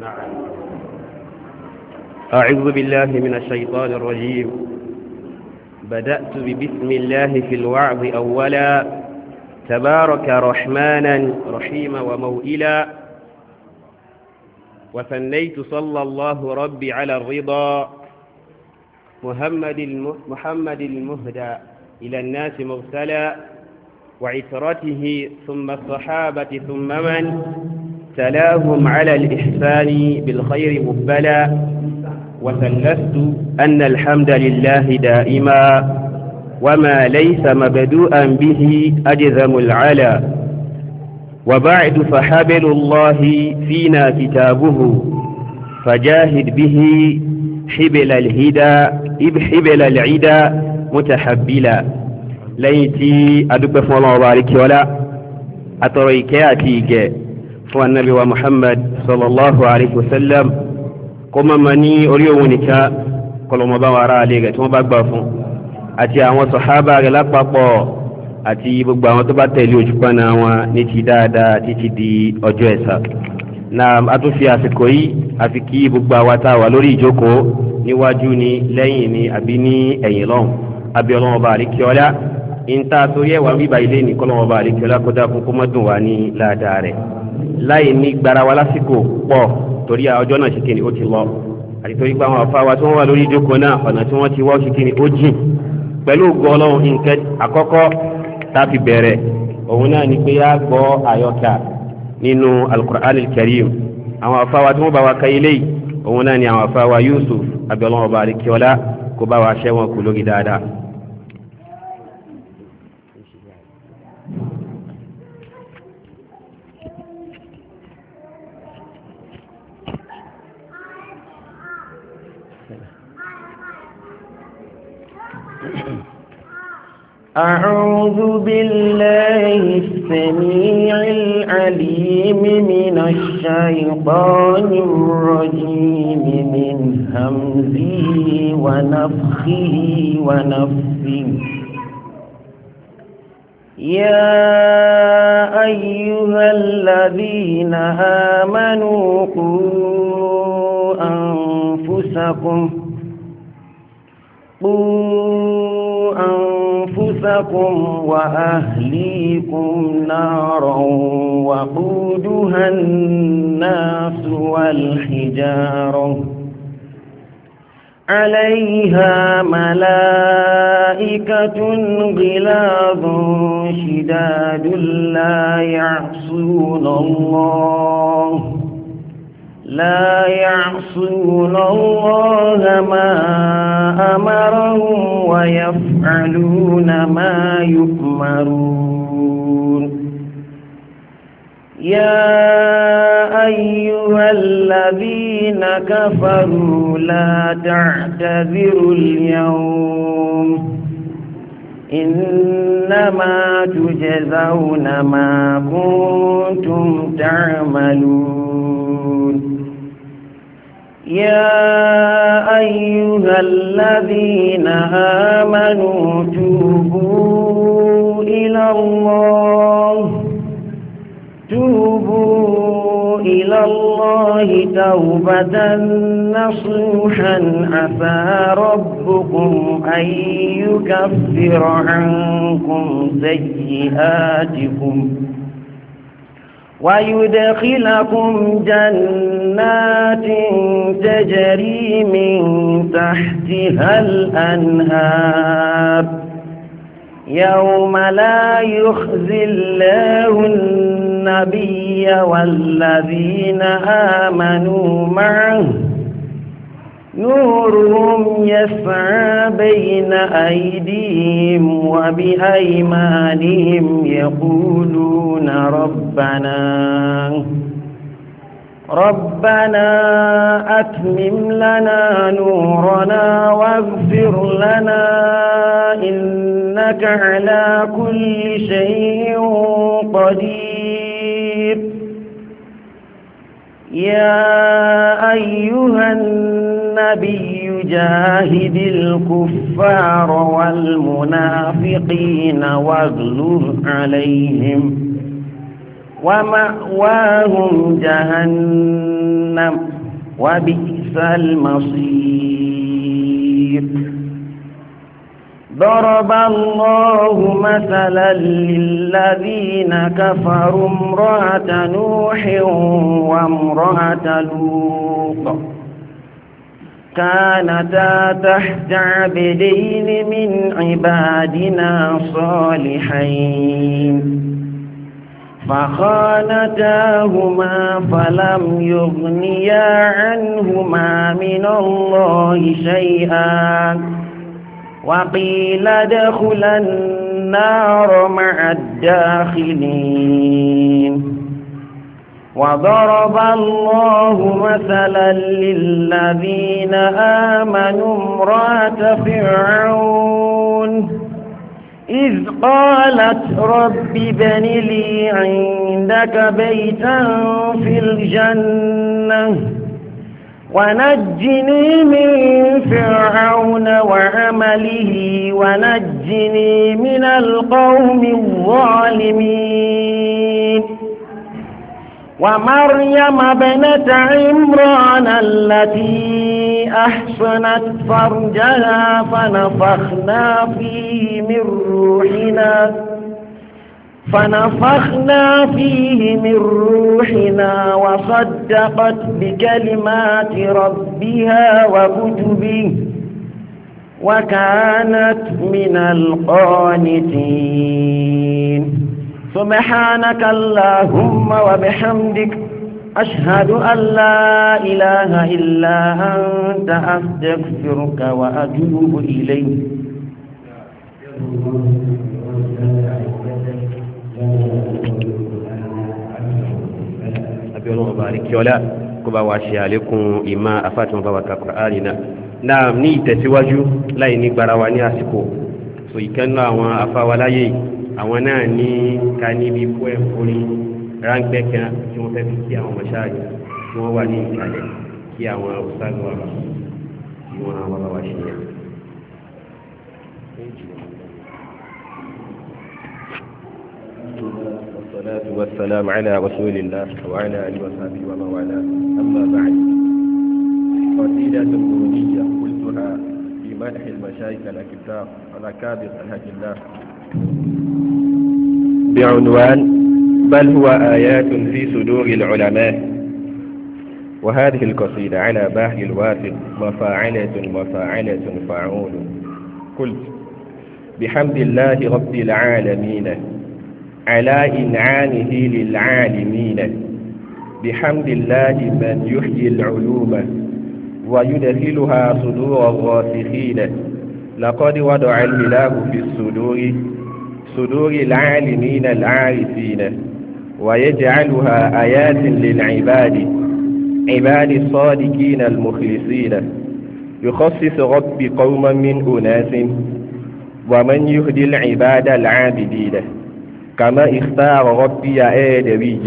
نعم. أعوذ بالله من الشيطان الرجيم بدأت ببسم الله في الوعظ أولا تبارك رحمانا رحيما وموئلا وثنيت صلى الله ربي على الرضا محمد, محمد المهدى إلى الناس مرسلا وعترته ثم الصحابة ثم من تلاهم على الإحسان بالخير مبلا وثلثت أن الحمد لله دائما وما ليس مبدوءا به أجزم العلا وبعد فحبل الله فينا كتابه فجاهد به حبل الهدى حبل العدا متحبلا ليتي أدب فلان بارك ولا أتريكي جاء fún anabi wa muhammad sallallahu alayhi wa sallam kó má ma ní orí òun nìkan kọlọmọba wa ara àlè rẹ̀ tí wọ́n bá gbà fún àti àwọn sọ̀hábà rẹ̀ lápapọ̀ àti gbogbo àwọn tó bá tẹ̀lé ojúpọ̀nà wọn ní ti dáadáa títí di ọjọ́ ẹ̀san na a tún fi àsìkò yìí àfi kí gbogbo àwa tá a wà lórí ìjókòó níwájú ni lẹ́yìn ni àbí ní ẹ̀yìn lọ́hùn àbí ọlọ́wọ́n bá àríkí ọlá ń ta torí ẹ̀wà wíwá ilé ní kọ́lọ́wọ́n bá àríkí ọlá kó dákun kó mọ́dún wá ní ládàá rẹ̀ láì ní gbarawa lásìkò pọ̀ torí ọjọ́ náà ṣìkìní ó ti lọ àti torí pé àwọn afáwa tí wọ́n wà lórí ìjókòó náà ọ̀nà tí wọ́n ti wọ́ ṣìkìní ó jìn pẹ̀lú ògo ọlọ́run nǹkan àkọ́kọ́ tá a fi bẹ̀rẹ̀ òun náà ni pé a gbọ́ àyọkà nínú alukur'an karim àwọn afáwa tí wọ́n bá wa ka ilé yìí òun náà ni àwọn afáwa Yusuf abẹ́ọ́lọ́wọ́ bá rí kíọ́lá kó bá wa ṣẹ́ kú lórí dáadáa أعوذ بالله السميع العليم من الشيطان الرجيم من همزه ونفخه ونفسه يا أيها الذين آمنوا قوا أنفسكم قوا أنفسكم وأهليكم نارا وقودها الناس والحجارة عليها ملائكة غلاظ شداد لا يعصون الله لا يعصون الله ما أمرهم ويفعلون ما يؤمرون يا أيها الذين كفروا لا تعتذروا اليوم إنما تجزون ما كنتم تعملون يا أيها الذين آمنوا توبوا إلى الله توبوا إلى الله توبة نصوحا أفى ربكم أن يكفر عنكم سيئاتكم ويدخلكم جنات تجري من تحتها الأنهار يوم لا يخزي الله النبي والذين آمنوا معه نورهم يسعى بين أيديهم وبأيمانهم يقولون ربنا ربنا أتمم لنا نورنا واغفر لنا إنك على كل شيء قدير يا أيها الناس النبي جاهد الكفار والمنافقين واغلظ عليهم ومأواهم جهنم وبئس المصير ضرب الله مثلا للذين كفروا امرأة نوح وامرأة لوط كانتا تحت عبدين من عبادنا صالحين فخانتاهما فلم يغنيا عنهما من الله شيئا وقيل ادخلا النار مع الداخلين وضرب الله مثلا للذين آمنوا امرأة فرعون إذ قالت رب بن لي عندك بيتا في الجنة ونجني من فرعون وعمله ونجني من القوم الظالمين ومريم بنت عمران التي أحسنت فرجها فنفخنا فيه من روحنا فنفخنا فيه من روحنا وصدقت بكلمات ربها وكتبه وكانت من القانتين سبحانك اللهم وبحمدك أشهد أن لا إله إلا أنت أستغفرك وأتوب إليك àbí ọlọ́run bá rí kí ọlá kó bá wa ṣe àlékún ìmọ̀ afáàtì wọn bá wa ka Kùránì náà náà ní gbara wa ní àsìkò so ìkẹ́nu àwọn afáwaláyé àwọn náà ní ká níbi fún ẹ̀ orí ráńpẹ́ kí wọ́n fẹ́ fi kí àwọn mọ̀ṣáàjì tí wọ́n wà ní ìkàlẹ̀ kí àwọn ọ̀sán wà lọ kí wọ́n wá bá wa ṣe yẹn. والصلاة والسلام على رسول الله وعلى آله وصحبه ومن والاه أما بعد قصيدة قلتها في مدح المشايخ الأكتاب على كابر الهج الله بعنوان بل هو آيات في صدور العلماء وهذه القصيدة على باهي الواثق مفاعلة مفاعلة فاعول قلت بحمد الله رب العالمين على إنعامه للعالمين بحمد الله من يحيي العلوم ويدخلها صدور الراسخين لقد وضع الإله في الصدور صدور العالمين العارفين ويجعلها آيات للعباد عباد الصادقين المخلصين يخصص رب قوما من أناس ومن يهدي العباد العابدين كما اختار ربي آدمي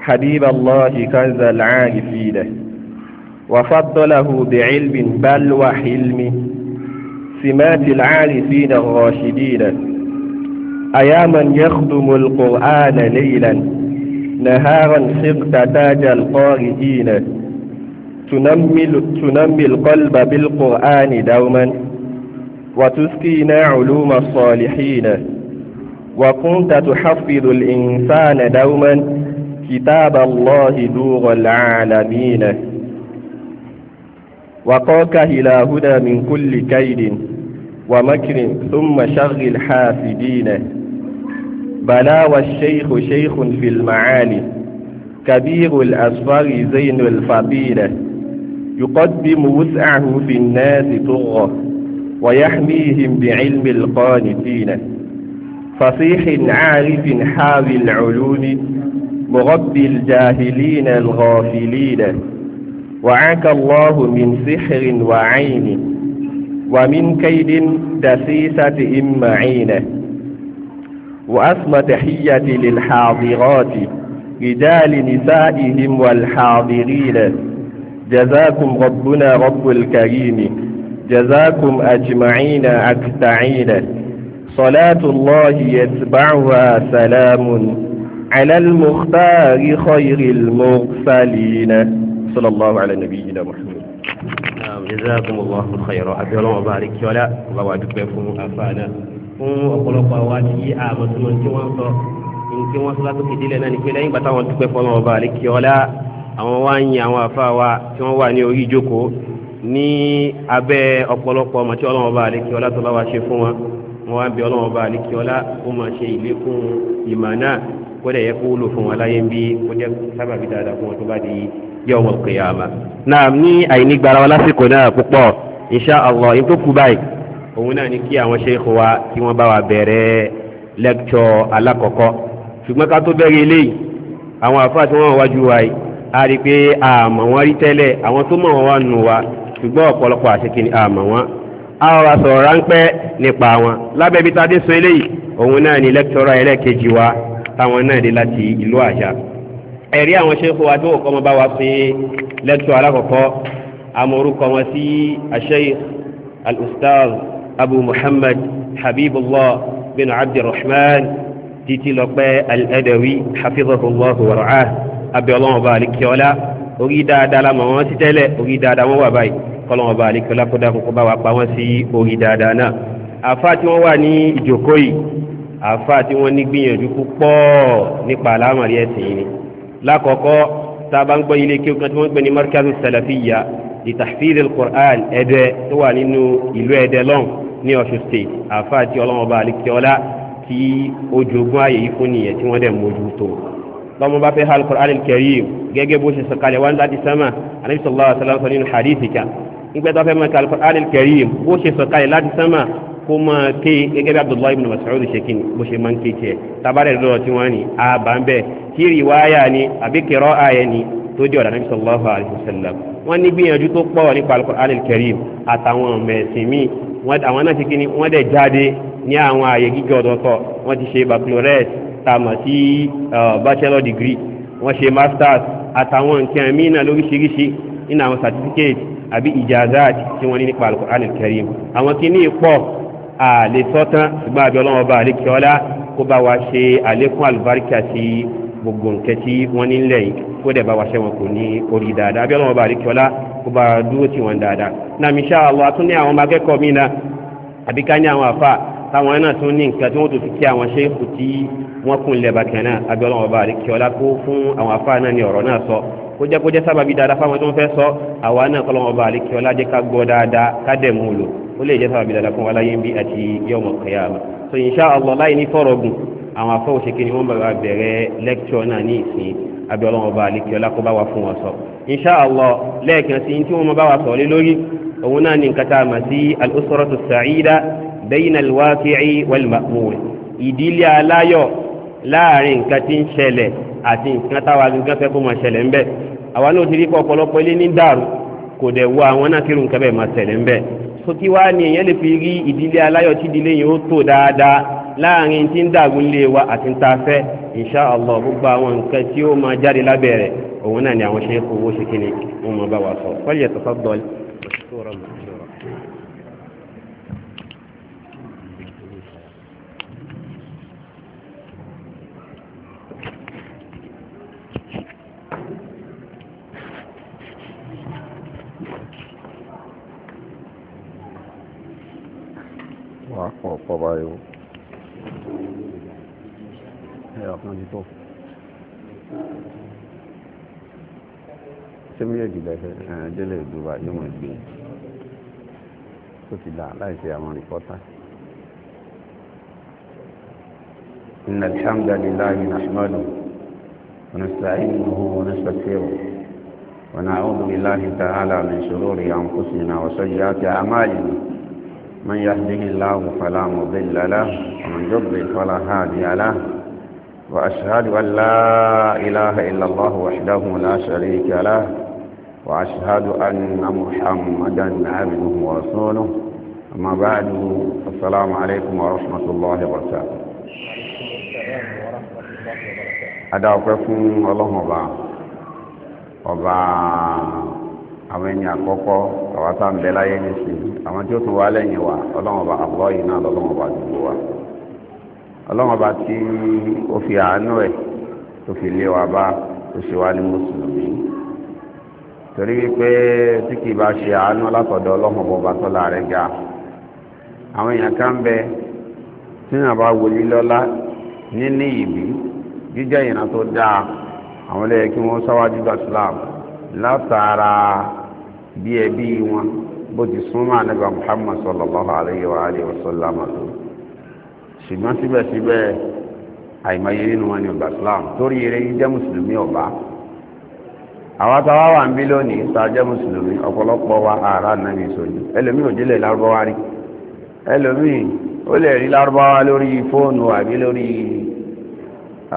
حبيب الله كنز العارفين وفضله بعلم بل وحلم سمات العارفين الراشدين أيا من يخدم القرآن ليلا نهارا صرت تاج القارئين تنمي, تنمي القلب بالقرآن دوما وتسقينا علوم الصالحين وكنت تحفظ الإنسان دوما كتاب الله دور العالمين وقاك إلى هدى من كل كيد ومكر ثم شغل حاسدين بلا والشيخ شيخ في المعالي كبير الأسفار زين الفضيلة يقدم وسعه في الناس طغة ويحميهم بعلم القانتين فصيح عارف حاب العلوم مغبي الجاهلين الغافلين وعاك الله من سحر وعين ومن كيد دسيسة إمعينه وأسمى تحيتي للحاضرات رجال نسائهم والحاضرين جزاكم ربنا رب الكريم جزاكم أجمعين أكتعين صلاة الله يتبعها سلام على المختار خير المرسلين صلى الله على نبينا محمد جزاكم الله خيرا أبي الله وبارك ولا الله أدوك فهم أفانا fún ọ̀pọ̀lọpọ̀ àwa tí àmọ̀túnmọ̀ tí wọ́n sọ nǹkan wọn sọlá tó kéde lẹ́nà ni pé lẹ́yìn ìgbà táwọn dúpẹ́ fọlọ́ ọba àlékè ọlá àwọn wá ń yin àwọn àfa wa tí wọ́n wà ní orí ìjókòó ní abẹ́ ọ̀pọ̀lọpọ̀ ọmọ tí ọlọ́wọ́n ọba àlékè ọlá tó láwa ṣe fún wọn wọn wá ń bẹ ọlọ́wọ́n ọba àlékè ọlá ó máa ṣe ìlékún ìmọ̀ náà kó dẹ̀ yẹ kó wúlò fún wọn láyé ń bí kó jẹ́ sábàbí dáadáa fún wọn tó bá di yẹ ọmọ kẹyàmà. náà ní àìní gbara wa lásìkò náà púpọ̀ insha Allah yín kú báyìí òun náà ni kí àwọn ṣéèkù wa kí wọ́n bá wa bẹ̀rẹ̀ lẹ́kṣọ̀ alákọ̀ọ́kọ́ ṣùgbọ́n ká tó bẹ̀rẹ̀ eléyìí àwọn àfáà tí wọ́n wájú wa yìí a rí i pé àmọ́ wọn rí tẹ́lẹ̀ àwọn tó mọ̀ wọn wá nù wa ṣùgbọ́n ọ̀pọ̀lọpọ̀ àṣekìní àmọ́ wọn a wá sọ̀rọ̀ ráńpẹ́ nípa wọn lábẹ́ ibi tá a dé sọ eléyìí òun náà ni lẹ́kítọ́rọ̀ ẹlẹ́ẹ̀kejì wa táwọn náà dé láti ìlú àṣà ẹ̀rí àwọn ṣéèkù wa tó kọ́ ọmọ bá wa pé lẹ́kítọ́ alákọ̀ọ́kọ́ amorúkọ wọn sí àṣẹ al abu muhammad habibullah bin abdulrahman títí lọ́pẹ́ al-adawi hafizahullah wa ra'ah abiyọlọ́wọ́n ọba alikiola orí dáadáa la mọ̀ wọ́n sí tẹ́lẹ̀ orí dáadáa wọ́n wà báyìí kọ́lọ́wọ́n ọba alikiola kó dákun kó bá wa pa wọ́n sí orí dáadáa náà àfa tí wọ́n wà ní ìjókòó yìí àfa tí ní gbìyànjú púpọ̀ nípa àlámọ̀rí ẹ̀sìn yìí ni lákọ̀ọ́kọ́ tá a bá kí o kan ní markazu salafiyya ìtàfíìdì alukur'an ẹ̀dẹ́ tó wà nínú ìlú ẹ̀dẹ́ lọ́n ní ọ̀ṣun state àfa àti ọlọ́mọba alikiola tí ojoogun ààyè yìí fún nìyẹn tí wọ́n dẹ̀ mójú tó lọ́mọ bá fẹ́ ha alukur'an karim gẹ́gẹ́ bó ṣe sọ̀kalẹ̀ wá ń láti sánmà anabi sallallahu alayhi wa sallam sọ nínú hadithi kan nígbà tó fẹ́ máa ka alukur'an karim bó ṣe sọ̀kalẹ̀ láti sánmà kó máa ké gẹ́gẹ́ bí abdullahi ibn mas'ud ṣe bó ṣe máa ń tabarẹ̀ lọ́dọ̀ tí wọ́n ní àbá ń bẹ̀ ni àbí kẹrọ ààyè ni tó di ọ̀dà nabi sallallahu alayhi wa sallam wọ́n ní gbìyànjú tó pọ̀ nípa Al-Qur'an Al-Karim àtàwọn ọmọ ẹ̀sìn míì àwọn náà ti kíni wọ́n dẹ̀ jáde ní àwọn ààyè gíga ọ̀dọ̀tọ̀ wọ́n ti ṣe baccalaureate tàmà sí bachelor degree wọ́n ṣe masters àtàwọn nǹkan míì náà lóríṣiríṣi nínú àwọn certificate àbí ìjàzáàt tí wọ́n ní nípa Al-Qur'an Al-Karim àwọn kíní pọ̀ àlè sọ́tán ṣùgbọ́n àbí ọlọ́wọ́ bá àlékè kó bá wa ṣe àlékún àlùbáríkà sí gbogbo nǹkan tí wọ́n ní nílẹ̀ yìí kó dẹ̀ bá wa ṣe wọn kò ní orí dáadáa abẹ́rẹ́ wọn bá rí kíọ́lá kó bá dúró tì wọ́n dáadáa náà mi ṣá àwọn atún ní àwọn ọmọ akẹ́kọ̀ọ́ mi náà àbí ká ní àwọn àfa táwọn náà tún ní nǹkan tí wọ́n tó fi kí àwọn ṣe kù wọn bá rí kíọ́lá kó fún àwọn àfa náà ní ọ̀rọ̀ náà sọ kó jẹ́ kó jẹ́ sábàbí dáadáa fáwọn tó ń fẹ́ sọ àwa náà kọ́ lọ́wọ́ bá rí kíọ́lá jẹ́ ká gbọ́ dáadáa ká dẹ̀ mú un lò ó lè jẹ́ sábàbí dáadáa fún wa láyé ń bí àti yọ̀ọ̀mọ̀ kẹyàmà so insha Allah láì àwọn afọ òṣèké ni wọ́n bá bẹ̀rẹ̀ lẹ́kṣọ̀ náà ní ìsìn abẹ́ ọlọ́wọ́n bá alẹ́kẹ́ ọlá kó bá wa fún wọn sọ. insha allah lẹ́ẹ̀kan sí tí wọ́n bá wa sọ lé lórí òun náà ní nǹkan tá a mọ̀ sí al-usratu sa'ida bayna al-waqi'i wal-ma'mul ìdílé aláyọ̀ láàrin nǹkan tí ń ṣẹlẹ̀ àti nǹkan táwa gangan fẹ́ kó máa ṣẹlẹ̀ ń àwa náà ti rí pọ̀ ọ̀pọ̀lọpọ̀ ilé ní dàrú kò dẹ̀ wọ àwọn náà kírun kẹ́bẹ̀ máa ṣẹlẹ̀ ń bẹ̀ so ní èèyàn lè fi rí ìdílé aláyọ̀ tí ìdílé yìí ó tò dáadáa láàrin tí ń dàgún lé wa àti ń ta fẹ́ insha allah gbogbo àwọn nǹkan tí ó máa jáde lábẹ́rẹ̀ òun náà ni àwọn ṣe é kó owó ṣe kíni wọn máa bá wa sọ fọlì ẹ̀tọ́ sọ́dọ̀lì. Wow, oh, bye-bye ẹ̀rọ kan ti tó ṣé méjèèjì lẹ́fẹ́ ẹ̀ẹ́dẹ́lẹ̀ ìdúrà yóò mọ̀ gbé tó ti dà láìsí àwọn rìpọ́tà. إن الحمد لله نحمده ونستعينه ونستغفره ونعوذ بالله تعالى من شرور أنفسنا وسيئات أعمالنا من يهده الله فلا مضل له ومن يضلل فلا هادي له وأشهد أن لا إله إلا الله وحده لا شريك له وأشهد أن محمدا عبده ورسوله أما بعد السلام عليكم ورحمة الله وبركاته adáwọ̀pẹ́fún ọlọ́run ọba ọba àwọn ẹni àkọ́kọ́ àwátá ń bẹ láyé nìsí àwọn tí ó tún wá lẹ́yìn wa ọlọ́run ọba àbúrò yìí náà lọ́lọ́run ọba àdúgbò wa ọlọ́run ọba tí ó fi àánú ẹ̀ tó fi lé wa bá ó ṣe wá ní mùsùlùmí torí wípé tí kì í bá ṣe àánú látọ̀dọ̀ ọlọ́run ọba tó láàrẹ̀ ga àwọn èèyàn kan ń bẹ tí wọn bá wọlé lọ́lá níní ìbí jíjẹ́ ìran tó dáa àwọn lẹ́yìn kí wọ́n sáwájú gba Islam látara bí ẹbí wọn bó ti súnmọ́ ànábì Muhammad sallallahu alayhi wa alihi wa sallam àtúntò ṣùgbọ́n síbẹ̀síbẹ̀ àìmọye nínú wọn ni ọba islam torí eré jẹ́ mùsùlùmí ọba àwọn táwa wà ń bí lónìí tá a jẹ́ mùsùlùmí ọ̀pọ̀lọpọ̀ wa ara nàbì sòní ẹlòmí òjìlẹ̀ lárúbáwá rí ẹlòmí ó lè rí lárúbáwá lórí fóònù àbí lórí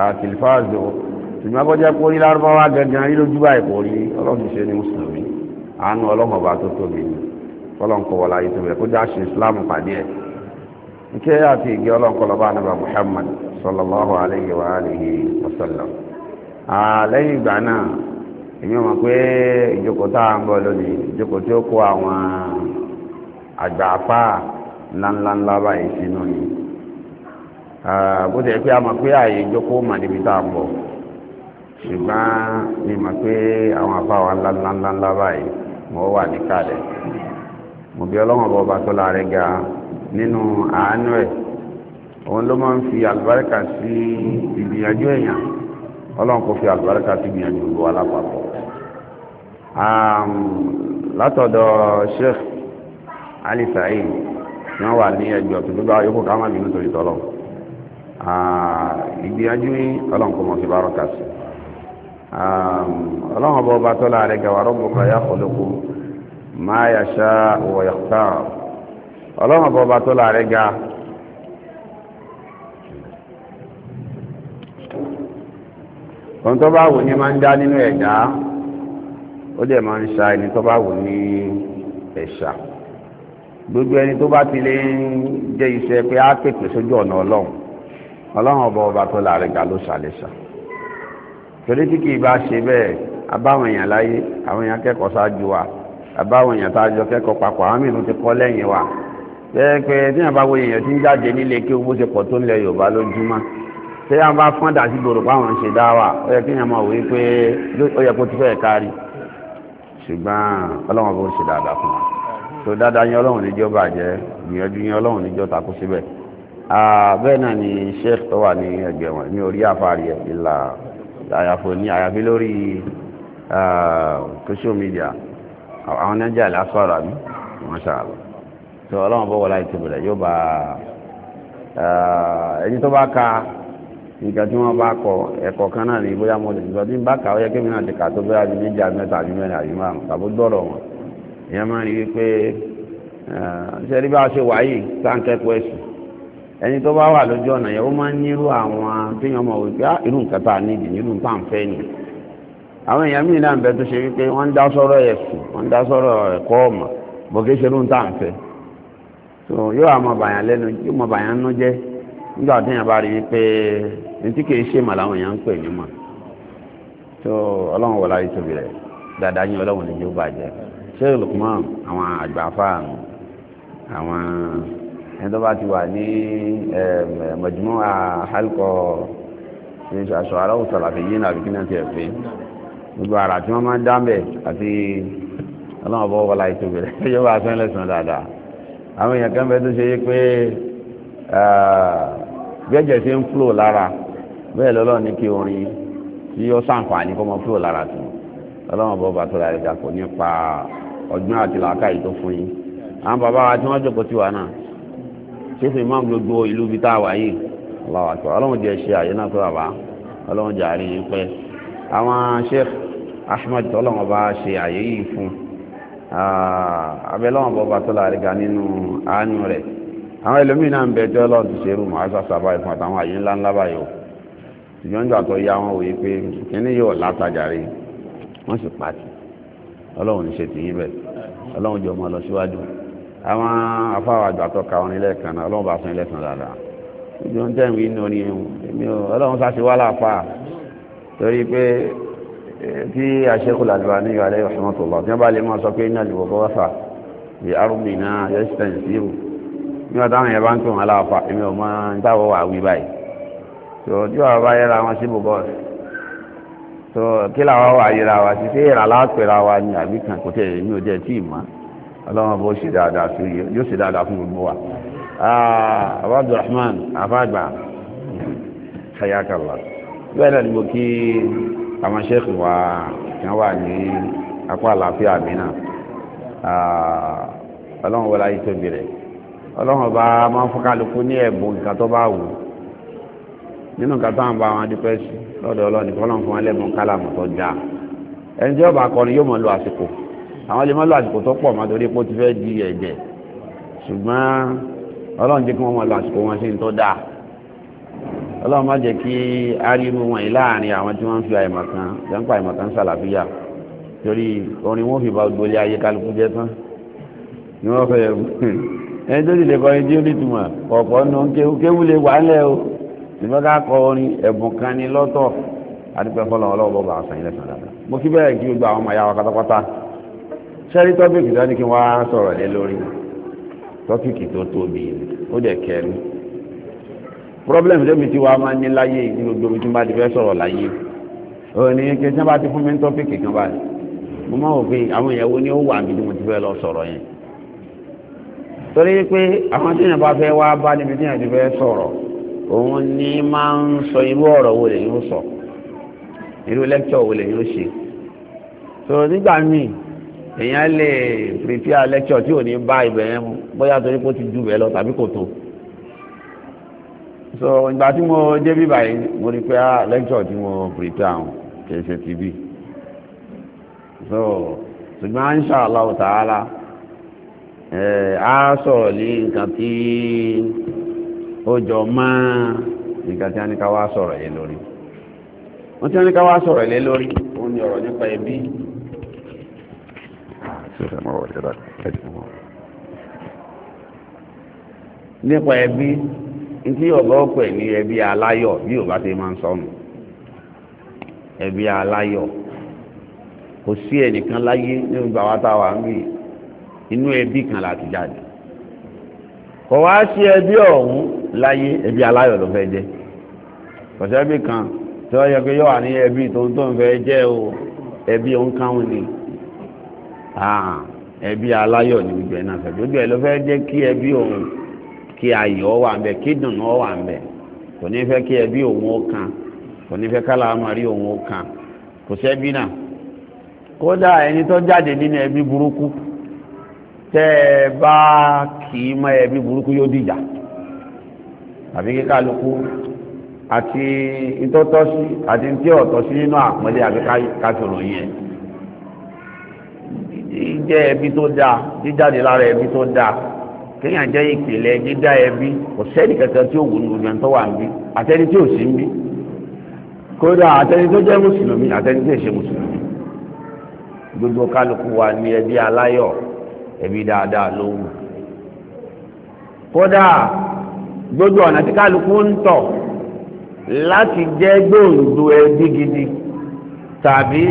àtìlfáàzò ṣùgbọ́n kó jẹ́ kó rí lárúbáwá gẹ̀gẹ̀ rí lójú báyìí kò rí ọlọ́run ṣe ní mùsùlùmí àánú ọlọ́run tó tóbi ni ọlọ́run kọ̀ wọlá yìí tóbi rẹ̀ kó já ṣe islam pàdé ẹ̀ fi àti ìgẹ́ ọlọ́nkọlọ́bá ànábà Muhammad sallallahu alayhi wa alihi ah, wa sallam àlẹ́yìn ìgbà náà èmi pé ìjókòó tá à lónìí ìjókòó kó àwọn àgbààfà ńláńláńlá báyìí sínú ni bó ti ẹ̀ a mọ̀ pé àyè ìjókòó mà níbi tá à bọ̀ ṣùgbọ́n mi mọ̀ pé àwọn àfáwà ńláńláńlá báyìí wọ́n wà ní mo bí ọlọ́wọ́n bọ́ nínú àánú ẹ̀ òun ló máa ń fi àlùbáríkà sí ìgbìyànjú èèyàn ọlọ́run kò fi àlùbáríkà sí ìgbìyànjú gbogbo alápapọ̀ látọ̀dọ̀ Sheikh Ali Said tí wọ́n wà ní ẹjọ́ tó gbogbo ayọ́kọ̀ ká má bínú torí tọ́lọ́ ìgbìyànjú ní ọlọ́run kò mọ̀ sí bárọ̀kà sí ọlọ́run ọba ọba tọ́lá rẹ̀ gàwárọ̀ bùkọ̀ yá kọ̀lọ́kù máa yà ṣá òwò yà kọ́ ọlọ́run bọ́ ọba tó láàrẹ ga ohun tó bá wù ní máa ń dá nínú ẹ̀dá ó dẹ̀ máa ń ṣa ẹni tó ní ẹ̀ṣà gbogbo ẹni tó bá ti lè ń jẹ́ iṣẹ́ pé á pèpè sójú ọ̀nà ọlọ́run ọba tó ga ló torí pẹ́ẹ́pẹ́ tí yàn bá wo èèyàn tí ń jáde nílé kí owó ṣe pọ̀ tó nílẹ̀ Yorùbá lójúmọ́ tí yàn bá fọ́n dà sí gbòòrò páwọn ṣe dá wà ó yẹ kí yàn máa pé ó yẹ kó ti kárí ṣùgbọ́n Ọlọ́run bó ṣe dáadáa fún wa tó dáadáa Ọlọ́run níjọ́ bàjẹ́ Ọlọ́run níjọ́ takú síbẹ̀ bẹ́ẹ̀ náà ni sheikh tó wà ní ẹgbẹ́ wọn ní orí tó ọlọ́run bọ́ wọlé àìsí bẹ̀rẹ̀ yóò bá eh, ẹni tó bá ka nǹkan tí wọ́n bá kọ ẹ̀kọ́ kan náà ní bóyá mo lè sọ bí n bá kà ó yẹ kémi náà ti kà tó bóyá ju méjì àti mẹ́ta àti mẹ́rin márùn wọn ìyẹn máa ń rí eh, ṣe rí bá a ṣe wà yìí sáǹkẹ́kọ̀ọ́ ẹ̀sùn ẹni tó bá wà lójú ọ̀nà yẹn ó máa ń nírú àwọn so yóò àmọ́ bàyàn lẹ́nu yóò mọ bàyàn nú jẹ́ nígbà tí yàn bá rí i pé ní tí kìí ṣe mà láwọn èèyàn ń pè ní mà so ọlọ́run wọlá yìí tóbi rẹ̀ dáadáa yín ọlọ́run ní yóò bàjẹ́ ṣé Lukman àwọn àgbàfà àwọn ẹni tó bá ti wà ní mọ̀júmọ́ àhálùkọ́ ṣe aṣọ aláwọ̀ sàlàfẹ́ yìí nàbí kí náà ti ẹ̀ pé gbogbo ara tí wọ́n máa ń dá mbẹ̀ àti ọlọ́run bọ́ wọlá yìí tóbi rẹ̀ yóò bá a fẹ́ lẹ́sùn dáadáa àwọn èèyàn kan bẹ tó ṣe yí pé gbẹ́jẹ̀ ṣe ń flow lára bẹ́ẹ̀ lọ́lọ́run ní kí orin tí ó sàǹfààní kọ́ mọ flow lára tó ọlọ́run bọ́ bàtọ́ la ẹ̀dá kò nípa ọgbọ́n àti làákàyè tó fún yín àwọn bàbá wa tí wọ́n jókòó tì wá náà ṣé fún imam gbogbo ìlú bíi tá a wà yìí aláwa tó ọlọ́run jẹ́ ṣe àyè náà tó bàbá ọlọ́run jẹ́ àárín yín pẹ́ àwọn sheikh ahmed tọ́lọ́run bá ṣe àyè yìí fún un Ah, abẹ́lọ́wọ̀n bọ́ba tó láàrin ga nínú àánú rẹ̀ àwọn ẹlòmíín náà ń bẹ tí ọlọ́run ti ṣe rú màá sàṣà báyìí fún àtàwọn àyè ńlá ńlá báyìí o ṣùgbọ́n nígbà tó yá wọn wòye pé kíní yóò látajà rí wọ́n sì pàtì ọlọ́run ní ṣe tìyín bẹ̀ ọlọ́run jọ mọ lọ síwájú àwọn afáwọn àgbà tó ka wọn nílẹ̀ kan náà ọlọ́run bá fún ilẹ̀ kan dáadáa ṣùgbọ́n tẹ̀wé inú ni ọlọ́run sá ti wá láàfà torí pé tí àṣẹ́kùlà Albani alayhi rahmatullah tí wọ́n bá lè máa sọ pé iná lè wọ́pọ̀ wáfà bí arúgbìn náà yẹ́sítẹ̀n zero ní ọ̀tá àwọn ẹ̀bá ń tó wọn aláàfà èmi ò máa ń táwọ̀ wà wí báyìí tó tí wọ́n bá yẹra wọn sí bọ́ọ̀sì tó kí làwọn wà yẹra wa sí sí àwọn ṣẹ́ẹ̀kì wa kan wà ní apá àlàáfíà mìíràn ọlọ́run wọlé ayé tóbi rẹ̀ ọlọ́run bá máa ń fún kálukú ní ẹ̀bùn nǹkan tó bá wù nínú nǹkan tó ń bá wọn adúpẹ́ sí lọ́dọ̀ ọlọ́run kọ́ lọ́n fún wọn lẹ́bùn kálàmù tó dáa ẹni tí ọba akọrin yóò mọ̀ lo àsìkò àwọn lè mọ̀ lo àsìkò tó pọ̀ máa torí pé ó ti fẹ́ di ẹ̀jẹ̀ ṣùgbọ́n ọlọ́run jẹ́ kí wọ́n mọ̀ lo àsìkò wọn sí ní tó dáa ọlọ́run má jẹ́ kí ariwo wọn yìí láàrin àwọn tí wọ́n ń fi àìmọ̀ kan jẹ́ ń pa àìmọ̀ kan sàlàfíà torí orin wọn fi ba gbolé ayé kálukú jẹ́ tán ni wọ́n fẹ́ ẹni tó sì lè kọrin tí ó ní ìtumọ̀ ọ̀pọ̀ nù kéwú lè wà lẹ́ o ìfẹ́ ká kọ orin ẹ̀bùn kan ní lọ́tọ̀ adúpẹ́ fọlọ́n ọlọ́run bọ́ bá a sàn ilẹ̀ sàn dáadáa mo kí bẹ́ẹ̀ kí gbogbo àwọn ọmọ yàrá pátápátá sẹ́rí tọ́pìkì tó ní kí wọ́n á sọ̀rọ̀ lé lórí tọ́pìkì tó tóbi ó dẹ̀ kẹrin problem lẹ́mi tí wàá máa ní láyé ní gbogbo omi tí wọ́n bá ti fẹ́ sọ̀rọ̀ láyé òní kí tí wọ́n bá ti fún mi ní tọ́pìkì kan báyìí mo máa wò pé àwọn ìyàwó ni ó wà níbi tí mo ti fẹ́ lọ sọ̀rọ̀ yẹn torí pé àwọn tí yẹn bá fẹ́ wá bá níbi tí yẹn ti fẹ́ sọ̀rọ̀ òun ni máa ń sọ irú ọ̀rọ̀ wo lè yóò sọ irú lẹ́kítọ̀ wo lè yóò ṣe so nígbà míì èèyàn lè pèpè lẹ́kítọ̀ tí ò ní bá ibẹ̀ yẹn mu bóyá torí kó ti ju bẹ́ẹ̀ lọ tàbí kò tó so ìgbà tí mo dé bí báyìí mo rí pé á ah, lẹ́kítọ̀ tí mo prepare àwọn kìí ṣe tv so ṣùgbọ́n insha Allah ta'ala á sọ̀rọ̀ ní nǹkan tí ó jọ mọ́ nǹkan tí a ní ká wá sọ̀rọ̀ yẹn lórí wọ́n tí a wá sọ̀rọ̀ yẹn lórí òun ni ọ̀rọ̀ nípa ẹbí nípa ẹbí. ntí ọgọ ọkọ ẹ ní ẹbí aláyọ̀ bí ọba ti máa ń sọnù ẹbí aláyọ̀ kò sí ẹnìkan láyé nínú gbàwá táwa inú ẹbí kan láti jáde kò wá sí ẹbí ọ̀hún láyé ẹbí aláyọ̀ ló fẹ́ jẹ́ ẹbí kan tí wọ́n yọ pé wà ní ẹbí tó ni ẹbí náà fẹ́ ló fẹ́ jẹ́ kí ẹbí kí ayọ̀ wà mbẹ kí dùnú wà mbẹ. kò ní kí ẹbí òun ó kan kò ní fẹ́ kálá òun ó kò sẹ́bí náà kódà ẹni tó jáde nínú ẹbí burúkú tẹ́ ẹ bá kì í mọ ẹbí burúkú yóò dìjà àbí àti àti ọ̀tọ́sí nínú àbí yẹn ẹbí tó dáa jíjáde lára ẹbí tó kéèyàn jẹ́ ìpìlẹ̀ dídá ẹbí kò sẹ́ni kankan tí ó wù ní gbogbo tó wà níbí àtẹni tí ò sí níbí kódà àtẹni tó jẹ́ mùsùlùmí àtẹni tí ò ṣe mùsùlùmí gbogbo kálukú wa ní ẹbí aláyọ̀ ẹbí dáadáa ló wù kódà gbogbo ọ̀nà tí kálukú ń tọ̀ láti jẹ́ gbòǹdo ẹbí gidi tàbí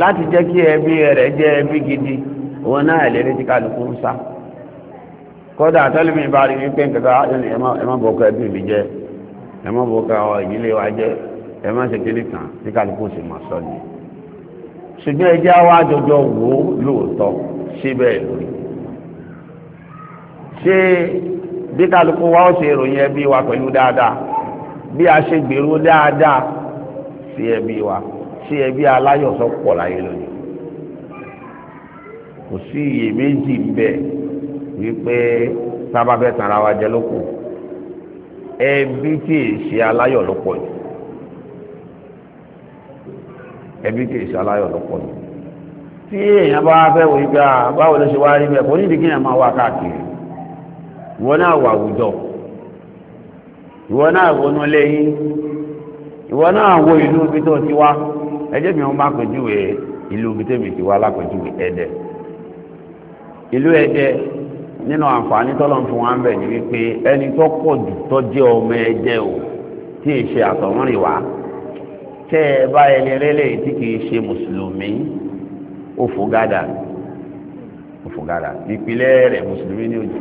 láti jẹ́ kí ẹbí rẹ̀ jẹ́ ẹbí gidi òun náà lè retí kálukú ń sá kọ́dà tẹ́lẹ̀mí ìbárí wípé nkẹta ah, ẹni ẹmọ́ bọ̀ọ̀kọ́ ẹbí mi jẹ́ ẹmọ́ bọ̀ọ̀kọ́ àwọn ìdílé wa jẹ́ ẹmọ́ ṣe kéré kan tí kálukú sì máa sọ ni ṣùgbọ́n ẹjẹ́ wa jọjọ wò ó lóòótọ́ síbẹ̀ lórí ṣé bí kálukú wa ó ṣe ìròyìn ẹbí wa pẹ̀lú dáadáa bí a ṣe gbèrú dáadáa sí ẹbí wa sí ẹbí aláyọ̀sọ́ pọ̀ láyé lónìí kò sí iyèméjì bẹ́ẹ̀ wípé sábà fẹ́ tàn ara wa jẹ lóko ẹbí tí ì ṣe aláyọ̀ ló pọ̀ jù ẹbí tí ì ṣe aláyọ̀ ló pọ̀ jù tí èèyàn bá fẹ́ wò ibi à báwo ló ṣe wá rí bẹ́ẹ̀ kò ní ìdíkìyàn máa wá káàkiri ìwọ náà wà àwùjọ ìwọ náà wọnú lẹ́yìn ìwọ náà wo ìlú ibi tó ti wá ẹjẹ́ mi wọ́n bá pèjúwe ìlú ibi tèmi ti wá lápèjúwe ẹ̀dẹ̀ ìlú ẹ̀dẹ̀ nínú àǹfààní tọ́lọ̀ fún wa ń bẹ̀ ni wípé ẹni tó pọ̀ jù tó jẹ́ ọmọ ẹ̀jẹ̀ o tí ì ṣe àtọ̀rìnrìn wá tẹ́ ẹ bá ẹni rẹ́lẹ̀ tí kì í ṣe mùsùlùmí òfògádà òfògádà ìpìlẹ̀ rẹ̀ mùsùlùmí ní òjò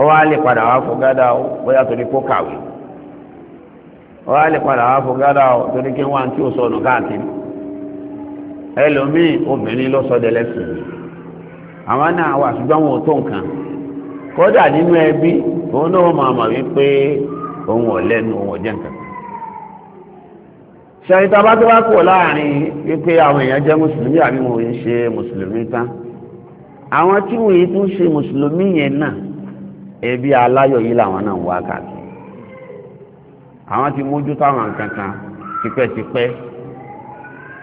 ó wá lè padà wá fògádà o bóyá torí kó kàwé ó wá lè padà wá fògádà o torí kí wọ́n á tí ò sọnù káàkiri ẹlòmíì obìnrin ló sọ àwọn náà wà ṣùgbọ́n àwọn òtó nǹkan kódà nínú ẹbí òun náà máa mọ̀ wípé òun ò lẹ́nu òun ò jẹ́ nǹkan. ṣàyíta bá tó bá kò láàrin wípé àwọn èèyàn jẹ́ mùsùlùmí àbí wọn ò ń ṣe mùsùlùmí tán àwọn tí wọn yìí tún ṣe mùsùlùmí yẹn náà ẹbí aláyọ̀ yìí làwọn náà ń wá káàkiri àwọn ti mójú táwọn nǹkan tipẹ́tipẹ́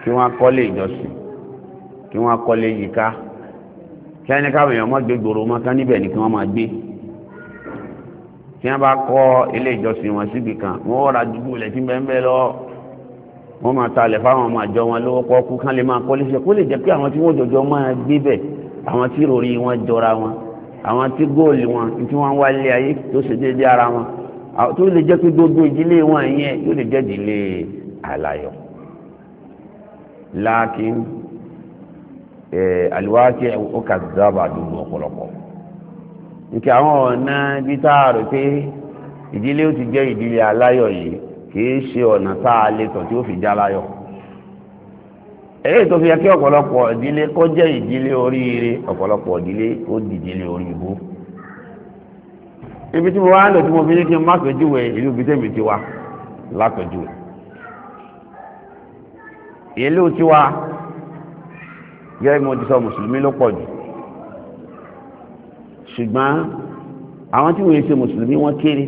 kí wọ́n kọ́lé ìjọsìn kí wọ́n kọ́lé yíká kẹ́ni káwọn èèyàn mọ́jọ gbòòrò mọ́ kán níbẹ̀ ni kí wọ́n máa gbé tí wọ́n bá kọ́ ilé ìjọsìn wọn síbi kan wọ́n ra dúgbò lẹ́tí bẹ́ẹ̀ lọ wọ́n máa talẹ̀ fáwọn ọmọ àjọ wọn lówó kọ́ kú kán lè máa kọ́ léṣe kó lè jẹ́ pé àwọn tí wọ́n jọjọ máa gbé bẹ̀ àwọn tí rori wọn jọra wọn àwọn tí góòlì wọn tí wọ́n wá ilé ayé tó ṣe déédéé ara wọn tó lè jẹ́ pé gbogbo ìdílé wọn yẹn yóò lè jẹ́ ìdílé àlàyọ̀ láàkín àlùwáṣẹ ọkà dábàá dùn ọ̀pọ̀lọpọ̀ nke àwọn ọ̀nà bí tá a rò pé ìdílé ó ti jẹ́ ìdílé aláyọ̀ yìí kìí ṣe ọ̀nà tá a lè tọ̀ tí ó fi já láyọ̀ tó fi yẹ kí ọ̀pọ̀lọpọ̀ ìdílé kó jẹ́ ìdílé oríire ọ̀pọ̀lọpọ̀ ìdílé ó di ibi tí mo wá lò tí mo fi ní kí n má gẹ́gẹ́ mo ti sọ mùsùlùmí ló pọ̀ jù ṣùgbọ́n àwọn tí wọ́n ṣe mùsùlùmí wọ́n kéré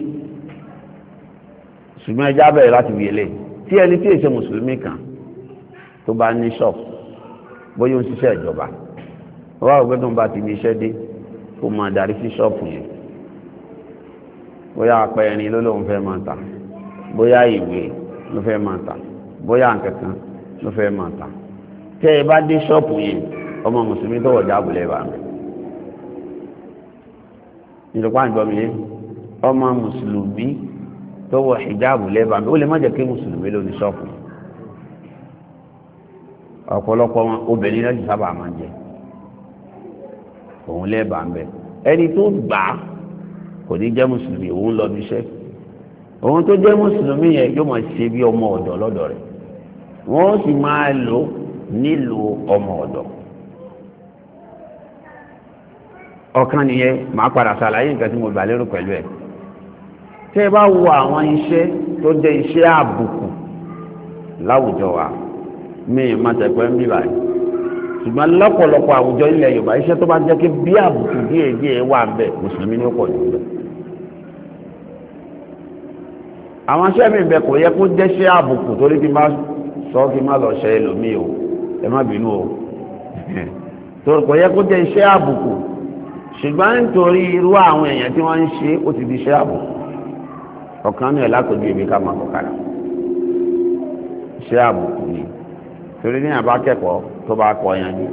ṣùgbọ́n ẹja bẹ̀rẹ̀ láti wí ilé tí ẹni tí èṣe mùsùlùmí kan tó bá ní ṣọ́ọ̀pù bóyá ó ń ṣiṣẹ́ ìjọba wọ́n rò pé tó ń bá ti ní iṣẹ́ dé kó máa darí sí ṣọ́ọ̀pù yẹn bóyá apẹ̀rin ló lóun fẹ́ máa tà bóyá ìwé ló fẹ́ máa tà bóyá nǹkankan ló fẹ́ máa tà tẹ́ ẹ bá dé ṣọ́ọ̀pù yìí ọmọ mùsùlùmí tọwọ́ jáàbù lẹ́bàá mi ìjọpá àjọmi yìí ọmọ mùsùlùmí tọwọ́ hijabu lẹ́bàá mi ó lè má jẹ́ kí mùsùlùmí ló ní ṣọ́ọ̀pù ọ̀pọ̀lọpọ̀ wọn obìnrin náà ti sábà máa ń jẹ òun lẹ́bàá ń bẹ ẹni tó gbà á kò ní jẹ́ mùsùlùmí òun lọ bí iṣẹ́ òun tó jẹ́ mùsùlùmí yẹn yóò máa ṣe bí ọmọ ọ̀dọ́ lọ́dọ̀ rẹ̀ wọ́n sì máa lò ó nílùú ọmọ ọ̀dọ̀ ọ̀kan nìyẹn màá padà ṣàlàyé nǹkan tí mo gbà lérò pẹ̀lú ẹ̀ tẹ́ ẹ bá wo àwọn iṣẹ́ tó jẹ́ iṣẹ́ àbùkù láwùjọ wa míì má tẹ̀pẹ́ ń bí báyìí ṣùgbọ́n lọ́pọ̀lọpọ̀ àwùjọ ilẹ̀ Yorùbá iṣẹ́ tó bá jẹ́ kí bí àbùkù díẹ̀ díẹ̀ wà ń mùsùlùmí ni ó pọ̀ àwọn iṣẹ́ mi bẹ̀ kò yẹ kó jẹ́ iṣẹ́ àbùkù torí kí n má sọ kí n má lọ ṣe ẹlòmíì o ẹ má bínú o torí kò yẹ kó jẹ́ iṣẹ́ àbùkù ṣùgbọ́n nítorí irú àwọn èèyàn tí wọ́n ń ṣe ó ti di iṣẹ́ àbùkù ọ̀kan náà látọ̀jú èmi ká máa kọ̀kadà iṣẹ́ àbùkù ni torí ní àbá kẹ́kọ̀ọ́ tó bá kọ yanjú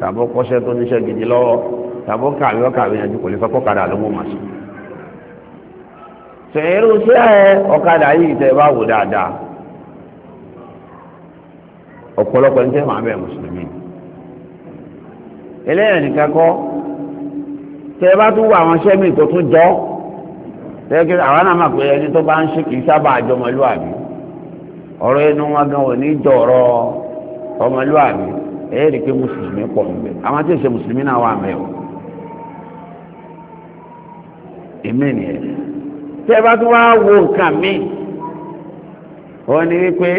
tàbó kọ́ṣẹ́ tó níṣẹ́ gidi lọ́wọ́ tàbó kàwé ọ̀kàwé yanjú kò lè fẹ́ kọ̀kadà ló mú màṣí tẹ̀yẹ́rù iṣẹ́ ọ̀kadà yìí tẹ̀ bá wò dáadáa ọ̀pọ̀lọpọ̀ ní tẹ́lẹ̀ àbẹ̀ mùsùlùmí eléyàn nìkan kọ́ tẹ́ ẹ bá tún wọ àwọn sẹ́mi tó tún jọ́ tẹ́lẹ̀ àwọn náà mà pé ẹni tó bá ń ṣe kì í sábà jọ ọmọlúwàbí ọ̀rọ̀ ẹnu wọn gan ò ní jọ ọ̀rọ̀ ọmọlúwàbí ẹ̀yẹ́ rí pé mùsùlùmí pọ̀ níbẹ̀ àwọn tí ì ṣe mùsùlùmí náà wà mẹ́wọ̀ èmi nìyẹn tẹ́ bá tún wá nǹkan míì ó ní wípé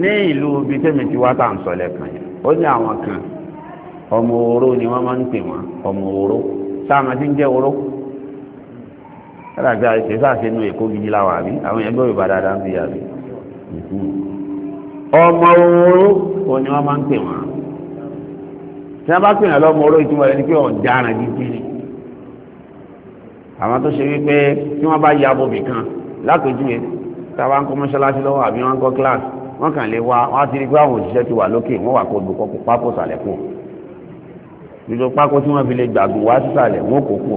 ní ìlú ibi tẹ́mi ti wá tà ń sọ lẹ́kàn yẹn ó ní àwọn kan ọmọ oró ni wọ́n máa ń pè wọ́n ọmọ oró sáàmà ti ń jẹ́ oró kádàgbà ṣe sáàṣe nu èkó gidi láwà àbí àwọn ẹgbẹ́ òyìnbá dáadáa ń bí àbí ọmọ oró ó ní wọ́n máa ń pè wọ́n tí wọ́n bá pè wọ́n lọ́mọ oró ìtumọ̀ rẹ̀ ni pé ọ̀daràn gidi ni àwọn tó ṣe wípé tí wọ́n bá ya bòbí kan lápèjúwe táwa ń kọ́ mọ́ṣáláṣí lọ́wọ́ àbí wọ́n ń kọ́ kíláàsì wọ́n kàn lè wá wọ́n á ti rí pé àwọn òṣìṣẹ́ ti wà lókè wọ́n wà kó dùkọ́ kó pákó sàlẹ̀ kù dùdú pákó tí wọ́n fi lè gbàgbọ́ wá sísàlẹ̀ wọ́n kó kù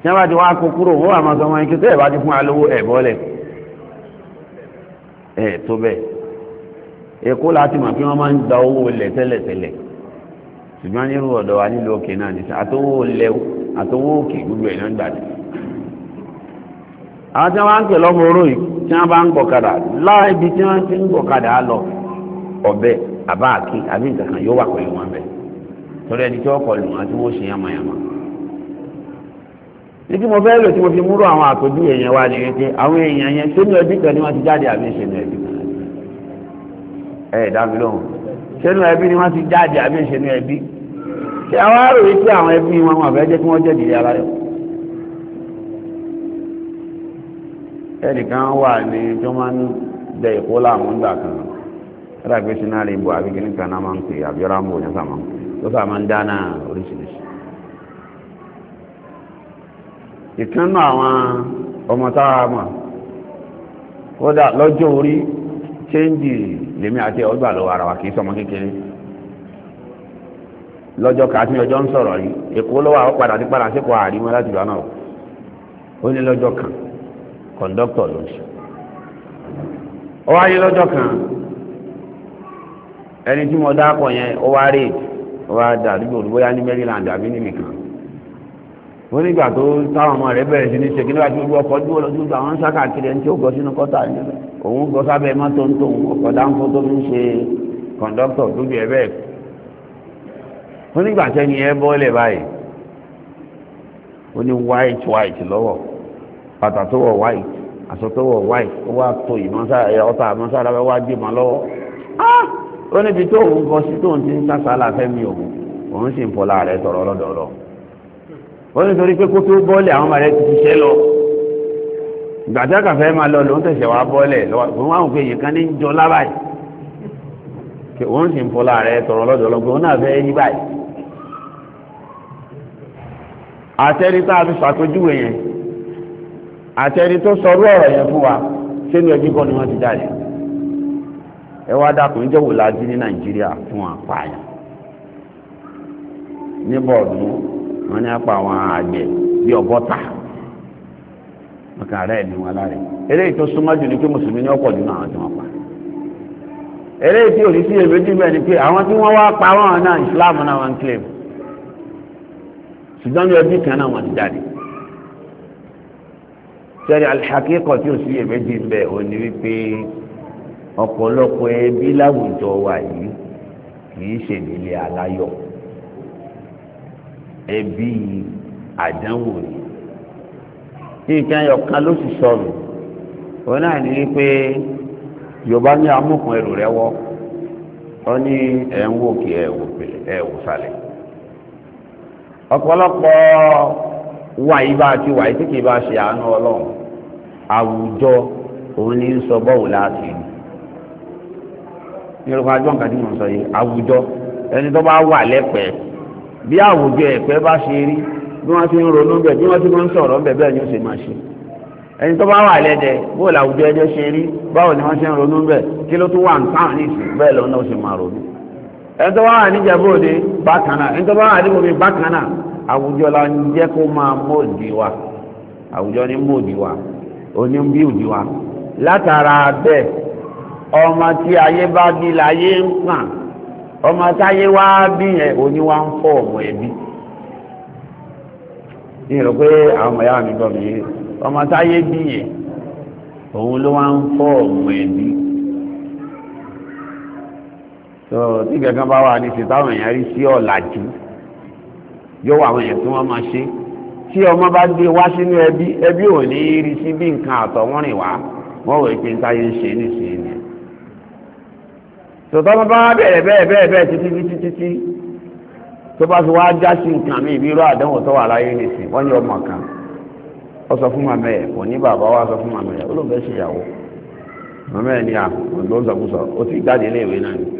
tí wọ́n bá ti wá kó kúrò wọ́n wà máa sọ wọn kí tẹ́ ẹ̀ bá ti fún alówó ẹ̀ bọ́lẹ̀ ẹ̀ tó bẹ́ẹ̀ èkó láti mọ̀ pé wọ́n máa ń gba owó ilẹ̀ tẹ́lẹ̀tẹ́lẹ̀ ṣùgbọ́n nírú ọ̀dọ̀ wa nílùú òkè náà nìṣẹ́ àwọn tí wọ́n lọ́mọ tí bá ń gbọ̀kadà ibi tí ti ń gbọ̀kadà lọ ọbẹ àbá àbí nǹkan yóò wà pẹ̀lú wọn bẹ torí ẹni tí wọ́n kọlù wọn tí wọ́n ṣe yamayama ní mo fẹ́ lò tí mo fi múrò àwọn àpèjú èèyàn wa nìyẹn pé àwọn èèyàn yẹn tó ní ẹbí kan ni wọ́n ti jáde àbí ẹbí kan dá mi lóhùn ẹbí ni ti jáde àbí ẹbí ṣé àwọn ẹnìkan wà ní tó máa ń dẹ ìkó láàmú ńgbà kan ẹ̀rọ àgbẹ̀ sinari ibò àbí kíní kan náà máa ń pè àbí rambo ní sàmà tó sà máa ń dáná oríṣiríṣi. ìkànnà àwọn ọmọ táwa mọ̀ kódà lọ́jọ́ orí chéńjì lèmi àti ọgbà lọ́wọ́ ara wa kì í sọmọ kékeré lọ́jọ́ kan àti ọjọ́ ń sọ̀rọ̀ yìí èkó lọ́wọ́ àwọn padà ti padà sípò àríwá láti ìgbà náà ó ní lọ́jọ́ kan kọ̀ǹdọ́tọ̀ ló ṣe ó wáyé lọ́jọ́ kan ẹni tí mo dákọ̀ yẹn ó wá rèé ó wá dà nígbà olùbóyá ní Maryland àbí nìkan wọ́n nígbà tó táwọn ọmọ rẹ̀ bẹ̀rẹ̀ sí ní ṣe kí nígbà tí gbogbo ọkọ̀ dúró lọ́dún gbà wọ́n ń sáka kiri ẹni tí ó gọ́ sínú kọ́tà ní òun gọ́ sábẹ́ mọ́tò ń tòun ọkọ̀ dáńfó tó ń ṣe kọ̀ǹdọ́tọ̀ lójú ẹ̀ bẹ́ẹ̀ wọ́n nígbà tẹ́ni ẹ bọ́ọ̀lẹ̀ báyìí ó ní white white lọ́wọ́ bàtà tó wọ̀ wáyì aṣọ tó wọ̀ wáyì ó wá tó ọta àmọ́sára wá dì mọ́ lọ́wọ́ ah! ó níbi tó òun kọ sí tóun ti ń sásàlà fẹ́mi òun òun sì ń fọlá rẹ̀ tọ̀rọ̀ lọ́dọọdọ ó nítorí pé kó tó bọ́ọ̀lì àwọn ọmọ rẹ̀ ti ṣiṣẹ́ lọ gbàtí àkàfẹ́ máa lọ lòún tẹ̀sẹ̀ wá bọ́ọ̀lẹ̀ lọ́wọ́ àwọn òkè yìí kan ní jọ lábàáyì wọ́n sì ń fọlá rẹ̀ tọ̀rọ̀ àti ẹni tó sọrú ọ̀rọ̀ yẹn fún wa sínú ẹbí kan ni wọ́n ti jáde ẹ wá dákun wò láti ní nàìjíríà fún apààyàn ní bọ́ọ̀dù wọn ní apá àwọn àgbẹ̀ bíi ọgọ́ta ọkàn rẹ̀ ni wọn láre eléyìí tó súnmọ́ jù ní pé mùsùlùmí ọ̀pọ̀ jù náà tí wọ́n pa eléyìí tí òní sí èméjì bẹ́ẹ̀ ni pé àwọn tí wọ́n wá pa wọn náà náà ṣùgbọ́n ní ẹbí kan náà wọ́n ti jáde sẹ́ni alihakíkọ̀ tí o sì yẹ méjì ń bẹ̀ ò ní wípé ọ̀pọ̀lọpọ̀ ẹbí láwùjọ wa yìí kìí ṣe nílé aláyọ̀ ẹbí àdánwò ni nǹkan ẹyọkan ló sì sọnù òun náà ní wípé yorùbá ní amúkùn ẹrù rẹ wọ ọ ní ẹ̀ ń wò kí ẹ̀ wò sálẹ̀ ọ̀pọ̀lọpọ̀. wáyé bá a ti wáyé tí kìí bá ṣe àánú ọlọ́run àwùjọ òun ní sọ bọ́ọ̀lù láti ìlú ní orúkọ ajọ́ tí mò ń sọ yìí àwùjọ ẹni tó bá wà lẹ́pẹ̀ẹ́ bí àwùjọ ẹ̀pẹ́ bá ṣe rí bí wọ́n ti ń ronú bẹ̀ bí wọ́n ti ń sọ̀rọ̀ bẹ̀ bẹ́ẹ̀ ni ó ṣe máa ṣe ẹni tó bá wà lẹ́dẹ̀ bóòlù àwùjọ ẹjọ́ ṣe rí báwo ni wọ́n ṣe ń ronú bẹ̀ kí ló tún wà ń tán ní ìsìn bẹ́ẹ̀ lọ́nà ó ṣe máa ronú ẹni tó bá wà níjẹ̀bú òde bákan náà ẹni tó bá wà níbo mi bákan náà àwùjọ la ń jẹ́ kó máa mọ̀ọ́dì wa àwùjọ ní mọ̀ọ́dì wa òní bí wa látara bẹ́ẹ̀ ọmọ tí ayé bá bí láyé ń pàn ọmọ táyé wá bí yẹn òní wá ń fọ ọmọ ẹbí ní ìrọ̀ pé àwọn ọmọ yàrá mi gbọ́ mi yé ọmọ táyé bí yẹn òun ló ọmọ ẹbí tó tí bá wà ní táwọn yóò wá àwọn èèyàn tí wọ́n máa ṣe tí ọmọ bá gbé wá sínú ẹbí ẹbí ò ní rí sí bí nǹkan àtọ̀wọ́rìn wá wọ́n wọ̀ pé táyé ń ṣe nìṣẹ́ ni tòtọ́ bá bá bẹ̀rẹ̀ bẹ́ẹ̀ bẹ́ẹ̀ bẹ́ẹ̀ títí títí títí tó bá fi wá já sí nǹkan mi ìbí irú àdánwò tó wà láyé nìṣẹ́ wọ́n ní ọmọ kan ó sọ fún màmá ẹ̀ kò ní bàbá wa sọ fún màmá ẹ̀ ó ló fẹ́ ṣèyàwó màmá ẹ̀ ní à ló ń sọkúsọ ó ti jáde ilé ìwé náà ni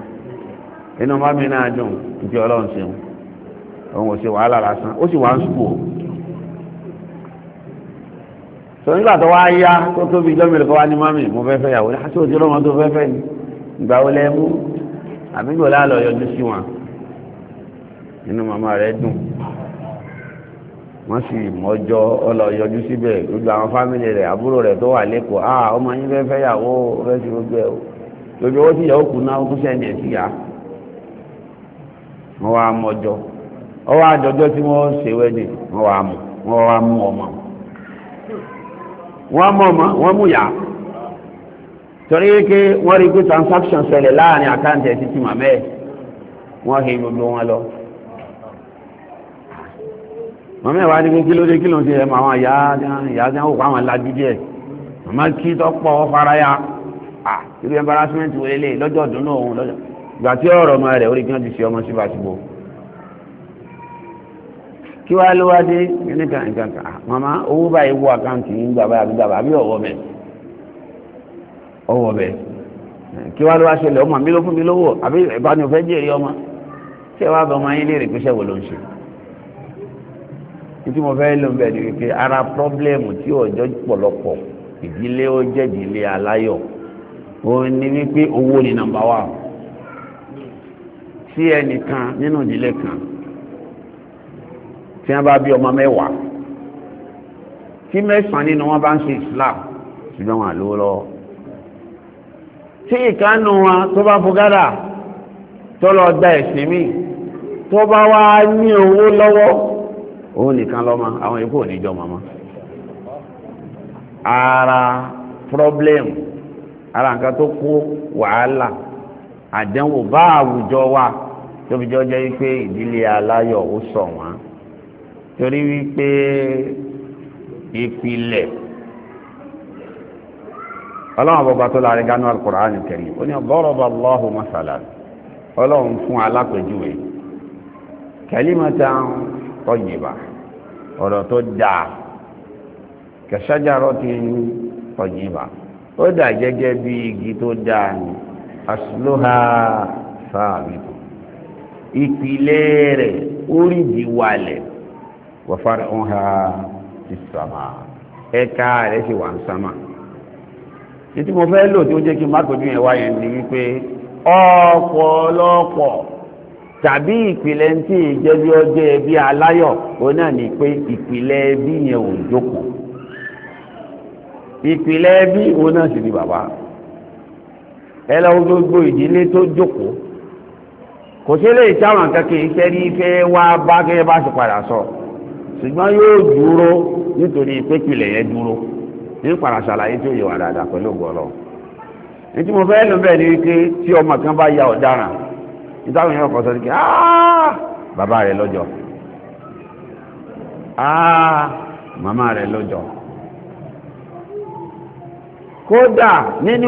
inú bá mi náà dùn ìdí ọlọ́run ṣeun òun ò ṣe wàhálà lásán ó sì wá ń sùkú o sọ nígbà tó wá yá tó tóbi ìjọ́ mìíràn kó wá ní mami mo fẹ́ fẹ́ yàwó ní àti òjò lọ́mọ tó fẹ́ fẹ́ ni ìgbà wo lẹ́ mú àbí gbọ́dọ̀ àlọ́ yọjú sí wọn inú màmá rẹ̀ dùn wọ́n sì mọ́jọ́ ọlọ yọjú síbẹ̀ gbogbo àwọn fámìlì rẹ̀ àbúrò rẹ̀ tó wà lẹ́kọ̀ọ́ ah ọmọ yín fẹ́ fẹ́ yàwó fẹ́ sí gbogbo ẹ̀ o gbogbo owó tí yàwó kù náà ó kú sẹ́ni ẹ̀ sí yàá wọ́n wá mú ọjọ́ ọwọ́ àjọjọ́ tí wọ́n ṣe wẹ́dì wọ́n wá mú wọ́n wá mú ọmọ wọ́n mú ọmọ wọ́n mú yá torí pé wọ́n rí pé transaction ṣẹlẹ̀ láàrin àkáǹtì ẹ̀ títí màmẹ́ ẹ̀ wọ́n he gbogbo wọn lọ màmẹ́ wa ní pé kí ló dé kí ló ń ṣe ẹ̀mọ àwọn ìyá ìyá tí wọ́n kó àwọn lajú díẹ̀ màmá kí tọ́pọ̀ fara ya ah irú embarrassment wo lélẹ̀ lọ́jọ́ ọdún náà òun lọ́jọ́ ìgbà tí ọ̀rọ̀ ọmọ rẹ̀ orí kí wọ́n ti fi ọmọ sí bàtìbò kí wá ló wá dé nígbà nǹkan kan ah, màmá owó báyìí wọ àkáǹtì yìí gbàgbà àbí gbàgbà àbí ọwọ́ bẹ̀ ọwọ́ bẹ̀ eh, kí wá ló wá ṣẹlẹ̀ ọmọ mi ló fún mi lówó àbí ìbáni òfẹ́ jèrè ọmọ ṣé wàá bẹ ọmọ yín léèrè pé ṣẹ́wọ̀ ló ń ṣe títí mo fẹ́ ló ń bẹ̀ ni wípé ara pọ́blẹ́mù tí ọjọ́ pọ̀lọpọ̀ ìdílé ó jẹ́ ìdílé aláyọ̀ òun ni wípé owó ni nàmbà wà sí ẹnìkan nínú ìdílé kan tí wọ́n bá bí ọmọ mẹ́wàá tí mẹ́sàn-án nínú wọn bá ń ṣe Islam ṣùgbọ́n wọn àlówó lọ́wọ́ tí ìkánú wọn tó bá fọgádà tó lọ gba ẹ̀sìn míì tó bá wá ní owó lọ́wọ́ òun nìkan lọ́mọ àwọn ikú ò ní jọ mọ́mọ́ ara problem ara nǹkan tó kó wàhálà àdánwò bá àwùjọ wa tó fi jọ jẹ́ wípé ìdílé aláyọ̀ ó sọ wọ́n torí wípé ìpìlẹ̀ ọlọ́run bọ̀bá tó láàrin gánú al-Qur'an al-Karim ó ní daraba Allahu masalan ọlọ́run fún alápèjúwe kalimatan tayyibah ọ̀rọ̀ tó dáa ka shajaratin tayyibah ó dà gẹ́gẹ́ bí igi tó dáa ni asluha sáàbìtò ìpìlẹ̀ rẹ̀ oríjì wàlẹ̀ wàfàrí ọ̀hà ti sàmà ẹ̀ka rẹ̀ sì wà ń sàmà títí mo fẹ́ lò tí ó jẹ́ kí mákòjú yẹn wáyé ni wípé ọ̀pọ̀lọpọ̀ tàbí ìpìlẹ̀ tí ìjẹ́bí ọjọ́ ẹbí aláyọ̀ òun náà ni pé ìpìlẹ̀ ẹbí yẹn ò jókòó ìpìlẹ̀ ẹbí òun náà sì ni bàbá ẹ lọ ìdílé tó jókòó kò sí lè táwọn kankan iṣẹ́ rí bá gẹ́gẹ́ bá ṣe padà sọ ṣùgbọ́n yóò dúró nítorí pépìlẹ̀ yẹn dúró ní tí ó yẹ wà dáadáa pẹ̀lú gbọ́lọ́ ní tí mo fẹ́ bẹ́ẹ̀ ni wípé ya ọ̀daràn ìtàwọn yẹn sọ kí bàbá lọ́jọ́ màmá lọ́jọ́ kódà nínú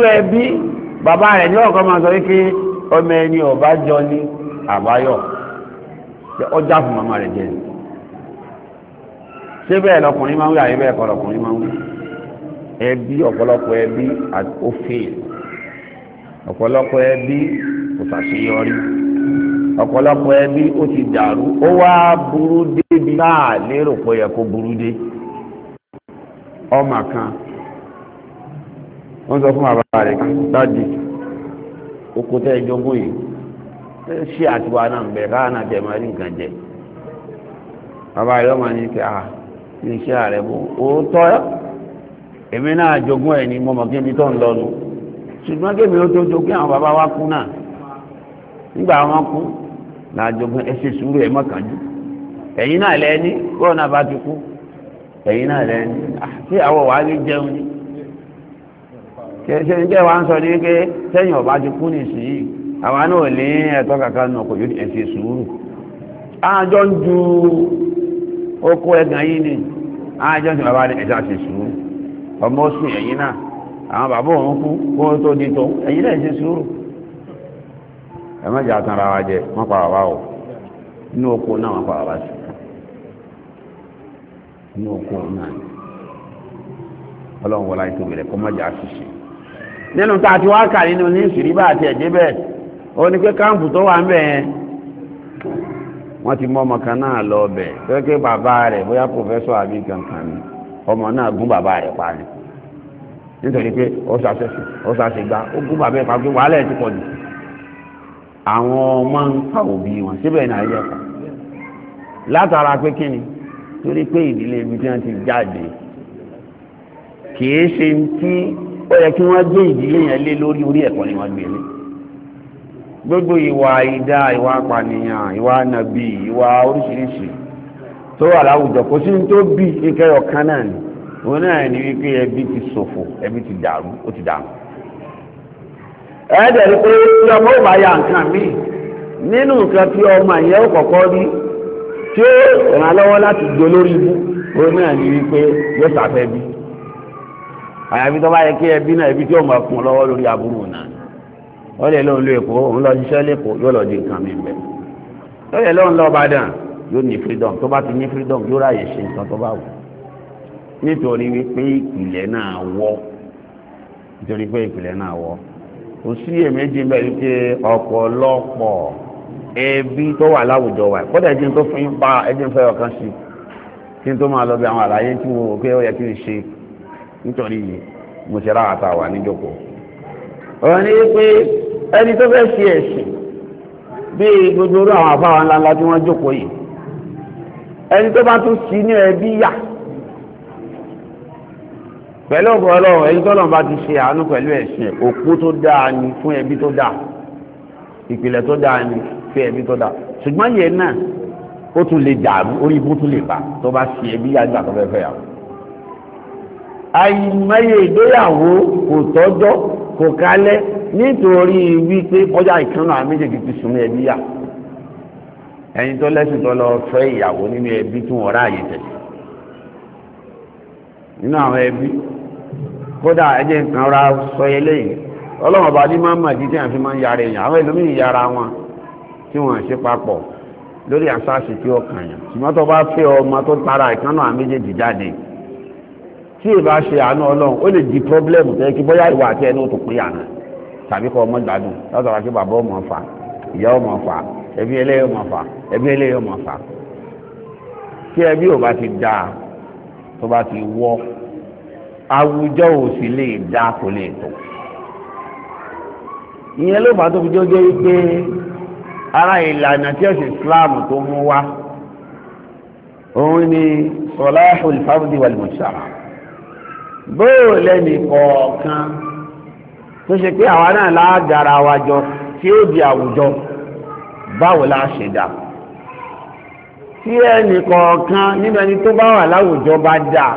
bàbá rẹ̀ ní ọ̀kan máa sọ wípé ọmọ ẹni ọ̀bá jọ ní àbáyọ̀ ọjà fún màmá rẹ̀ jẹ́ ṣé bẹ́ẹ̀ lọkùnrin máa ń wí àyè bẹ́ẹ̀ kọ́ lọkùnrin máa ń wí ẹbí ọ̀pọ̀lọpọ̀ ẹbí òfin ọ̀pọ̀lọpọ̀ ẹbí kò ṣàṣeyọrí ọ̀pọ̀lọpọ̀ ẹbí ó ti dàrú ó wá burú débi náà lérò pé ó yẹ kó burú dé ọmọ kan wọ́n sọ fún bàbá rẹ̀ kan dájú oko tẹ́ ìjọgún yìí ṣé àtiwá náà ń bẹ káà náà tẹ̀ máa rí nǹkan jẹ bàbá rẹ̀ ọmọ ní kí a ní iṣẹ́ ààrẹ bò ó tọ́ èmi náà jogún ẹ̀ ní mọ́mọ́ kí n bí tó ń lọ́nu ṣùgbọ́n kémi ó tó jogún àwọn bàbá wa kú náà nígbà wọn kú náà jogún ẹ ṣe sùúrù ẹ mọ́kànjú ẹ̀yin náà lẹ́ni kó bá ti kú ẹ̀yin náà lẹ́ni àti àwọn wàá ní ah, jẹun ni. kẹsẹ̀ ń jẹ́ wa ń sọ ní pé sẹ́yìn ọba ti kú nìsín àwa náà ní ẹ̀tọ́ kankan nù kò yóò sùúrù àjọ ń ju oko ẹ̀gàn yìí ni àjọ ń sọ bàbá ní ẹ̀sìn àti sùúrù ọmọ sùn ẹ̀yìn náà àwọn bàbá òun kú kó tó di tó ẹ̀yìn náà ẹ̀sìn sùúrù ẹ má jà tán ara wa jẹ wọn pa o inú oko náà wọn pa sí inú oko náà ọlọ́run nínú tá a ti wá kà nínú ní ìsìríbà àti ẹ̀jẹ́ bẹ́ẹ̀ ó ní pé káàmpù tó wà ń bẹ̀ yẹn wọ́n ti mú ọmọ kan náà lọ ọbẹ̀ tó ké bàbá rẹ̀ bóyá pòfẹ́sọ̀ àbí kankan ni ọmọ náà gún bàbá rẹ̀ pa ni nítorí pé ó ṣàṣẹṣe ó ṣàṣègbà ó gún bàbá ẹ̀ pa pé wàhálà ẹ̀ ti pọ̀ jù àwọn ọmọ ń pa òbí wọn síbẹ̀ náà yẹ pa látara pé kí ni torí pé ìdílé ibi tí wọ́n ti jáde kì í ṣe ti ó yẹ kí wọ́n gbé ìdílé yẹn lé lórí orí ẹ̀kọ́ ni wọ́n gbé gbogbo ìwà ìdá ìwà apànìyàn ìwà nàbì ìwà oríṣiríṣi tó wà láwùjọ kò sí tó bí ìkẹyọ kan ni òun náà wípé ẹbí ti ṣòfò ẹbí ti dàrú ó ti dàrú ẹ̀ẹ́dẹ̀ ni pé ọmọ ò bá ya nǹkan míì nínú nǹkan tí ọmọ yẹn ó rí tí ó ràn lọ́wọ́ láti ibú òun náà wípé yóò sàfẹ́ àyàfi tó bá yẹ kí ẹbí náà ẹbí tí ó máa fún ọ lọ́wọ́ lórí aburú náà ó lè lóun lo èkó òun lọ ṣiṣẹ́ lẹ́kọ̀ọ́ yóò lọ di nǹkan mi bẹ̀ ó lè lóun lọ Ìbàdàn yóò ní freedom tó bá ti ní freedom yóò ráyè ṣe nǹkan tó bá wù nítorí wípé ìpìlẹ̀ náà wọ́ nítorí pé ìpìlẹ̀ náà wọ́ kò sí èméjì ń bẹ̀ wípé ọ̀pọ̀lọpọ̀ ẹbí tó wà láwùjọ wa kódà ẹjìn tó fún yín pa ẹjìn fẹ́ ọ̀kan sí kí n tó máa lọ nítorí mo ṣe ráhà tá a wà níjòkó ọ̀rọ̀ ni pé ẹni tó fẹ́ ṣe ẹ̀sìn bíi gbogbo orú àwọn àfáwà ńláńlá tí wọ́n jókòó yìí ẹni tó bá tún sí ní ẹbí yà pẹ̀lú ọ̀pọ̀ ọlọ́run ẹni tọ́lọ́run bá ti ṣe àánú pẹ̀lú ẹ̀sìn òpó tó dáa ni fún ẹbí tó dáa ìpìlẹ̀ tó dáa ni fún ẹbí tó dáa ṣùgbọ́n yẹn náà ó tún lè dàrú orí ibú tún lè bá tó bá ṣe ẹbí yà gbà tó fẹ́ fẹ́ yàwó. àìmọye ìgbéyàwó kò tọ́jọ́ kò kálẹ́ nítorí wípé kọjá ìkànnà méjèèjì ti ẹbí yà ẹni tó lẹ́sìn tó lọ fẹ́ ìyàwó nínú ẹbí tún ọ̀rá ráàyè nínú àwọn ẹbí kódà ẹjẹ́ nǹkan ra ọba ní máa tí máa ń yára èèyàn wọn tí wọ́n ṣe lórí tí ìbá ṣe àánú ọlọ́run ó lè di problem tẹ́ kí bóyá ìwà àti ẹnu tó pé àná tàbí kọ́ ọmọ gbádùn látara kí bàbá ọmọ fà ìyá ọmọ fà ẹbí ẹlẹ́yẹ ọmọ fà ẹbí ẹlẹ́yẹ ọmọ fà tí ẹbí ò bá ti dá tó bá ti wọ́ àwùjọ ò lè dá kò lè tó ìyẹn ló fà tó fi jọ́jọ́ wípé ara ìlànà tí ẹ̀sìn Islam tó mú wá òun ni sọláhùn ìfáwọ́dì wàlúùsáà bóò lẹ́nì kọ̀ọ̀kan tó ṣe pé àwa náà láàgara wa jọ tí ó di àwùjọ báwo ṣe dà tí ẹni kọ̀ọ̀kan nínú ẹni tó bá wà láwùjọ bá dà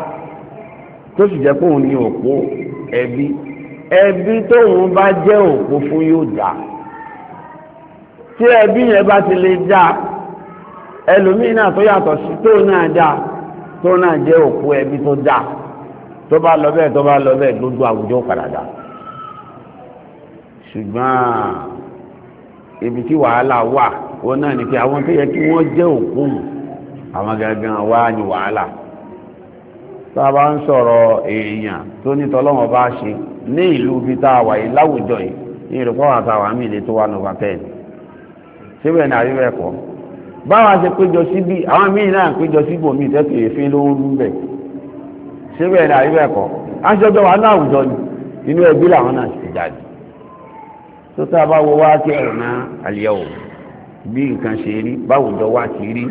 tó sì jẹ́ pé òun ni òpó ẹbí ẹbí tóun bá jẹ́ òpó fún yóò dà tí ẹbí yẹn bá dà ẹlòmíì náà tó yàtọ̀ sí tóun náà dà tóun náà jẹ́ ẹbí tó dà. tó bá lọ bẹ́ẹ̀ tó bá lọ bẹ́ẹ̀ gbogbo àwùjọ padà dà ṣùgbọ́n ibi tí wàhálà wà wọn náà ní pé àwọn tó yẹ kí wọ́n jẹ́ òkun àwọn gangan wá ní wàhálà tá a bá ń sọ̀rọ̀ èèyàn tó ní tọ́lọ́wọ́n bá ṣe ní ìlú ibi tá a wà láwùjọ yìí ní ìrùkọ́ àtàwọn àmì ìlé tó wà nọ́fà ten síbẹ̀ ní àríwẹ̀ kọ́ báwa ṣe péjọ síbí àwọn míì náà péjọ síbòmíì tẹ́tù èéfín ló ń rú bẹ́ẹ̀ síbẹ̀ ní àríwẹ̀ ẹ̀kọ́ aṣọ́jọ́ wa náà àwùjọ ni inú ẹbí làwọn náà ti jáde tó tá a bá wo wá tí ẹ̀rọ náà àlẹ́wò bí nǹkan ṣe rí báwùjọ wá ti rí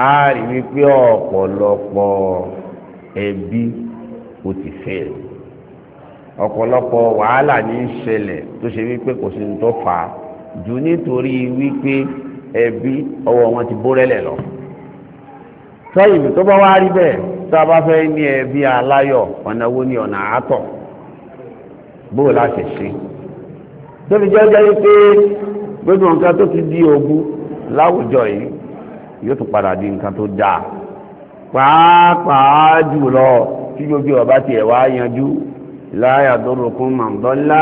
a rí wípé ọ̀pọ̀lọpọ̀ ẹbí ó ti fẹ́ ọ̀pọ̀lọpọ̀ wàhálà ní í ṣẹlẹ̀ tó ṣe wípé kò sí ní tó fà á jù nítorí wípé ẹbí ọwọ́ wọn ti bórẹ́lẹ̀ lọ sọ́yìn tó bá wá rí bẹ́ẹ̀ tó a bá fẹ́ ní ẹbí aláyọ̀ ọ̀nà wo ni ọ̀nà àátọ̀ bó la ṣe ṣe tó fi jẹ́ jẹ́ pé gbogbo nǹkan tó ti di ogun láwùjọ yìí yóò tún padà di nǹkan tó dáa pàápàá jùlọ tí gbogbo ọba tiẹ̀ wá yanjú láyà tó rọkún màndọ́lá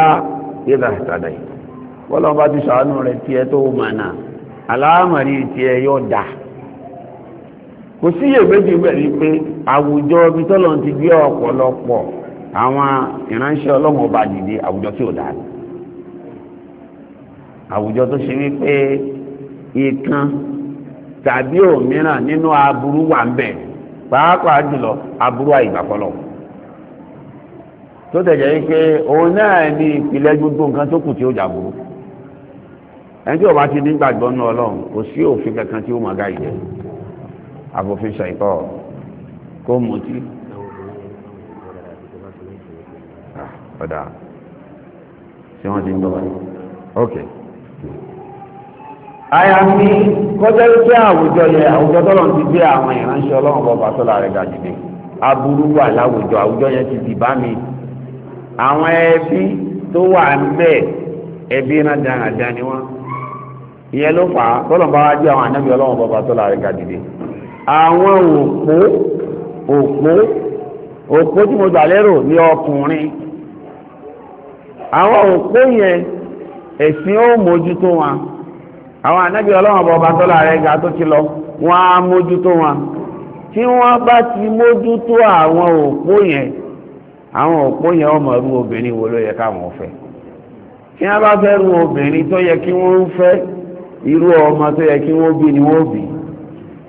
yíga ìtàdà yìí wọ́n lọ́ba ti sàánú rẹ̀ tiẹ̀ tó mọ̀nà aláàmọ̀rí tiẹ̀ yóò dáa kò sí iyèméjì bẹ̀ ni pé àwùjọ ibi tọ́lọ́ ti gbé ọ̀pọ̀lọpọ̀ àwọn ìránṣẹ́ ọlọ́run ọba dìde àwùjọ tí ò dáa ni àwùjọ tó ṣe wípé ìkan tàbí òmíràn nínú aburú wà ń bẹ̀ pàápàá jùlọ aburú àìgbàkọlọ̀ tó tẹ̀jẹ̀ wípé òun náà ní ìpìlẹ̀ gbogbo nǹkan tó kù tí ó jàbúrú ẹni tí ò bá ti nígbàgbọ́ nù ọlọ́run kò sí òfin kankan tí ó máa gáyìí àbòfin ṣàìtọ́ kó mutí ah, ọ̀dà tí wọ́n ti ń gbọ́ wáyé ok àyàfi kọjá pé àwùjọ yẹ àwùjọ tọ́lọ̀ ti gbé àwọn ìránṣẹ́ ọlọ́run bọ́ fàtọ́lá rẹ̀ gàjù dé aburú wà láwùjọ àwùjọ yẹn ti dìbá mi àwọn ẹbí tó wà ń bẹ ẹbí náà dáradára ni wọn ìyẹn ló fà á tọ́lọ̀ bá wá jẹ́ àwọn ànábì ọlọ́run bọ́ fàtọ́lá rẹ̀ gàjù dé àwọn òpó òpó òpó tí mo gbà lérò ní ọkùnrin àwọn òpó yẹn ẹ̀sìn ó mójútó wọn àwọn ànábì ọlọ́wọ́n bọ̀ bá tọ́lá rẹ̀ ga tó ti lọ wọ́n á mójútó wọn tí wọ́n bá ti mójútó àwọn òpó yẹn àwọn òpó yẹn wọ́n mọ̀ rú obìnrin wo ló yẹ káwọn fẹ́ tí wọ́n bá fẹ́ rú obìnrin tó yẹ kí wọ́n fẹ́ irú ọmọ tó yẹ kí wọ́n bí ni wọ́n bí i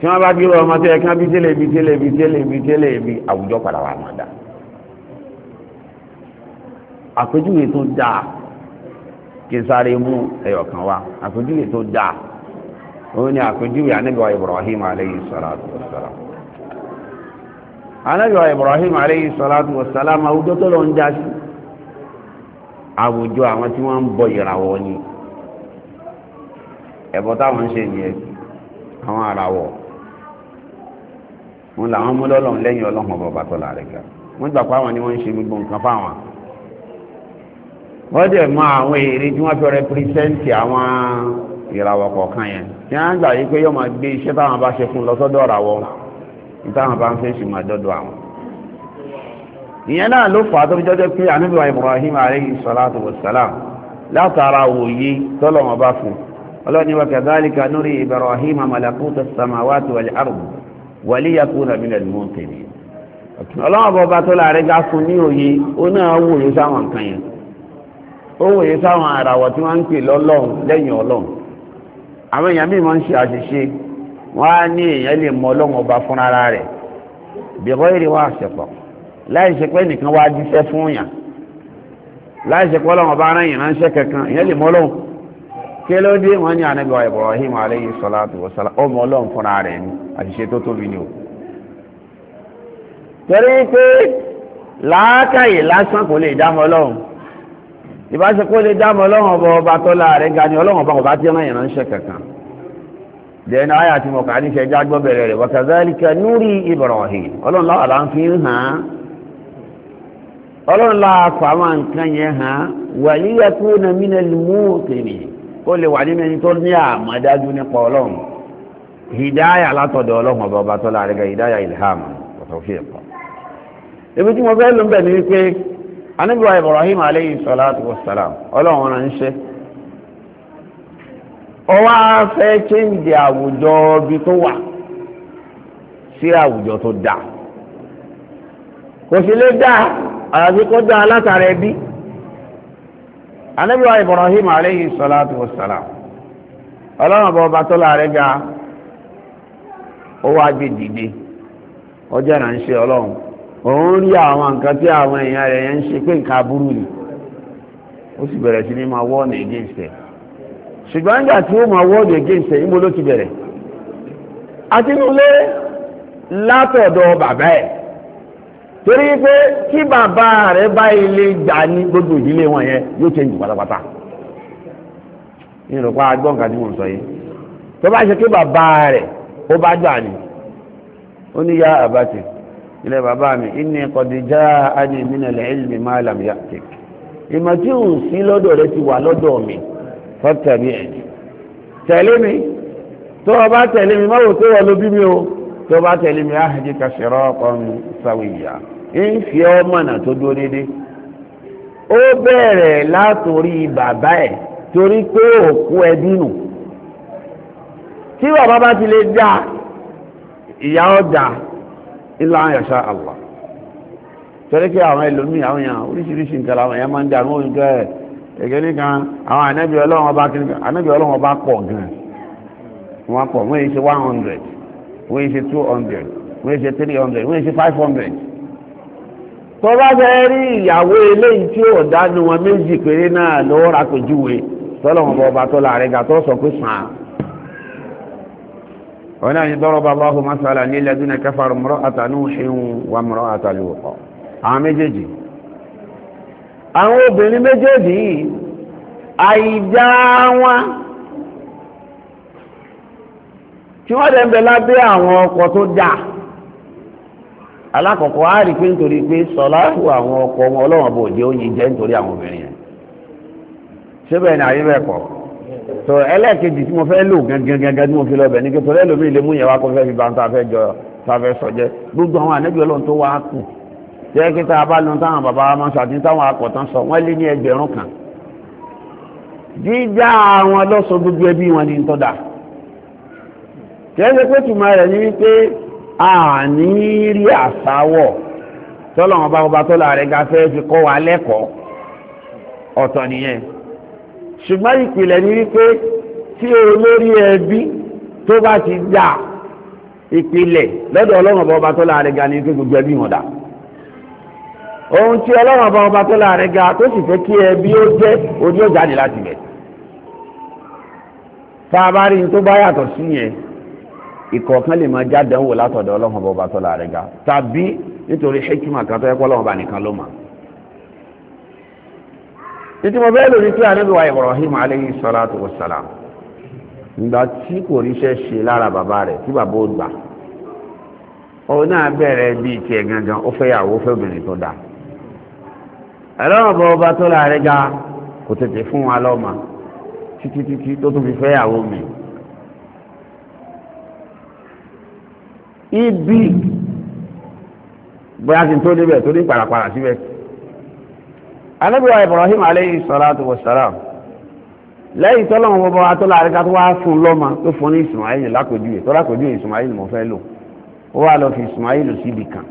tí wọ́n bá dúró ọmọ tó yẹ kí wọ́n bí tẹ́lẹ̀ bí tẹ́lẹ̀ bí tẹ́lẹ̀ bí tẹ́lẹ̀ bí àwùjọ padà wà máa dà àpèjúwe tó dáa ẹyọ kan wá tó dáa òun ni àpèjúwe Ibrahim aleyhi salatu wa salam Ibrahim aleyhi salatu wa salam àwùjọ tó lọ ń já sí àwùjọ àwọn tí wọ́n ń bọ ni wọn làwọn mú lọ́lọ́run lẹ́yìn ọlọ́run ọba ọba tọ́lá rẹ̀ ga wọ́n gbà pé àwọn ni wọ́n ń ṣe gbogbo nǹkan fáwọn wọ́n dẹ̀ mọ àwọn èrè tí wọ́n fi rẹpírísẹ́ǹtì àwọn ìràwọ̀ kọ̀ọ̀kan yẹn tí wọ́n gbà yí pé yóò máa gbé iṣẹ́ táwọn bá ṣe fún lọ́sọ́dọ̀ ọ̀ràwọ̀ táwọn bá ń fẹ́ sì máa dọ́dọ̀ àwọn ìyẹn náà ló fà á tó fi jọ́jọ́ pé àníbíwá Ibrahim alayhi salatu wa salam látara wàlí yakuna min al-muqinin ọlọ́wọ́n bọ́ bá tó láàrin ga fún ní òye ó náà wòye sáwọn nǹkan yẹn ó wòye sáwọn àràwọ̀ tí wọ́n ń pè lọ́lọ́run lẹ́yìn ọlọ́run àwọn èèyàn míì máa ń ṣe àṣìṣe wọ́n á ní èèyàn lè mọ ọlọ́run ọba fúnra rẹ̀ bẹ̀rọ èrè wọn àṣepọ̀ láì ṣe pé nìkan wá jíṣẹ́ fún yàn láì ṣe pé ọlọ́run ọba ara ránṣẹ́ kankan èèyàn lè mọ ọlọ́run kí ló dé wọn ní ànábì Ibrahim alayhi salatu wa àṣìṣe tó tóbi ni o. torí pé làákàyè lásán kò lè dámọ̀ ọlọ́run ìbáṣe kó lè dámọ̀ ọlọ́run ọba ọba tọ́lá rẹ̀ ga ni ọlọ́run ọba kò bá ti rán ìránṣẹ́ kankan. dẹ́nu ayé àti mọ̀ká níṣẹ́ já gbọ́ bẹ̀rẹ̀ rẹ̀ wakazalika nuri Ibrahim ọlọ́run láwà lá ń fi hàn án ọlọ́run láwà fà á máa nǹkan yẹn hàn án wà líyà kúrò náà mí kó lè wà nínú ẹni tó ní àmàdájú nípa ọlọ́run hidaya látọ̀dọ̀ ọlọ́run ọba ọba tọ́lá rẹ̀ hidaya ilham tawfiq ibi tí mo fẹ́ lò ní wípé anábíwá ibrahim aleyhi salatu wassalam ọlọ́run ránṣẹ́ ó wá fẹ́ chéǹdì àwùjọ bí tó wà sí àwùjọ tó dáa kò sí lè dáa àyàfi kó látara ẹbí ọba ọba ó wá gbé dìde ọjọ́ ọlọ́run òun rí àwọn nǹkan tí àwọn èèyàn rẹ̀ ń ṣe pé nǹkan aburú ni ó sì bẹ̀rẹ̀ sí ní máa wọ́ọ̀nù against ẹ̀ ṣùgbọ́n nígbà tí ó máa níbo ló ti bẹ̀rẹ̀ àtinúlé látọ̀dọ̀ bàbá ẹ̀ torí pé kí bàbá rẹ̀ bá ilé gbà ní gbogbo ìdílé wọn yẹn ó bá gbà ní ó ní yá àbátì ilẹ̀ bàbá mi inú kọ̀dí já ánì mínàlẹ̀ ilmi máa làm yá tèk ìmọ̀ tí ò ń sí lọ́dọ̀ rẹ ti wà lọ́dọ̀ mi fọ́tẹ̀mí ẹ̀ tẹ̀lé mi tó o bá tẹ̀lé mi máwò tó wọ́n ló bí mi o tó o bá tẹ̀lé mi áhàjì kàṣẹ̀rọ̀ ọ̀n sáwìyà ń fi ọmọ náà tó dúró déédéé ó bẹ̀rẹ̀ látòrí bàbá ẹ̀ torí pé òkú ẹbí nù tí bàbá bá ti lè dá ìyá ọjà ilá àyàṣá àlá torí kí àwọn ẹlòmíì àwọn èèyàn oríṣiríṣi nǹkan làwọn èèyàn máa ń dá àwọn òyìnbó ẹ̀ ẹ̀gẹ́ nìkan àwọn ànábì ọlọ́run ọba kìnnìkan ànábì ọlọ́run ọba pọ̀ gan wọn pọ̀ wọ́n yìí ṣe one hundred wọ́n yìí ṣe two hundred wọ́n yìí ṣe three wọ́n ṣe five hundred bá fẹ́ rí ìyàwó eléyìí tí ò dánú wọn méjì péré náà lọ́wọ́ kò júwe tọ́lọ́wọ́n ọba tó láàrin gà sọ pé sàn án ọ̀nà ni dọ́rọ̀bà lọ́hùn masala ní ilẹ̀ dúnà kẹfàrù mọ́rọ̀ àtànú wa mọ́rọ̀ àtàlù ọ̀pọ̀ àwọn méjèèjì àwọn obìnrin méjèèjì yìí àìjá wọn tí wọ́n dẹ̀ ń bẹ lábẹ́ àwọn ọkọ tó dà alákọ̀ọ́kọ́ á rí pé nítorí pé sọ̀láhù àwọn ọkọ ọlọ́wọ̀n bò jẹ́ tó ẹlẹ́ẹ̀kejì tí mo fẹ́ lò gangan tí mo fi lọ́bẹ̀ ní kí tó lẹ́lòmí ilé mú yẹn wá kó fẹ́ fi bàǹtà fẹ́ jọ sáfẹ́ sọjẹ́ gbogbo àwọn ànẹ́bí ọlọ́run tó wá kù jẹ́ kí tá a bá lọ táwọn bàbá wa máa ń sọ àti táwọn akọ̀tàn sọ wọ́n lé ní ẹgbẹ̀rún kan jíjá àwọn lọ́sọ gbogbo ẹbí wọn ni tọ́da kẹ́sẹ̀ pé tùmọ̀ rẹ̀ ní wípé àní rí àsáwọ̀ tọ́lọ́wọ́n bá ọba tọ́lá rẹ̀ ga fẹ́ fi kọ́ wa ṣùgbọ́n ìpìlẹ̀ ni wípé tí olórí ẹbí tó bá ti dà ìpìlẹ̀ lọ́dọ̀ ọlọ́run ọba ọba tó láàrin ga ni wípé gbogbo ẹbí wọn dà ohun tí ọlọ́run ọba ọba tó láàrin ga tó sì fẹ́ kí ẹbí ó jẹ́ oní òjáde láti bẹ̀ tá a bá rí ní tó bá yàtọ̀ sí yẹn ìkọ̀ọ̀kan lè máa jáde ń wò látọ̀dọ̀ ọlọ́run ọba tó láàrin ga tàbí nítorí hekima kan tó yẹ kọ́ ọlọ́run ọba nìkan ló máa títí mo bẹ́ẹ̀ lórí pé ànábì wa Ibrahim aleyhi salatu wa salam ìgbà tí kò ríṣẹ́ ṣe lára bàbá rẹ̀ tí bàbá ó gbà òun náà bẹ̀rẹ̀ bíi tiẹ̀ gangan ó fẹ́ yàwó fẹ́ obìnrin tó dáa ẹlọ́run bọ́ ọba tó láàrin ga kò tètè fún wa lọ́mọ títí títí tó tún fi fẹ́ yàwó mi ibi bóyá kí tó débẹ̀ tó ní parapara síbẹ̀ anábíwá ibrahim alayhi salatu wa salam lẹ́yìn tọ́lọ́mọ bọ́bọ́ atọ́lá àríká tó wá fún lọ́mọ tó fún ní ismail lákòjúwe tó lákòjúwe ismail mo fẹ́ lò ó wá lọ fi ismail síbi kan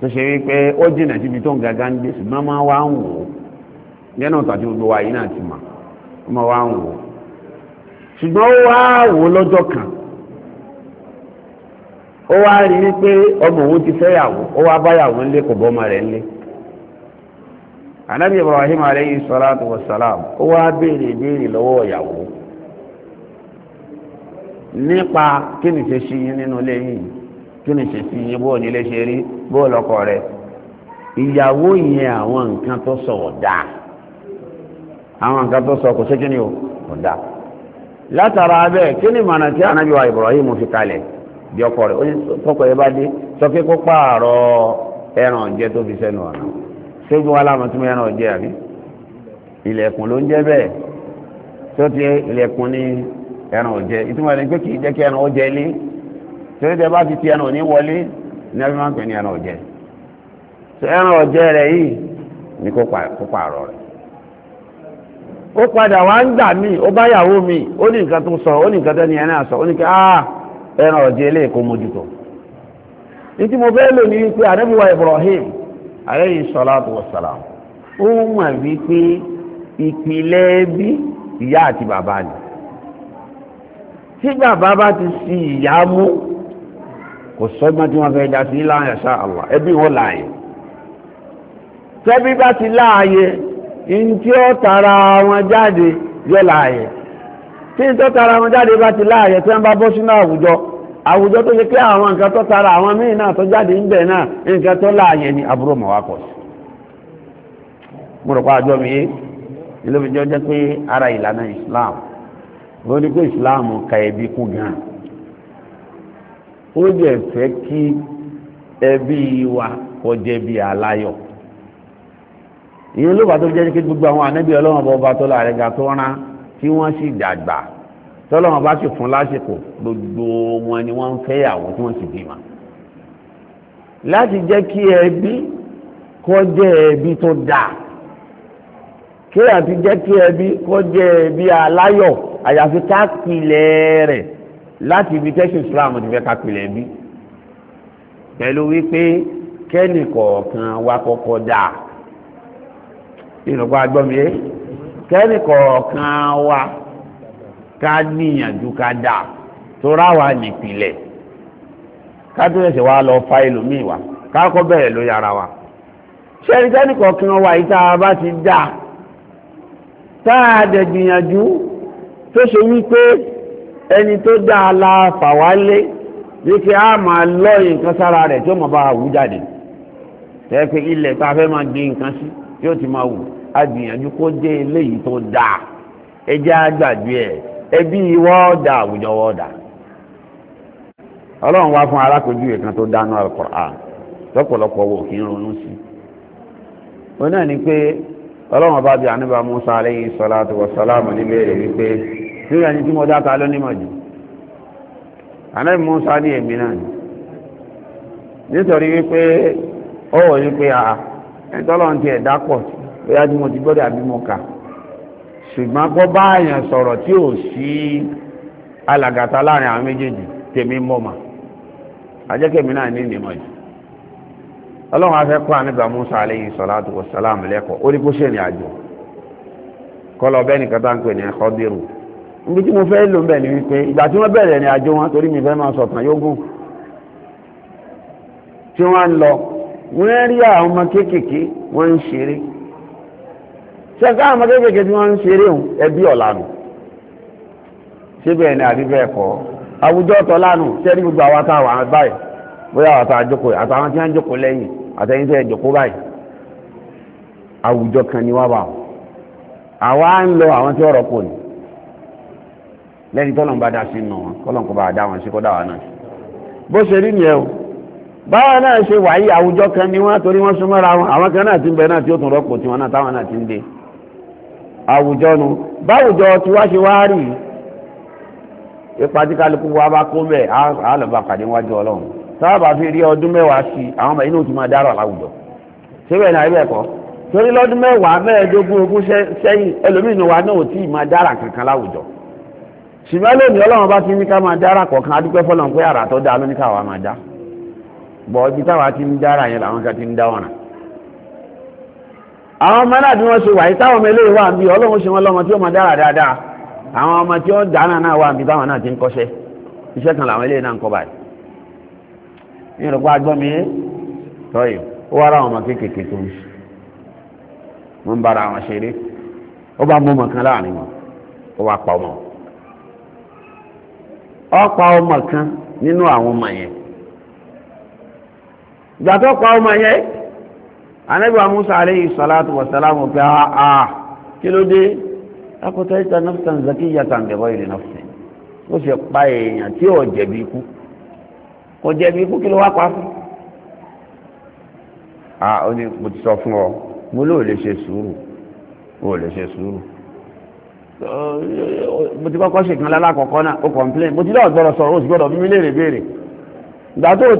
tó ṣe wípé ó jìnà síbi tó ń gaga ń gbé ṣùgbọ́n máa wá ń wò ṣùgbọ́n ó wá wò lọ́jọ́ kan ó wá rí i ọmọ òun ti fẹ́yàwó ó wá báyàwó ńlé kò bọ́ ọmọ rẹ̀ ńlé anabi ibrahim aleyhi salatu wa salam ó wá béèrè ìbéèrè lọ́wọ́ ìyàwó nípa kí ni ṣe sí yín nínú ilé yìí kí ni ṣe sí yín bóò nílé ṣe rí bóò lọ́kọ rẹ̀ ìyàwó yẹn àwọn nǹkan tó sọ ọ̀dà àwọn nǹkan tó sọ kò sí kí ni ọ̀dà látara abẹ́ kí ni mànà tí anabi wa ibrahim fi kalẹ̀ bí ọkọ rẹ̀ ó ní tọkọ yẹn bá dé sọ pé kó pààrọ̀ ẹran jẹ tó fi sẹ́nu ọ̀nà. ségun aláàmọ̀ tí mo yẹn náà jẹ́ ilẹ̀kùn ló ń jẹ́ bẹ́ẹ̀ tí ó ti ilẹ̀kùn ní ẹran ọ̀jẹ́ ìtumọ̀ ẹni pé kì í jẹ́ kí ẹran ọ̀jẹ́ tí ó jẹ́ bá ti ti ẹran òní wọlé ní ẹbí máa ń pè ní ẹran ọ̀jẹ́ tí ẹran ọ̀jẹ́ rẹ̀ yìí ni kó pààrọ̀ ó padà mi ó ní nǹkan tó sọ ó ní nǹkan tó ní ẹran ó ní kí ah, ẹran ọ̀jẹ́ kó ní tí ní àdébùwà Ibrahim alayhi salatu wassalam ó mọ̀ wípé ìpìlẹ̀ ẹbí ìyá àti bàbá ni tí bàbá bá ti sí ìyá mú kò sọ́gbọ́n tí wọ́n fẹ́ dá sí láàyè ṣá àlọ́ ẹbí wọn láàyè tẹ́bí bá ti láàyè ní tí ó tara wọn jáde yọ láàyè tí ó tara wọn jáde bá ti láàyè tí wọ́n bá bọ́ sínú àwùjọ àwùjọ tó ṣe pé àwọn nǹkan tó tara àwọn míì náà tó jáde ń bẹ̀ náà nǹkan tó ni àbúrò mọ̀ àjọ mi ilé ara ìlànà Islam ló ní Islam ka ẹbí kú gan ó jẹ́ fẹ́ kí ẹbí wa kọjẹ́ bí aláyọ̀ ìyẹn ló bá tó jẹ́ pé gbogbo àwọn ga tó rán wọ́n sì dàgbà tọ́lọ́wọ́n bá sì fún lásìkò gbogbo wọn ni wọ́n ń fẹ́yàwó tí wọ́n sì bímọ láti jẹ́ kí ẹbí kó jẹ́ ẹbí tó dáa kí àti jẹ́ kí ẹbí kó jẹ́ ẹbí aláyọ̀ àyàfi ká rẹ̀ láti ibi tẹ́sí Islam ti fẹ́ ká pilẹ̀ pẹ̀lú wípé kẹ́nì kọ̀ọ̀kan wa kọ́kọ́ dáa ìrùkọ́ agbọ́mi yé kẹ́nì kọ̀ọ̀kan wa. ká níyànjú ká dáa tó ráwà nípìnlẹ̀ ká tó ẹsẹ̀ wa lọ fa ẹlòmíì wa ká kọ́ bẹ̀rẹ̀ lórí ara wa ṣẹ́ni sẹ́ni kọ̀ọ̀kan wa yìí bá ti dà tá a dẹ̀ tó ṣe wípé ẹni tó dá la fà a máa lọ nǹkan sára rẹ̀ mọ̀ bá a wú jáde tẹ́ pé ilẹ̀ tá ti máa wù gbìyànjú kó dé eléyìí tó dáa ẹjẹ́ ẹbí wọ́ọ̀dà àwùjọ wọ́ọ̀dà ọlọ́run wá fún arákojú ìkan tó dánú Al-Qur'an lọ́pọ̀lọpọ̀ wò kí ń ronú sí ó náà ni pé ọlọ́run ọba Musa alayhi salatu wa salamu níbẹ̀rẹ̀ wípé nígbà ní tí mo dáta jù Musa ní èmi náà ni wípé ó wọ̀ wípé à ti bóyá tí mo ti gbọ́dọ̀ àbí mo kà ṣùgbọ́n kọ́ bá àyàn sọ̀rọ̀ tí ò sí alàgàtà láàrin àwọn méjèèjì tèmi mọ́mà ajẹ́kẹ̀mí náà ní ìnìmọ̀ jù ọlọ́run afẹ́ kọ́ àníbà Musa alayhi salatu wa salam lẹ́kọ̀ọ́ ó ní kó ṣe ní àjò kọ́lọ̀ ọbẹ̀ nìkan tá ń pè ní ẹ̀kọ́ dérò níbi tí mo fẹ́ lò ń bẹ̀ ni wípé ìgbà tí wọ́n bẹ̀rẹ̀ ní àjò wọn torí mi fẹ́ máa sọ̀tàn yógún tí wọ́n ń lọ wọ́n rí àwọn ọmọ kéékèèké wọ́n ń ṣeré ṣẹ́gbẹ́ àwọn kéékèèké tí wọ́n ń ṣeré ẹbí ọ̀lànà síbẹ̀ ni àdífẹ́ ẹ̀kọ́ àwùjọ tọ́lánù sẹ́rí gbogbo àwọn àtàwọn àwọn báyìí bóyá àwọn àtàwọn àtàwọn tí wọ́n ń jòkó lẹ́yìn àtẹ̀yìn tẹ́ báyìí àwùjọ kan ni wá wà ó àwa ń lọ àwọn tí ọ̀rọ̀ kò ní lẹ́ni tọ́lọ̀ ń bá dá sí nù wọn kọ́lọ̀ kó bá dá wọn sí kó dá wa náà bó ṣe rí nìyẹn o báwa náà ṣe wáyé àwùjọ kan ni wọ́n torí wọ́n súnmọ́ra wọn àwọn kan náà ti ń bẹ náà tí ó tún rọ́pò tiwọn náà táwọn náà ti ń dé àwùjọ nu báwùjọ tí wá ṣe wá rí ipa tí kálukú wa bá kó mẹ́ àlọ́bà pàdé wájú ọlọ́run sábà fi rí ọdún mẹ́wàá sí àwọn ọmọ inú òtún máa dára láwùjọ síbẹ̀ náà ibẹ̀ kọ́ torí lọ́dún mẹ́wàá mẹ́ẹ̀ẹ́dógún ogún sẹ́yìn ẹlòmínú wa náà tí máa dára kankan láwùjọ ṣùgbọ́n lónìí ọlọ́run bá ti ní ká máa dára kọ̀ọ̀kan adúpẹ́ fọlọ́n pé àrà tó dáa lóníkàwá máa dá àwọn ọmọ náà bí wọ́n ṣe wà yí táwọn ọmọ eléyìí wà ń bí ọlọ́run ṣe wọ́n lọ́mọ tí ó mọ dára dáadáa àwọn ọmọ tí ó dáná náà wà náà ti ń kọ́ṣẹ́ iṣẹ́ kan làwọn ilé náà ń kọ́ báyìí ní agbọ́mi tọ́yì ó wá ọmọ kéékèèké tó ń ṣe wọ́n ń bára ṣeré ó ọmọ kan láàrin wọn ó wá pa ọmọ ọ pa ọmọ kan nínú àwọn ọmọ yẹn ìgbà tó pa ọmọ yẹn anẹ́gbà musa alayhi salatu wa salamu pé àà ah, ah, kí ló dé akọta ìta nafsan zakiyatan bi ghayri nafsin ó sì pa èèyàn tí ò jẹ̀bi ikú kò jẹ̀bi ikú kí ló wá pa fún a ah, ó ní mo ti sọ fún ọ mo lóò lè ṣe sùúrù ó lè ṣe sùúrù mo ti kọ́kọ́ ṣe kan lálákọ̀ọ́kọ́ náà ó kọ̀m̀plẹ́n mo ti lọ́ọ̀ gbọ́dọ̀ sọ̀rọ̀ ó gbọ́dọ̀ bí léèrè béèrè ìgbà tó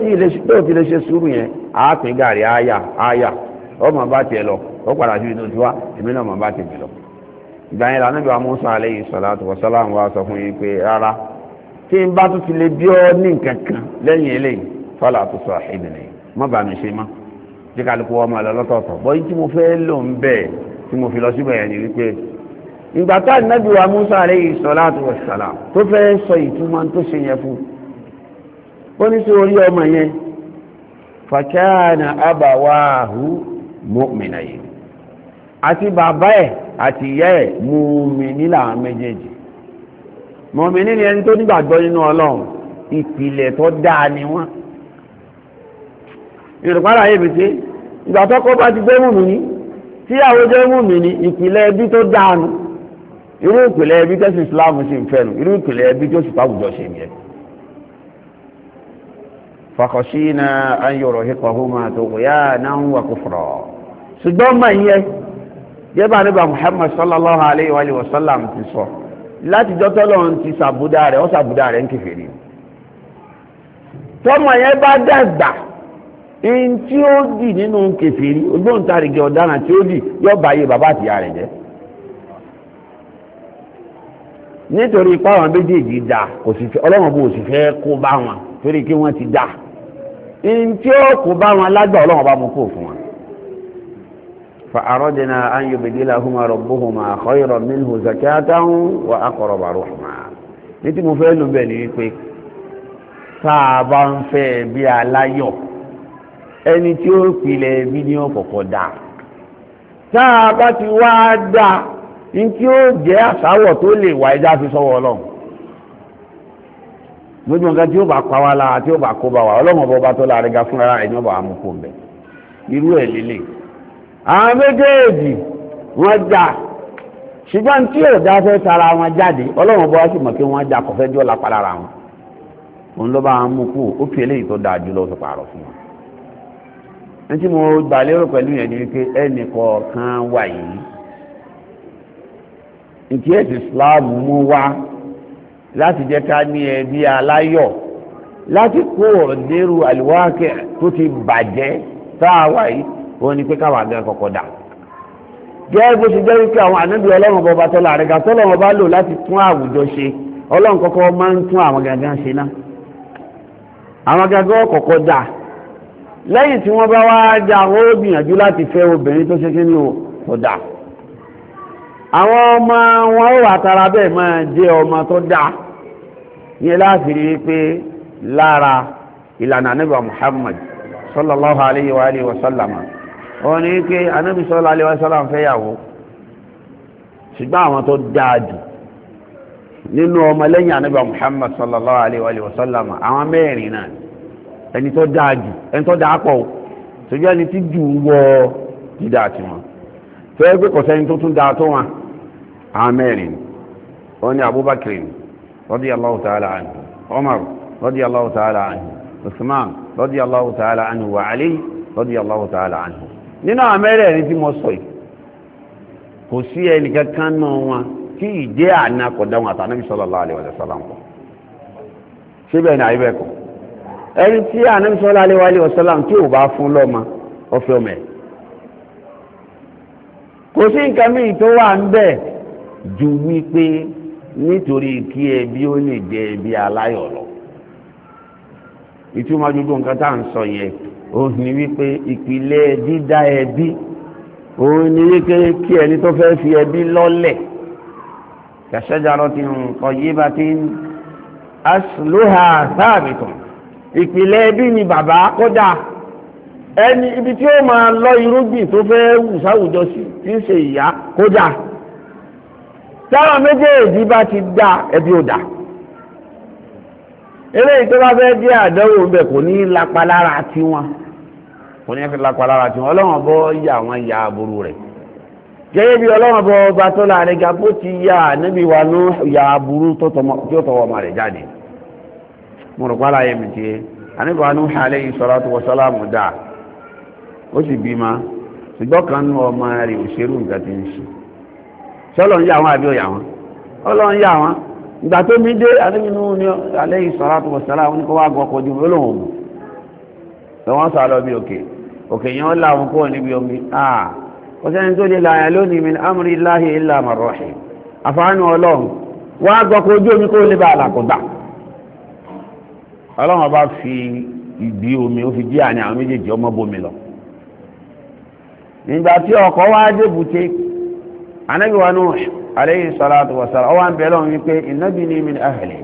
ti lè ṣe sùúrù yẹn àápín gàrí áyà áyà ọmọ bá tiẹ̀ lọ ó padà sí ìdó tiwa èmi náà mọ̀ bá tèmi lọ. ìgbà yẹn lànà ìgbà Musa aleyhi salatu wa salam wa sọ fún yín pé rárá tí n bá tún ti lè bí ọ ní nǹkan kan lẹ́yìn eléyìí fọlá tó sọ ìbìnrin má bàa mi ṣe má tí kálukú ọmọ ẹ lọ́tọ̀ọ̀tọ̀ bọ́ yín tí mo fẹ́ lò ń bẹ̀ tí mo fi lọ síbẹ̀ yẹn ni wípé ìgbà tá ìnábi wa Musa aleyhi salatu wa salam tó fẹ́ sọ ìtumọ̀ tó ṣe yẹn fún ó ní sí orí ọmọ yẹn fàkíyàn àbáwáhù mọ́mìnà yìí àti bàbá ẹ̀ àti ìyá ẹ̀ mọ́mìnì làwọn méjèèjì mọ̀mìnì ni ẹni tó nígbàgbọ́ nínú ọlọ́run ìpìlẹ̀ tó dáa ni wọ́n ìrùpárà yìí bìtí ìgbà tó kọ́ bá ti jẹ́ mọ̀mìnì tíyàwó jẹ́ mọ̀mìnì ìpìlẹ̀ ẹbí tó dáa nu irú ìpìlẹ̀ ẹbí tẹ́sí Islam ṣe ń fẹ́ nu irú ìpìlẹ̀ ẹbí tó sì pàwùjọ ṣe yẹn fàkọ̀ṣínà ayọ̀rọ̀ ìkọ̀húnmá tó kòyà náà wà kò ṣùgbọ́n mà yẹ Muhammad sallallahu alayhi wa sallam ti sọ láti jọ́tọ́ ti sàbúdà rẹ̀ ọ́ sàbúdà rẹ̀ ń kèfèrí tọ́mọ yẹn bá dàgbà tí ó dì nínú kèfèrí ògbóǹtarìgì ọ̀daràn tí ó dì bàbá nítorí méjèèjì dà sì fẹ́ torí kí wọ́n ti dá in tí ó kò bá wọn lágbà ọlọ́wọ́n bá mú kó fún wọn. fa aradna an yubdilahuma rabbuhuma khayran minhu zakatan wa aqraba rahma ní tí mo fẹ́ lò bẹ́ẹ̀ ni wípé tá a bá ń fẹ́ bí aláyọ̀ ẹni tí ó pilẹ̀ bí ní ọ̀kọ̀ọ̀kọ̀ dá tá a bá ti wá dá ní tí ó jẹ́ àsáwọ̀ tó lè wà ẹja fi sọ́wọ́ ọlọ́run gbogbo nǹkan tí ó bá pa wá lára tí ó bá kó bá wa ọlọ́mọ bọ́ bá tó lára ga fún ara ẹ̀yìn ọba àmú kò mbẹ̀ irú ẹ̀ líle àwọn méjèèjì wọ́n jà ṣùgbọ́n tí ò dá fẹ́ tara wọn jáde ọlọ́mọ bọ́ sì mọ̀ kí wọ́n jà kọfẹ́ jọ́ lápá lára wọn òun ló bá mú kú ó fi eléyìí tó dáa jùlọ tó pààrọ̀ fún wọn ní tí mo gbà lérò pẹ̀lú yẹn ni wípé ẹnì kọ̀ọ̀kan wà yìí ìkíyèsí Islam láti jẹ́ ká ní ẹbí aláyọ̀ láti kó ọ̀dẹ́rù àlùwákẹ́ tó ti bàjẹ́ táàwá yìí wọ́n ní pé káwọn àgbẹ̀ kọ̀kọ̀ dà gẹ́gẹ́ bó ṣe jẹ́ wípé àwọn ànábì ọlọ́run bọba tọ́lá àrẹ́gà tọ́lọ́run bá lò láti tún àwùjọ ṣe ọlọ́run kọ́kọ́ máa ń tún àwọn gangan ṣe náà àwọn gangan kọ̀kọ́ dà lẹ́yìn tí wọ́n bá wá dà wọ́n gbìyànjú láti fẹ́ obìnrin tó ṣe kí ni ò dà àwọn ọmọ wọn ó wà tara bẹ́ẹ̀ máa jẹ́ ọmọ tó dáa ní láti rí pé lára ìlànà ànábì Muhammad sallallahu alayhi wa alihi wa sallam ó ní pé ànábì sallallahu alayhi wa sallam fẹ́yàwó ṣùgbọ́n àwọn tó dáa jù nínú ọmọlẹ́yìn ànábì Muhammad sallallahu alayhi wa alihi wa sallam àwọn mẹ́rin náà ẹni tó dáa jù ẹni tó dáa pọ̀ ṣùgbọ́n ẹni tí jù wọ dídá tiwọn fẹ́ẹ́ gbé kọ̀sẹ́ni tó tún dáa tó wọn àwọn mẹ́rin ó ní Abubakar radiyallahu ta'ala anhu Umar radiyallahu ta'ala anhu Usman radiyallahu ta'ala anhu wa Ali radiyallahu ta'ala anhu nínú àwọn mẹ́rin tí mo sọ yìí kò sí ẹnìkankan náà wọn tí ìjẹ́ àná kò dáhùn àtànábì sallallahu alaihi wa sallam kọ síbẹ̀ ní àyíbẹ̀ kọ ẹni tí ànábì sallallahu alaihi wa sallam tí ò bá fún lọ́mọ ọ̀fẹ́ ọmọ ẹ̀ kò sí nǹkan míì tó wà ń bẹ́ẹ̀ ju wípé nítorí kí ẹbí ó lè jẹ ẹbí aláyọ̀ lọ ìtumọ̀ dúdú nǹkan tá à ń sọ yẹn ó ní wípé ìpìlẹ̀ dídá ẹbí òun ní wípé kí ẹni tó fẹ́ fi ẹbí lọ́lẹ̀ kẹsẹ́jàrọ̀ ti ń kọ yé bá ti ń asùlùhà sáàbìtàn ìpìlẹ̀ ẹbí ni bàbá kódà ẹni ibi tí ó máa lọ irúgbìn tó fẹ́ wù sáwùjọ sí ti ń ṣe ìyá kódà táwọn méjèèjì bá ti dá ẹbí ò dá eléyìí tó bá fẹ́ dí àdánwò bẹ̀ kò ní lápá lára tiwọn kò ní fi lápá lára tiwọn ọlọ́wọ́n bọ́ yà wọ́n ya aburú rẹ̀ gẹ́gẹ́ bí ọlọ́wọ́n bọ́ ọba tó láàrin ga bó ti yà níbi wa ló ya aburú tó tọwọ́ ọmọ rẹ̀ jáde mo rò pálá yẹn mi ti àníbọ̀ anú alayhi salatu wa salamu dáa ó sì bímọ ṣùgbọ́n kan nú ọmọ rẹ̀ òṣèlú nǹkan ti ń ṣe ṣọ́lọ́n yà wọn àbí ọ̀yà wọn ọlọ́run yà wọn ìgbà tó mi dé alẹ́mìnú ní alẹ́ ìsọ̀rọ̀ àti wọ̀sálà wọn ni kó wá ọkọ̀ ojú sọ omi omi kó lè bá àlàkùdà ọlọ́run ọba fi ìdí omi ó fi jí àní àwọn méjèèjì ọmọ lọ nígbà tí ọkọ̀ wá débùté anabi wa nuh aleyhi salatu wa salam ọwọ́ wípé min ahali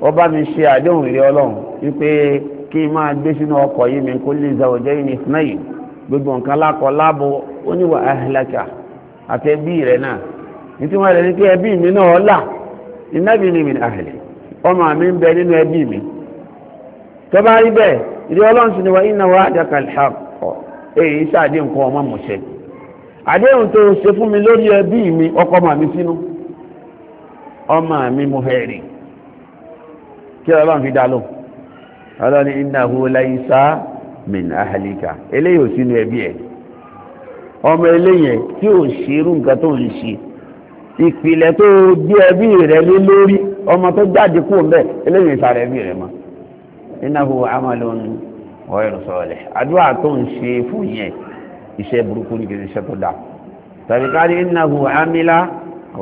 ọ bá mi ṣe àdéhùn ìrẹ́ ọlọ́run wípé kí n máa gbé sínú ọkọ̀ yìí mi kó lè yìí ní gbogbo nǹkan lakọ lábo oníwà ahlaka àti ẹbí rẹ̀ náà nítorí wọn rẹ̀ ní pé ẹbí mi náà min ahali ọmọ mi ń bẹ nínú ẹbí mi rí àdéhùn tó ṣe fún mi lórí ẹbí mi ọkọ mà mi sínú ọmọ mi mo kí ọlọ́run fi dá lò ọlọ́run innahu laysa eléyìí ò sínú ẹbí ẹ ọmọ eléyìí tí ò ṣerú nǹkan tó ń ṣe ìpìlẹ̀ tó gbé ẹbí rẹ̀ lé lórí ọmọ tó jáde mbẹ́ eléyìí ẹbí rẹ̀ iṣẹ́ burúkú ní kìí iṣẹ́ tó dá tàbí káàdì innahu amila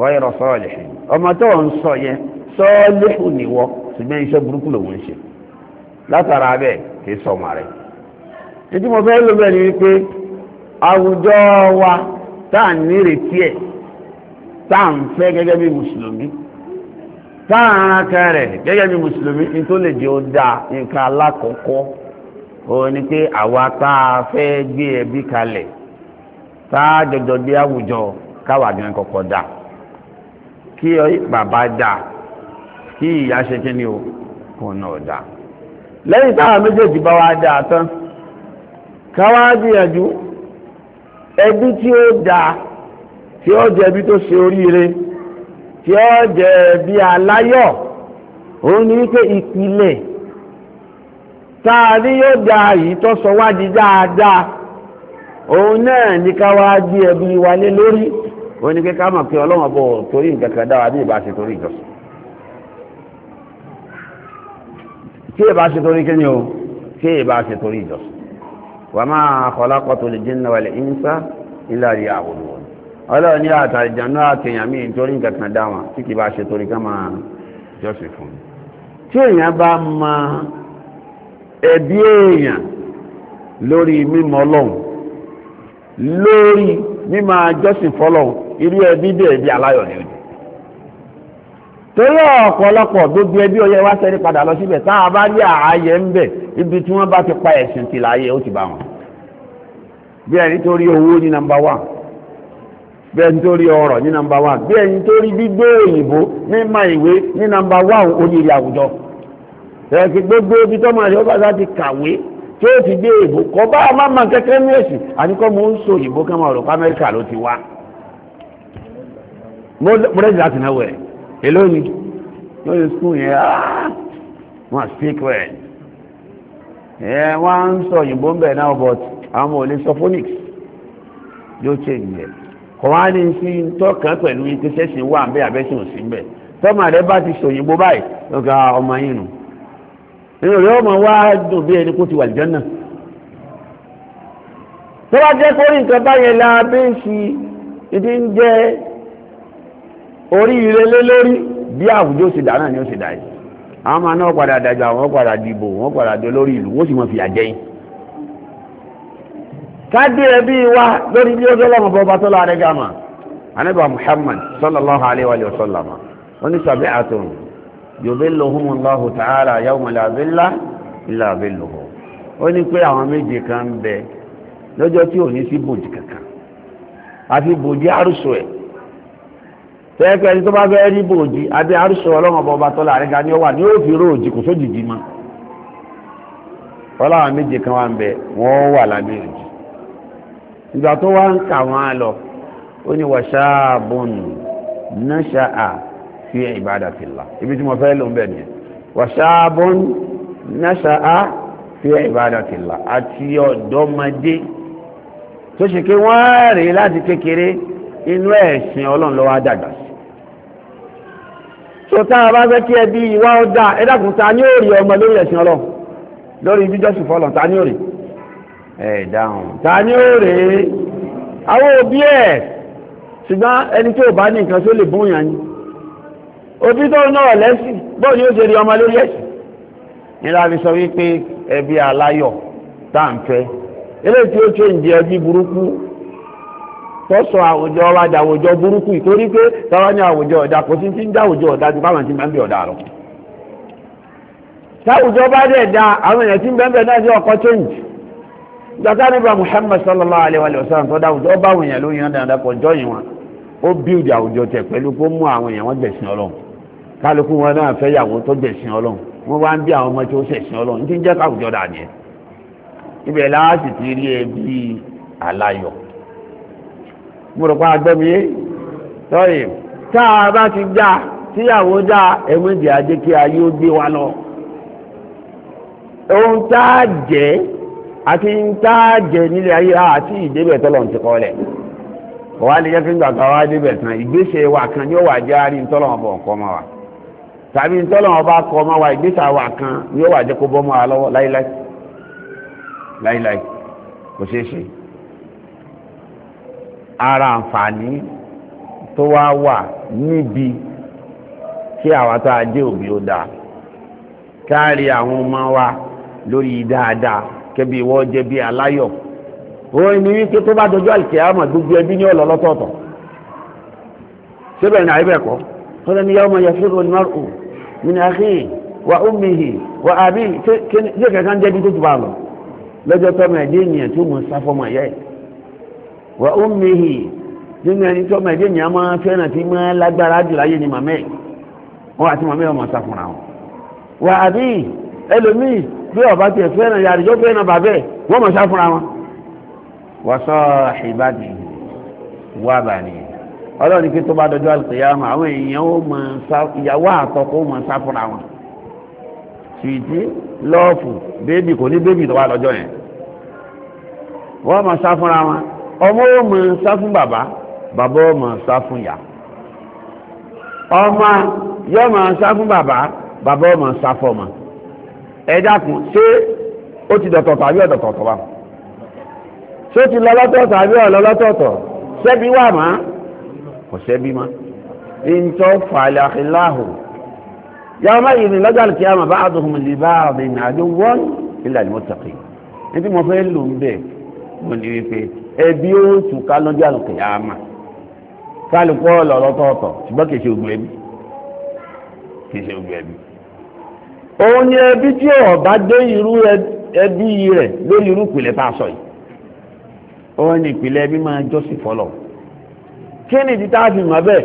ghayra salih ọmọ tó ń sọ yẹn sọ́ọ̀lẹ́hù níwọ́ ṣùgbọ́n iṣẹ́ burúkú lòun ń ṣe látara bẹ́ẹ̀ kìí sọ ọmọ rẹ̀ títí mo fẹ́ ló bẹ́ẹ̀ ni wípé àwùjọ wa tá à ń nírètí ẹ̀ tá à ń fẹ́ gẹ́gẹ́ bí mùsùlùmí tá à ń rákẹ́ rẹ̀ gẹ́gẹ́ bí mùsùlùmí ní tó lè jẹ́ ó dáa nǹkan alákọ̀ọ́kọ́ o ni pé àwa tá a fẹ́ gbé ẹbí kalẹ̀ tá a jọjọ dé àwùjọ káwa gan da dà kí bàbá dà kí ìyá ṣe kí ni o kò náà dà lẹ́yìn táwọn méjèèjì bá wa dà tán káwa gbìyànjú ẹbí tí ó dà tí ó jẹ ẹbí tó ṣe oríire tí ó jẹ ẹbí aláyọ̀ òun ni wípé ìpìlẹ̀ táa ní yóò da yìí tó sọ wá di dáadáa òun náà ní ká wá gbé ẹbí wa lé lórí ó ní kíká mọ̀ pé ọlọ́wọ́n bọ̀ torí nǹkan kan dáwà bí ìbá ṣe torí ìjọsìn kí ìbá ṣe torí kí ni o kí ìbá ṣe torí ìjọsìn wà máa khalaqatul jinna wal insa illa liya'budun ọlọ́run ní àtàlìjànú àtẹ̀yàn míì torí nǹkan kan dáwà tí kì bá ṣe torí ká máa jọ́sìn fún tí èèyàn bá máa ẹ̀bí èèyàn lórí mímọ̀ ọlọ́run lórí mímọ̀ àjọsìn fọ́lọ́run irú ẹbí dẹ̀ ẹbí aláyọ̀ ni òjò torí ọ̀pọ̀lọpọ̀ gbogbo ẹbí ọyẹ wá sẹ́rí padà lọ síbẹ̀ tá a bá rí ààyè ń ibi tí wọ́n bá ti pa ẹ̀sìn ti láàyè ó ti bá wọn bí ẹni tó owó ní nàmbà wà bí ọrọ̀ ní nàmbà wà bí gbígbé ẹ̀kí gbogbo ibi tọ́mọ rẹ̀ ọba láti kàwé tí ó ti gbé ìbò kọ́ bá a máa ma kẹ́kẹ́ ní ẹ̀sìn àníkọ́ mo ń so ìbò kẹ́mọ ọ̀rọ̀ pa amẹ́ríkà ló ti wá mọ́rẹ́dì láti náwó ẹ̀ èló ni lórí skul yẹn ah! wọ́n speak well ẹ̀ wọ́n ń sọ ìbò ń náà but àwọn ò lè sọ phonics yóò ṣe ìyẹn kọ̀ wá ní sí tọ́kàn pẹ̀lú ìpèsè sí wà ń bẹ́ àbẹ́sìn òsì ń bẹ̀ tọ́mọ rẹ̀ bá ti sòyìnbó báyìí ọmọ yìí nù inú rẹ̀ ọmọ wá dùn bí ẹni kó ti wà lìjọ́nà tó bá jẹ́ kórí nǹkan báyẹn la bí ìdí ń jẹ́ orí ire lé lórí bí àwùjọ náà ni ó ṣe dà yìí àwọn máa náà padà dájọ́ àwọn padà dìbò wọ́n padà dé lórí ìlú wọ́n sì mọ̀ fìyà jẹ́yìn kádé ẹbí wa lórí bí ó lọ́wọ́ bọ́ bá tó Muhammad sallallahu yudhilluhumullahu ta'ala yawma la dhilla illa dhilluhu ó ní pé àwọn méje kan ń bẹ lọ́jọ́ tí ò ní sí bòjì kankan àfi bòjì àrùsọ ẹ̀ tẹ́ẹ̀kẹ́ ẹni tó bá fẹ́ rí bòjì àbí àrùsọ ọlọ́run ọba ọba tọ́lá àríga ni ó wà ní ó fi róòjì kò sójìjì mọ́ ọlọ́run méje kan wà ń bẹ wọ́n wà lábẹ́ òjì ìgbà tó wá ń kà wọ́n á lọ ó ní wàṣáàbùn náṣàá fi ibadatillah ibi tí mo fẹ́ lò ń bẹ̀ nìyẹn wa shabun nasha'a fi ibadatillah àti ọ̀dọ́mọdé tó ṣe pé wọ́n rè láti kékeré inú ẹ̀sìn ọlọ́run ló wá dàgbà sí tó tá a bá fẹ́ kí ẹbí ìwà ó dá ẹ dákun ta ní òòrì ọmọ lórí ẹ̀sìn ọlọ́run lórí jíjọ́sìn fọlọ́run ta ní òòrì ẹ̀ dáhùn ta ní òòrì àwọn òbí ẹ̀ ṣùgbọ́n ẹni tí ò bá ní nǹkan tó lè bóyá yín òbí tó náà lẹ́sìn bóò ni ó ṣe rí ọmọ lórí ẹ̀sìn nílá fi sọ wípé ẹbí aláyọ̀ táǹfẹ́ ilé tí ó change ẹbí burúkú tọ́sọ àwùjọ burúkú ìtorí pé ní àwùjọ ọ̀dà kò sí ti ń dáwùjọ ọ̀dà ju báwọn ti máa ń bí ọ̀dà táwùjọ bá dẹ̀ da àwọn èèyàn ń bẹ́ẹ̀ náà sí ọkọ̀ change gbàtà nípa Muhammad sallallahu wa sallam tó dáwùjọ èèyàn lóyún náà dáadáa jọyìn wọn ó àwùjọ kálukú wọn náà fẹ́ yàwó tó jẹ̀sìn ọlọ́run wọ́n wá ń bí àwọn ọmọ tí ó ṣẹ̀sìn ọlọ́run tí ń jẹ́ káwùjọ dà ní ẹ̀ ibẹ̀ láàásì ti rí ẹbí aláyọ̀ mo rò pa agbẹ́mi yé sọ́yìn tá a bá ti dá tíyàwó dá ẹ̀mú ajé kí ayé ó gbé wa lọ ohun tá a jẹ àti ń tá a jẹ nílé ayé àti ìdébẹ̀ tọ́lọ̀ ti kọ́ lẹ̀ wọ́n á lè jẹ́ kí ń gbàgbà wá débẹ̀ tán ìgbésẹ̀ wa kan yóò wà jẹ́ àárín tọ́lọ̀ ọ̀bọ̀ nǹkan mọ́ wa tàbí ntọ́lọ̀ ọba kọ ọmọ wa ìgbésà wa kan ni ó wà jẹ́ kó bọ́ mọ́ wa lọ́wọ́ láíláí láíláí kò ṣeé ṣe ara àǹfààní tó wá wà níbi kí àwa tá a jẹ́ òbí ó dáa káàrí àwọn ọmọ wa lórí dáadáa kẹ́bi wọ́n jẹ́ bí aláyọ̀ òun ni wípé tó bá dojú àlùkè àmọ̀ gbogbo ẹbí ní ọ̀lọ́ síbẹ̀ ní àyíbẹ̀ kọ́ fọ́lẹ́ni yawma yafirru al-mar'u min akhihi wa ummihi wa abihi tí kẹ̀kẹ́ ń jẹ́bi tó ti bá lọ lọ́jọ́ tọ́mọ ẹ̀dẹ́ ènìyàn tó mọ̀ sáfọ́mọ̀ ẹ̀yẹ́ wa ummihi nínú ẹni tọ́mọ ẹ̀dẹ́ ènìyàn máa fẹ́ràn tí máa lágbára jù láyé ni màmẹ́ wọn àti màmẹ́ ọmọ sáfọ́ra wọn wa abihi ẹlòmíì bí ọba tiẹ̀ fẹ́ràn yàrá ìjọ fẹ́ràn bàbẹ́ wọ́n mọ̀ sáfọ́ra wọn wa sahibatihi wa banihi ọlọ́run ní pé tó bá dọjọ́ àlùkìyàmù àwọn èèyàn ó mọ ìyàwó àtọkọ́ ó mọ sáfúnra wọn sùìtì lọ́ọ̀fù bébì kò ní bébì tó wà lọ́jọ́ yẹn wọ́n mọ sáfúnra wọn ọmọ ó mọ sáfún bàbá bàbá ó mọ sáfún yá ọmọ yóò mọ sáfún bàbá bàbá ó mọ sáfún ọmọ ẹ dákun ṣé ó ti dọ̀tọ̀tọ̀ àbí ọ̀dọ̀tọ̀tọ̀ wa ṣé ó ti lọ lọ́tọ̀ọ̀tọ̀ àbí ọ̀lọ́lọ́tọ̀ọ̀tọ̀ ṣẹ́bi wà máa kọ̀ṣẹ́ bí ma ń tọ́ fàlẹ́ àkìláhù yàrá máa yìí ní lọ́jọ́ àlùkí àmà bá àdùnkùn lè bá àmì àdó wọ́n ilẹ̀ àlùmọ́ tàkì ní tí mo fẹ́ lò ń bẹ̀ mo ní wípé ẹbí ó túká lọ́jọ́ àlùkí àmà kálukọ́ lọ́rọ́ tọ̀ọ̀tọ̀ ṣùgbọ́n kìí ṣe ògùn ẹbí kìí ṣe ògùn ẹbí òun ni ẹbí tí ọba dé irú ẹbí rẹ̀ lórí irú ìpìlẹ̀ tá a sọ yìí òun ni ìpìlẹ̀ ẹbí máa jọ́sìn fọlọ́ọ̀ kí ni títà fi mọ̀ bẹ́ẹ̀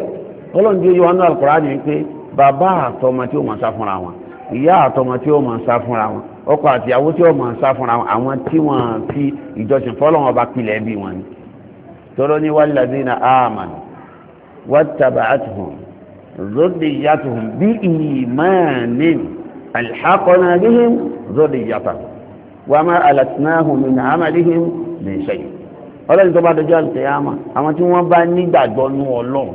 ọlọ́run tí ó yọ wọn náà kọ̀ọ̀rọ̀ ní pé bàbá àtọmọ tí ó máa sá fúnra wọn ìyá àtọmọ tí ó máa sá fúnra wọn ọkọ àti ìyàwó tí ó máa sá fúnra wọn àwọn tí wọn fi ìjọsìn fọlọ́wọn ọba pilẹ̀ bí wọn ni tọ́lọ́ ní walladhina amanu wattaba'athum dhurriyyatuhum bí imanin alhaqna bihim dhurriyyatahum wa ma alatnahum min amalihim min shay' ọlọ́run tó bá dọjọ́ àwọn tí wọ́n bá nígbàgbọ́ nú ọlọ́run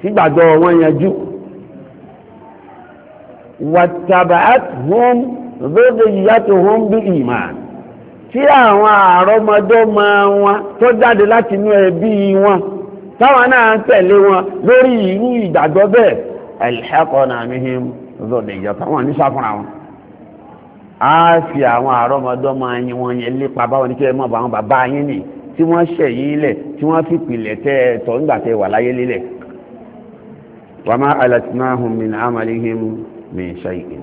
sígbàgbọ́ wọn yanjú wàtàbàt hom zurriyyatuhum bí tí àwọn wọn tó jáde láti inú ẹbí wọn táwọn náà ń tẹ̀lé wọn lórí irú ìgbàgbọ́ bẹ́ẹ̀ alhaqna bihim wọn a fi àwọn àrọ́mọdọ́mọ yín wọn yẹn lépa báwọn ní mọ̀ bá bàbá yín nì tí wọ́n ṣẹ̀ lẹ̀ tí wọ́n fi pìlẹ̀ tẹ́ ẹ tọ́ nígbà tẹ́ wà láyé lélẹ̀. wa ma alatnahum min amalihim min shay'in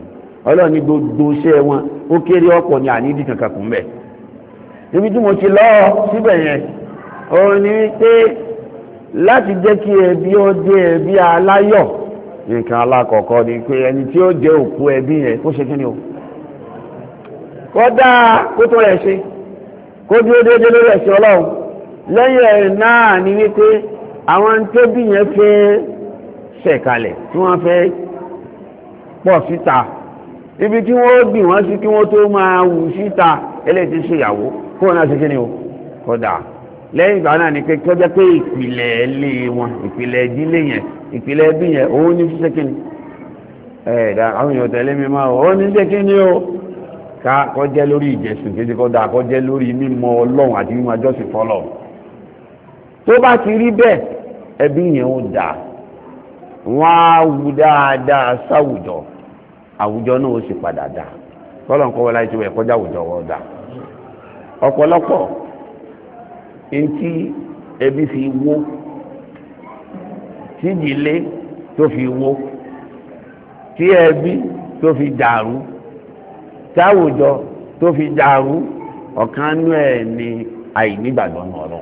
ọlọ́ọ̀ni gbogbo iṣẹ́ wọn ó kéré ọ̀pọ̀ ní kankan lọ síbẹ̀ yẹn òun ni pé láti jẹ́ kí ẹbí ó dé ẹbí aláyọ̀ nǹkan alákọ̀ọ́kọ́ ni pé ẹni tí ó jẹ́ òkú ẹbí yẹn kó ṣe kí o. kọ́ dáa kó tó rẹ̀ ṣe kó ó déédéé lórí ẹ̀ṣẹ̀ ọlọ́run lẹ́yìn ẹ̀ náà ni wípé àwọn tó bí yẹn fẹ́ ṣẹ̀kalẹ̀ tí wọ́n fẹ́ pọ̀ síta ibi tí wọ́n bì wọ́n sí kí wọ́n tó máa wù síta ẹlẹ́ ṣe ìyàwó kó náà o kọ́ dáa lẹ́yìn ìgbà náà ni pé kí wọn ìpìlẹ̀ ìdílé yẹn ìpìlẹ̀ ẹbí yẹn òun ní ẹ̀ẹ́dà àwọn èèyàn tẹ̀lé mi máa kọ́ jẹ́ lórí ìjẹsìn kéde kọ́ dáa kọ́ jẹ́ lórí mímọ̀ ọlọ́run àti mímọ̀ ajọ́sìn fọlọ́ tó bá ti rí bẹ́ẹ̀ ẹbí yẹn ó dáa wọ́n á wù dáadáa sáwùjọ àwùjọ náà ó sì padà dáa kọ́lọ̀ ń kọ́ wọlé Ọpọlọpọ wẹ̀ kọjá àwùjọ wọ́n ọ̀pọ̀lọpọ̀ eŋti ẹbí fi wó tijile tó fi wó tí ẹbí tó fi dàrú táwùjọ tó fi dàrú ọ̀kan nú ẹ̀ ní àìnígbàgbọ́ náà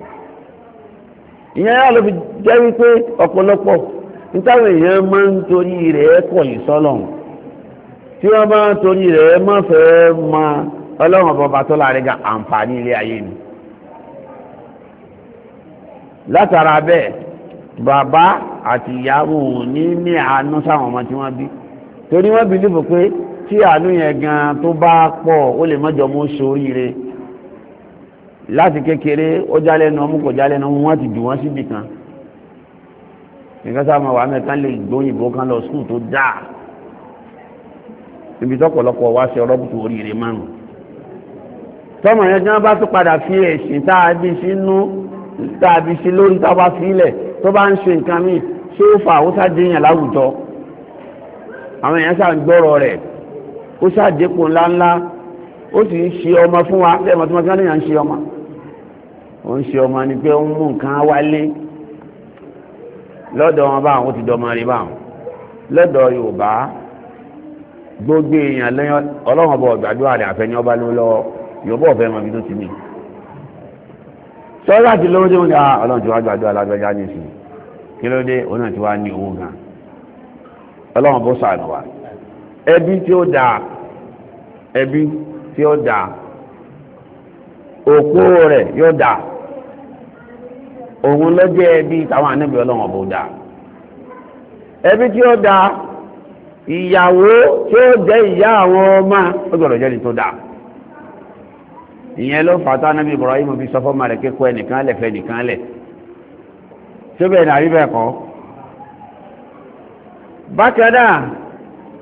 ìyẹn yára ló fi jẹ́ wípé ọ̀pọ̀lọpọ̀ nítawọn èèyàn máa ń torí rẹ̀ kọ̀yìn sọ́lọ̀ tí wọ́n máa ń torí rẹ̀ má fẹ́ ma ọlọ́run ọba látara bẹ́ẹ̀ bàbá àti ìyàwó ní ní àánú sáwọn ọmọ tí wọ́n bí torí wọ́n pé tí àánú yẹn gan tó bá pọ̀ ó lè mọ́jọ mú sóríire láti kékeré ó jálẹ́nu ọmú kò jálẹ́nu ọmú wọ́n ti jù wọ́n síbì kan nǹkan sáà máa wà mẹ́ta lè gbóyìnbó kan lọ skul tó dáa ibi tọ́pọ̀lọpọ̀ wá sí ọlọ́bùtù oríire márùn tọ́mọ̀ yẹn jẹ́ bá tó padà fi ẹ̀sìn táàbí sínú táàbí sí lórí tábà sílẹ̀ tó bá ń ṣe nǹkan míì ṣé ó fa àwòsá jẹyàn láwùjọ àwọn èèyàn sáà ń gbọ́rọ̀ rẹ̀ ó ṣàdékù ńláńlá ó sì ń ṣe ọmọ fún wa bẹ́ẹ̀ mọ̀ tí wọ́n ti wọ́n ń ṣe ọmọ ó ń ṣe ọmọ ni pé ó ń mú nǹkan wálé lọ́dọ̀ wọn báwọn ó ti dọ́mọ rí báwọn lọ́dọ̀ Yorùbá gbogbo èèyàn lẹ́yìn ọlọ́wọ́n bọ̀ gbàdúrà rẹ̀ àfẹ́ni ọba ló lọ Yorùbá ọ̀fẹ́ mọ̀ bí tó ti mì sọ́dọ̀ àti lówó tí wọ́n ní ah, ọlọ́run ti wá gbàdúrà lágbẹ́já ní ìsìn kí ló dé òun náà ti wá ní owó gan ọlọ́run bó sàánù wa ẹbí tí ó dáa ẹbí tí ó dà òkú rẹ̀ yóò dà òun ló jẹ́ ẹbí táwọn ànábì ọlọ́run ọ̀bọ̀ dà ẹbí tí ó dà ìyàwó tí ó jẹ́ ìyá àwọn ọmọ ó gbọ́dọ̀ jẹ́ ni tó dà ìyẹn ló fàtà ànábì Ibrahim fi sọ rẹ̀ kíkọ́ ẹnìkan lẹ̀ fẹ́ nìkan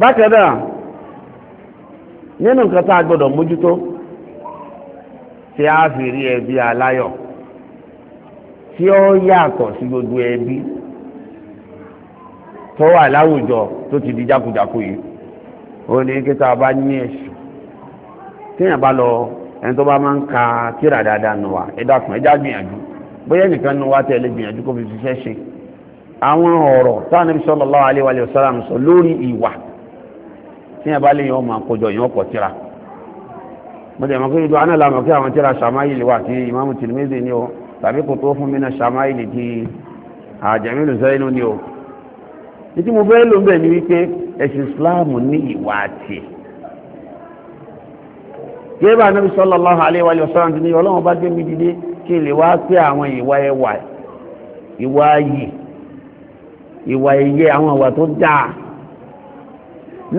bákan náà nínú nǹkan tá a gbọ́dọ̀ mójútó tí a fi rí ẹbí aláyọ̀ tí ó yàtọ̀ sí gbogbo ẹbí tó wà tó ti di jákujàku yìí ó ní kí tá a bá ní ẹ̀sùn téèyàn bá lọ ẹni tó bá máa ń ka kíra dáadáa nù wá ẹ gbìyànjú sọ lórí ìwà tí yẹn bá lè yàn ọmọ àkójọ yàn ọ̀pọ̀ tíra mo dẹ̀ mọ̀ pé ìlú anáàlá mọ̀ kí àwọn tíra ṣàmáyìlì wà tí ìmáàmù tìlímẹ́sì ni o tàbí kò tó fún mi náà ṣàmáyìlì ti àjẹmílù sẹ́yìnú ni o títí mo fẹ́ lò ń bẹ̀ ni wípé ẹ̀sìn Islam ní ìwà àti gẹ́gẹ́ bá níbi sallallahu alaihi wa sallam ti ní ọlọ́run bá gbé mi dìde kí lè wá pé àwọn ìwà ẹwà ìwà ayì ìwà ẹyẹ àwọn ìwà tó dáa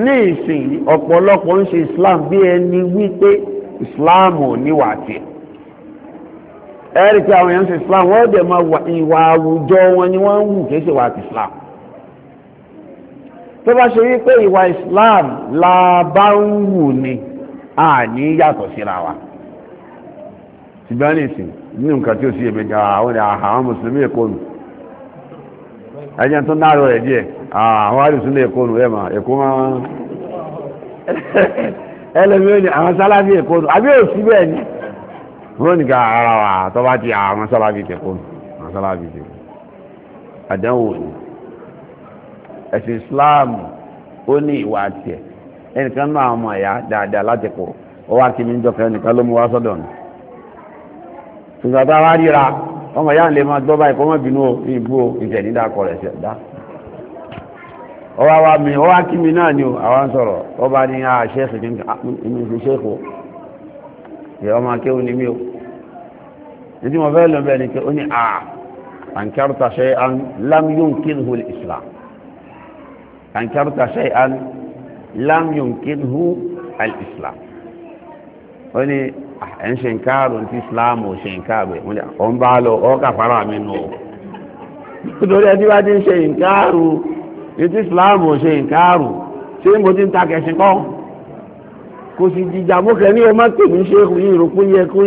ní ìsìn ọ̀pọ̀lọpọ̀ ń ṣe islam bí ẹni wípé islam ò níwà tiẹ̀ ẹ̀rí pé àwọn èèyàn ṣe islam wọ́n dẹ̀ ìwà wọn ni wọ́n ń wù kìí islam tó bá ṣe wípé ìwà islam la bá ń wù ni a ní yàtọ̀ síra wa ṣùgbọ́n ní ìsìn ní nǹkan tí ó sì ẹjẹ́ na náà rẹ̀ díẹ̀ àwọn àrùsúnlẹ̀ èkó nù ẹ̀mà èkó máa ẹlẹ́mí ó ní àwọn sálábí èkó nù àbí òsì bẹ́ẹ̀ ni wọ́n ní ká ara wà tó bá ti àwọn sálábí èkó nù àwọn sálábí èkó ni ẹ̀sìn Islam Iwa lati mi jọ ọmọ yá lè máa gbọ́ báyìí kọ́ mọ́ bínú ìbú ìtẹ̀nídàkọ̀ rẹ̀ ṣẹ̀dá ọwá wa mi ọwá kí mi náà ni o àwọn ń sọ̀rọ̀ ọba ní a ṣẹ́ẹ̀kì ní inú ìṣe ṣẹ́ẹ̀kù ìyá ọmọ akéwù ni mí o ní tí mo fẹ́ lọ bẹ́ẹ̀ ni pé ó ní ah, a ànkárùtà ṣe an lámúyún kínhu islam ànkárùtà ṣe an lámúyún kínhu islam ó ní ah, ẹ̀ ń ṣe nǹkan àrùn tí islam ò ṣe nǹkan àbẹ̀ ó ń bá lọ ọ́ kàfàrà mi nù ọ́ nítorí ẹtí wá ti ń ṣe nǹkan àrùn ètí islam ò ṣe nǹkan àrùn ṣé mo ti ń ta kẹ̀sìn kọ́ kò sì jìjà mọ́kẹ́ ní ọmọ tèmi ṣe yìí rògbò yẹ kó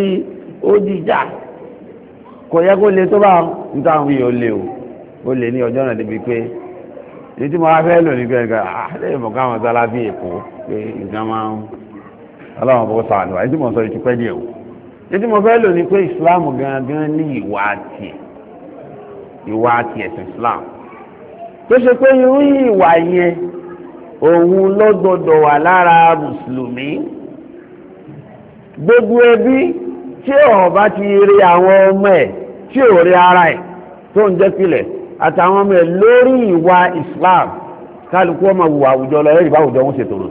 ó jìjà kò yẹ kó le tó bá ń ta àwọn èèyàn lè o ó lè ní ọjọ́ náà débi pé èyí tí mo wá fẹ́ lò ní gbẹ̀ngàn àlẹ́ ah, ìmọ̀ká àwọn sálábì èkó pé nǹkan máa ń ọlọ́run bó sàánù wa ètí mo sọ ìtúpẹ́ díẹ̀ o ètí mo fẹ́ lò ní pé islam gangan ní ìwà tiẹ̀ ìwà tiẹ̀ sí islam tó ṣe pé irú ìwà yẹn òun ló gbọdọ̀ wà lára mùsùlùmí gbogbo ẹbí tí ọba ti rí àwọn ọmọ ẹ̀ tí ò rí ara ẹ̀ tó ń jẹ́ àtàwọn ọmọ ẹ̀ lórí ìwà islam kálukú ọmọ wù àwùjọ lọ ẹ̀rí báwùjọ wọn ṣe tòrò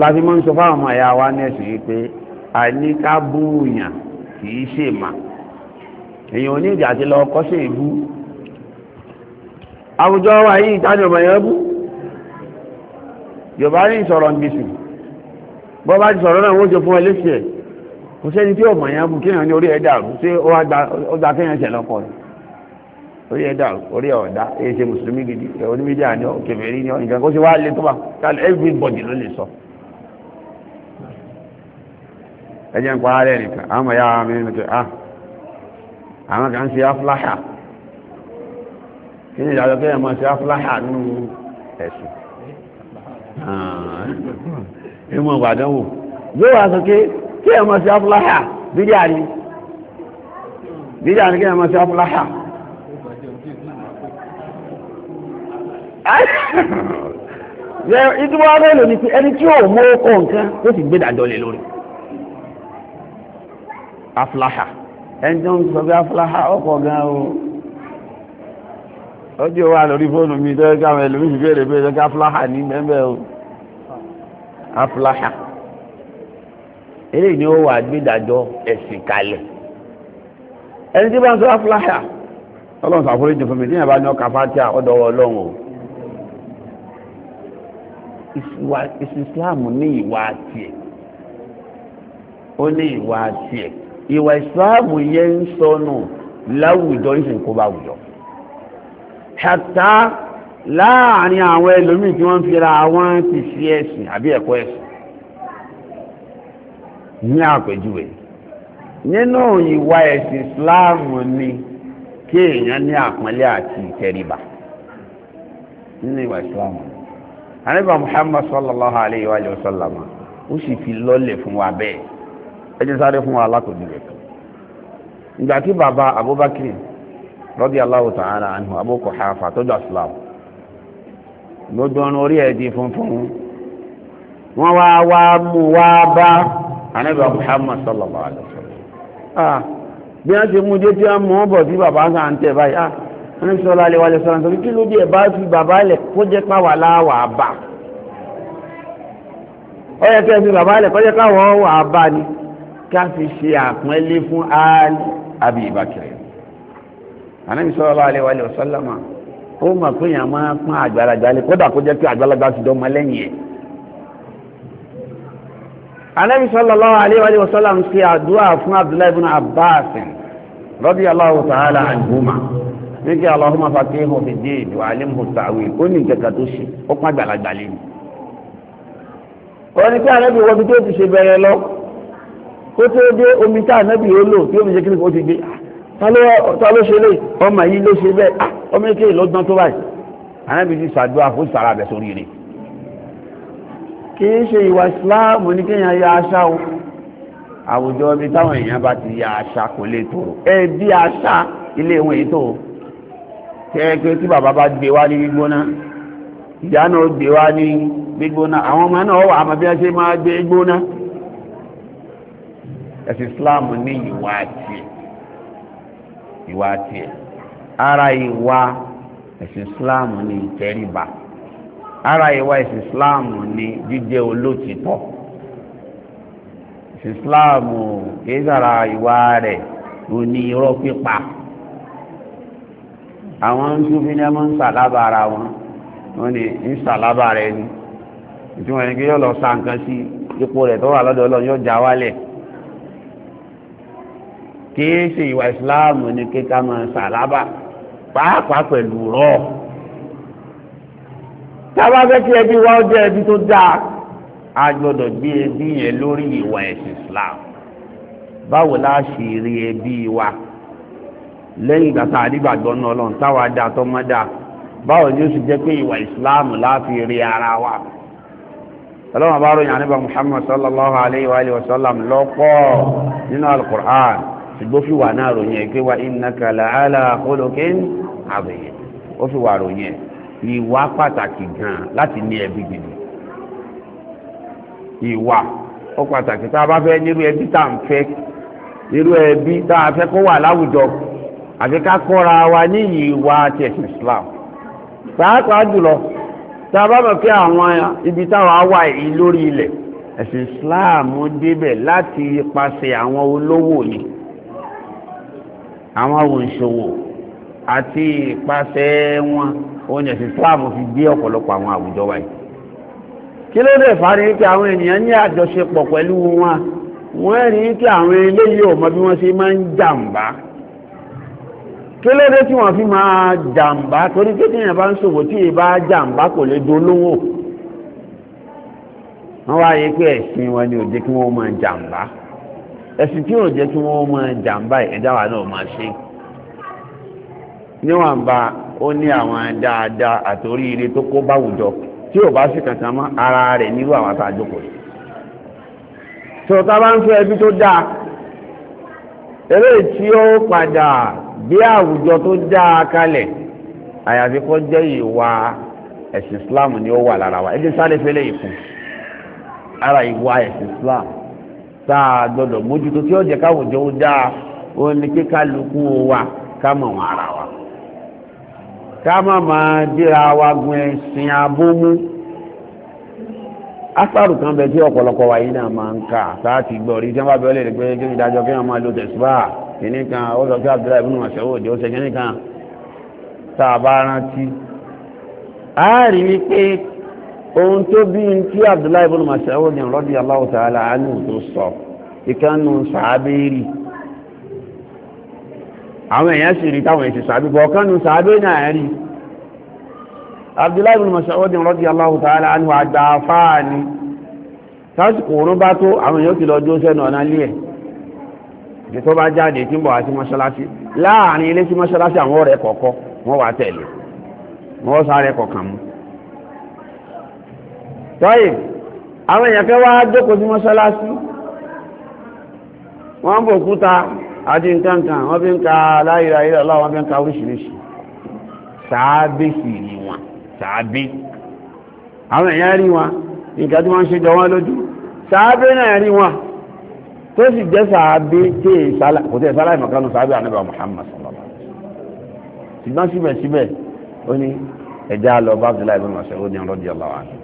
láti mọ́ ń sọ fáwọn ọmọ ẹ̀yà wa nẹ́sìn yìí pé àníkábùyàn kì í ṣe mà èèyàn ní ìjà àti lọ ọkọ́ sí ìbú àwùjọ wa yìí ìtàní ọmọ ẹ̀yà bú yorùbá ní ìsọ̀rọ̀ ń gbèsè bọ́ bá ti sọ̀rọ̀ náà wọ́n jẹ fún ẹlẹ́sìn ẹ̀ kò sẹ́ni tí ọmọ ẹ̀yà bú kéèyàn ní orí ẹ̀ dàrú ṣé ó gba kéèyàn ṣẹ̀ lọ́kọ̀ rẹ̀ orí ẹ̀ dàrú orí ẹ̀ ọ̀dá èyí ṣe mùsùlùmí gidi onímídíà ni ó ni ó nǹkan kó ṣe wá lé tó bá everybody ló lè sọ. ẹjẹ́ ń parẹ́ nìkan àwọn ọmọ yára mi ah àwọn kan ṣe afláhà kí ni ìyàjọ́ tó yẹ mọ́ ṣe afláhà nínú ẹ̀sìn ìmọ̀ ìgbàdánwò yóò wá sọ pé kí ẹ mọ́ ṣe afláhà bídíà ni bídíà ni kí ẹ mọ́ ṣe afláhà ìtumọ̀ ọlọ́ọ̀lọ́ ni pé ẹni tí ò mú ọkọ̀ nǹkan ó sì gbé dàjọ́ lé lórí Aflaha. ẹni tó ń sọ pé afláhà ọkọ̀ gan o ó jẹ́ wà lórí fóònù mi tó ká àwọn ẹlòmíì bèèrè bèèrè ká afláhà ní mẹ́mẹ́ o ni ó wà gbẹ́dàjọ ẹ̀sìn kalẹ̀ ẹni tí bá ń sọ afláhà ọlọ́run afọ fún mi tí yẹn bá ní ọkà fátíà ọlọ́run o ní ìwà tiẹ̀ ó ní ìwà tiẹ̀ ìwà islamu yẹn ń sọnù láwùjọ ìsìn kó bá wùjọ ṣàtà láàrin àwọn ẹlòmíì tí wọ́n fi ra àwọn ti fi ẹ̀sìn àbí ẹ̀kọ́ ẹ̀sìn ní àpèjúwe nínú ìwà ẹ̀sìn ìsìláàmù ni kí èèyàn ní àpọ́nlé àti ìtẹríba nínú ìwà ìsìláàmù àníbà Muhammad sallallahu alayhi wa sallam ó sì fi lọ́lẹ̀ fún wa bẹ́ẹ̀ ẹjẹ́ sáré fún wa alákòjú rẹ̀ ìgbà tí bàbá Abubakar radiyallahu ta'ala anhu Abu Quhafa tó jà Islam gbogbo ọ̀nà orí ẹ̀ di funfun wọ́n wá wá mú wá bá Ànábì Muhammad sallallahu alaihi wasallam bí wọ́n ti mú dé tí wọ́n mú ọ́ bọ̀ sí bàbá náà ń tẹ̀ báyìí ah wọ́n ní sọ́lá alẹ́ wàlẹ́ sọ́lá nítorí kí ló dé bá fi bàbá lẹ̀ kó jẹ́ pàwà láwà bá ọ yẹ kẹ́ fi bàbá lẹ̀ kó jẹ́ pàwà wà bá ni káfí ṣe àpọ́nlé fún áàlì àbí ìbákẹ̀rẹ̀ anábì sallallahu alaihi wa sallama ó mọ̀ pé yàn máa pọ́n àgbàlagbà lé kódà kó jẹ́ pé àgbàlagbà ti dọ́mọ lẹ́yìn ẹ̀ anábì sallallahu alaihi wa sallam ṣe àdúrà fún abdullahi ibn abbas radiyallahu ta'ala anhuma nígbà allahumma faqihu fi din wa alimhu ta'wil ó ní ìkẹta tó ṣe ó pọ́n àgbàlagbà lé ni. ó ní kí wọ́n fi tó ti ṣe bẹ̀rẹ̀ lọ kó tó dé omi tá ànábì ó lò tí ó fi ṣe kíni kó ti gbé ta ló ṣe lè ọmọ yìí ló ṣe bẹ́ẹ̀ ah, ọmọ èké lọ́gbọ́n tó báyìí ànábì ti ṣàdúrà fún sàrà abẹ sórí rẹ̀ kì í ṣe ìwà ìsìláàmù ní kéèyàn ya aṣá o àwùjọ ibi táwọn èèyàn bá ti ya aṣá kò lè tòrò ẹ bí aṣá ilé ìwọ̀n èyí tó kẹ́ẹ̀kẹ́ tí bàbá bá gbé wá ní gbígbóná ìyá náà gbé wá ní gbígbóná àwọn ọmọ náà wà á ẹ̀sìn islam ní ìwà àti ìwà àti ara ìwà ẹ̀sìn islam ní ìtẹríba ara ìwà ẹ̀sìn islam ní jíjẹ́ olótìtọ́ ẹ̀sìn islam kìí sára ìwà rẹ̀ ló ní pípa àwọn nsúfi ni wọ́n ara wọn wọ́n ní ń sàlábà rẹ̀ ni ìtumọ̀ ẹni kí yóò lọ sa nǹkan sí ipò rẹ̀ tó wà lọ́dọ̀ ọlọ́run yóò wálẹ̀ kìí ṣe ìwà ìsìláàmù ni kíkà máa sàlábà pàápàá pẹ̀lú rọ́ tábà fẹ́ kí ẹbí wa ó jẹ́ ẹbí tó dáa a gbọ́dọ̀ gbé ẹbí yẹn lórí ìwà ẹ̀sìn islam báwo la ṣe rí ẹbí wa lẹ́yìn ìgbà tá a rí gbàgbọ́ náà lọ́n táwa dáa tó mọ́ dáa báwo ni ó sì jẹ́ pé ìwà islam láti rí ara wa ọlọ́run àbárò yàn nípa muhammad sallallahu alayhi wa sallam lọ́pọ̀ ṣùgbọ́n fi wà náà ròyìn ẹ̀ pé wa innaka la'ala khuluqin azim ó fi wà ròyìn ẹ̀ ìwà pàtàkì gan láti ní ẹbí gidi ìwà ó pàtàkì tá a bá fẹ́ nírú ẹbí tá à ń fẹ́ irú ẹbí tá a fẹ́ kó wà láwùjọ àfi ká kọ́ra wa ní ìwà tẹ̀sán Islam pàápàá jùlọ tá a bá mọ̀ pé àwọn ibi táwa wà yìí lórí ilẹ̀ ẹ̀sìn Islam débẹ̀ láti ipasẹ̀ àwọn olówó yìí àwọn awòǹṣòwò àti ìpasẹ̀ wọn oúnjẹ sí fáàmù fi gbé ọ̀pọ̀lọpọ̀ àwọn àwùjọ wa yìí kí ló dé fà á rí pé àwọn ènìyàn ní àjọṣepọ̀ pẹ̀lú wọn wọ́n rí pé àwọn eléyìí ò mọ bí wọ́n ṣe máa ń jàǹbá kí ló dé tí wọ́n fi máa jàǹbá torí pé tí èèyàn bá ń ṣòwò tí èèyàn bá jàǹbá kò lè dolówó wọ́n wáyé pé ẹ̀sìn wọn ni ò kí wọ́n máa jàǹbá ẹ̀sìn tí yóò jẹ́ kí wọ́n máa jàǹbá ẹ̀dá wa náà máa ṣe níwọ̀nba ó ní àwọn dáadáa àtòrí ire tó kó báwùjọ tí ò bá sì kankan mọ́ ara rẹ̀ nírú àwọn àtàjọpọ̀ yìí tó ta bá ń fẹ́ ẹbí tó dáa eré tí ó padà bí àwùjọ tó dáa kalẹ̀ àyàfi kó jẹ́ ìwà ẹ̀sìn Islam ni ó wà lára wa ẹ̀sìn sáré fẹ́lẹ́ ìkùn ara ìwà ẹ̀sìn Islam. tá a gbọ́dọ̀ mójútó tí ka jẹ́ o ó dáa ó ní kí o wa ká mọ̀ wọn ara wa ká má máa dira wa gun abómú kan bẹ tí ọ̀pọ̀lọpọ̀ wa náà máa ń kà ti gbọ́ rí sẹ́wọ́n abẹ́wọ́lé rẹ̀ pé kí ni ìdájọ́ kí wọ́n máa lo tẹ̀síbà kìíní kan ó sọ pé ibùnú a bá rántí. i pé ohun tó bí n tí abdullahi ibn Mas'ud radiyallahu ta'ala anhu tó sọ ìkànnù sàábéèrì àwọn èèyàn sì rí táwọn èsì sàábé bọ̀ ọ̀kànnù sàábé náà rí abdullahi ibn Mas'ud radiyallahu ta'ala anhu àgbà afáà sásìkò òun bá tó àwọn èèyàn kìlọ̀ ọjọ́ sẹ́nu ọ̀nà lé ẹ̀ ní tó bá jáde tí ń bọ̀ àti mọ́ṣáláṣí láàrin ilé sí mọ́ṣáláṣí àwọn ọ̀rẹ́ kọ̀ọ̀kọ́ wọ́n wà tẹ̀lé wọ́n sáré tọ́yì àwọn èèyàn kẹ́ wá jókòó sí mọ́ṣáláṣí wọ́n bò kúta àti nǹkankan wọ́n fi ń ka láìra ilẹ̀ ọlọ́wọ́ wọ́n fi ń ka oríṣiríṣi sàábé sì rí wọn sàábé àwọn èèyàn rí wọn nǹkan tí wọ́n ń ṣe jọ wọ́n lójú sàábé náà rí wọn tó sì jẹ́ sàábé tí kò tẹ́ sálà ìmọ̀kánu sàábé ànábà Muhammad sallallahu alaihi wasallam ṣùgbọ́n síbẹ̀síbẹ̀ ó ní ẹ̀dá lọ bá Abdullahi bin Mas'ud radiyallahu anhu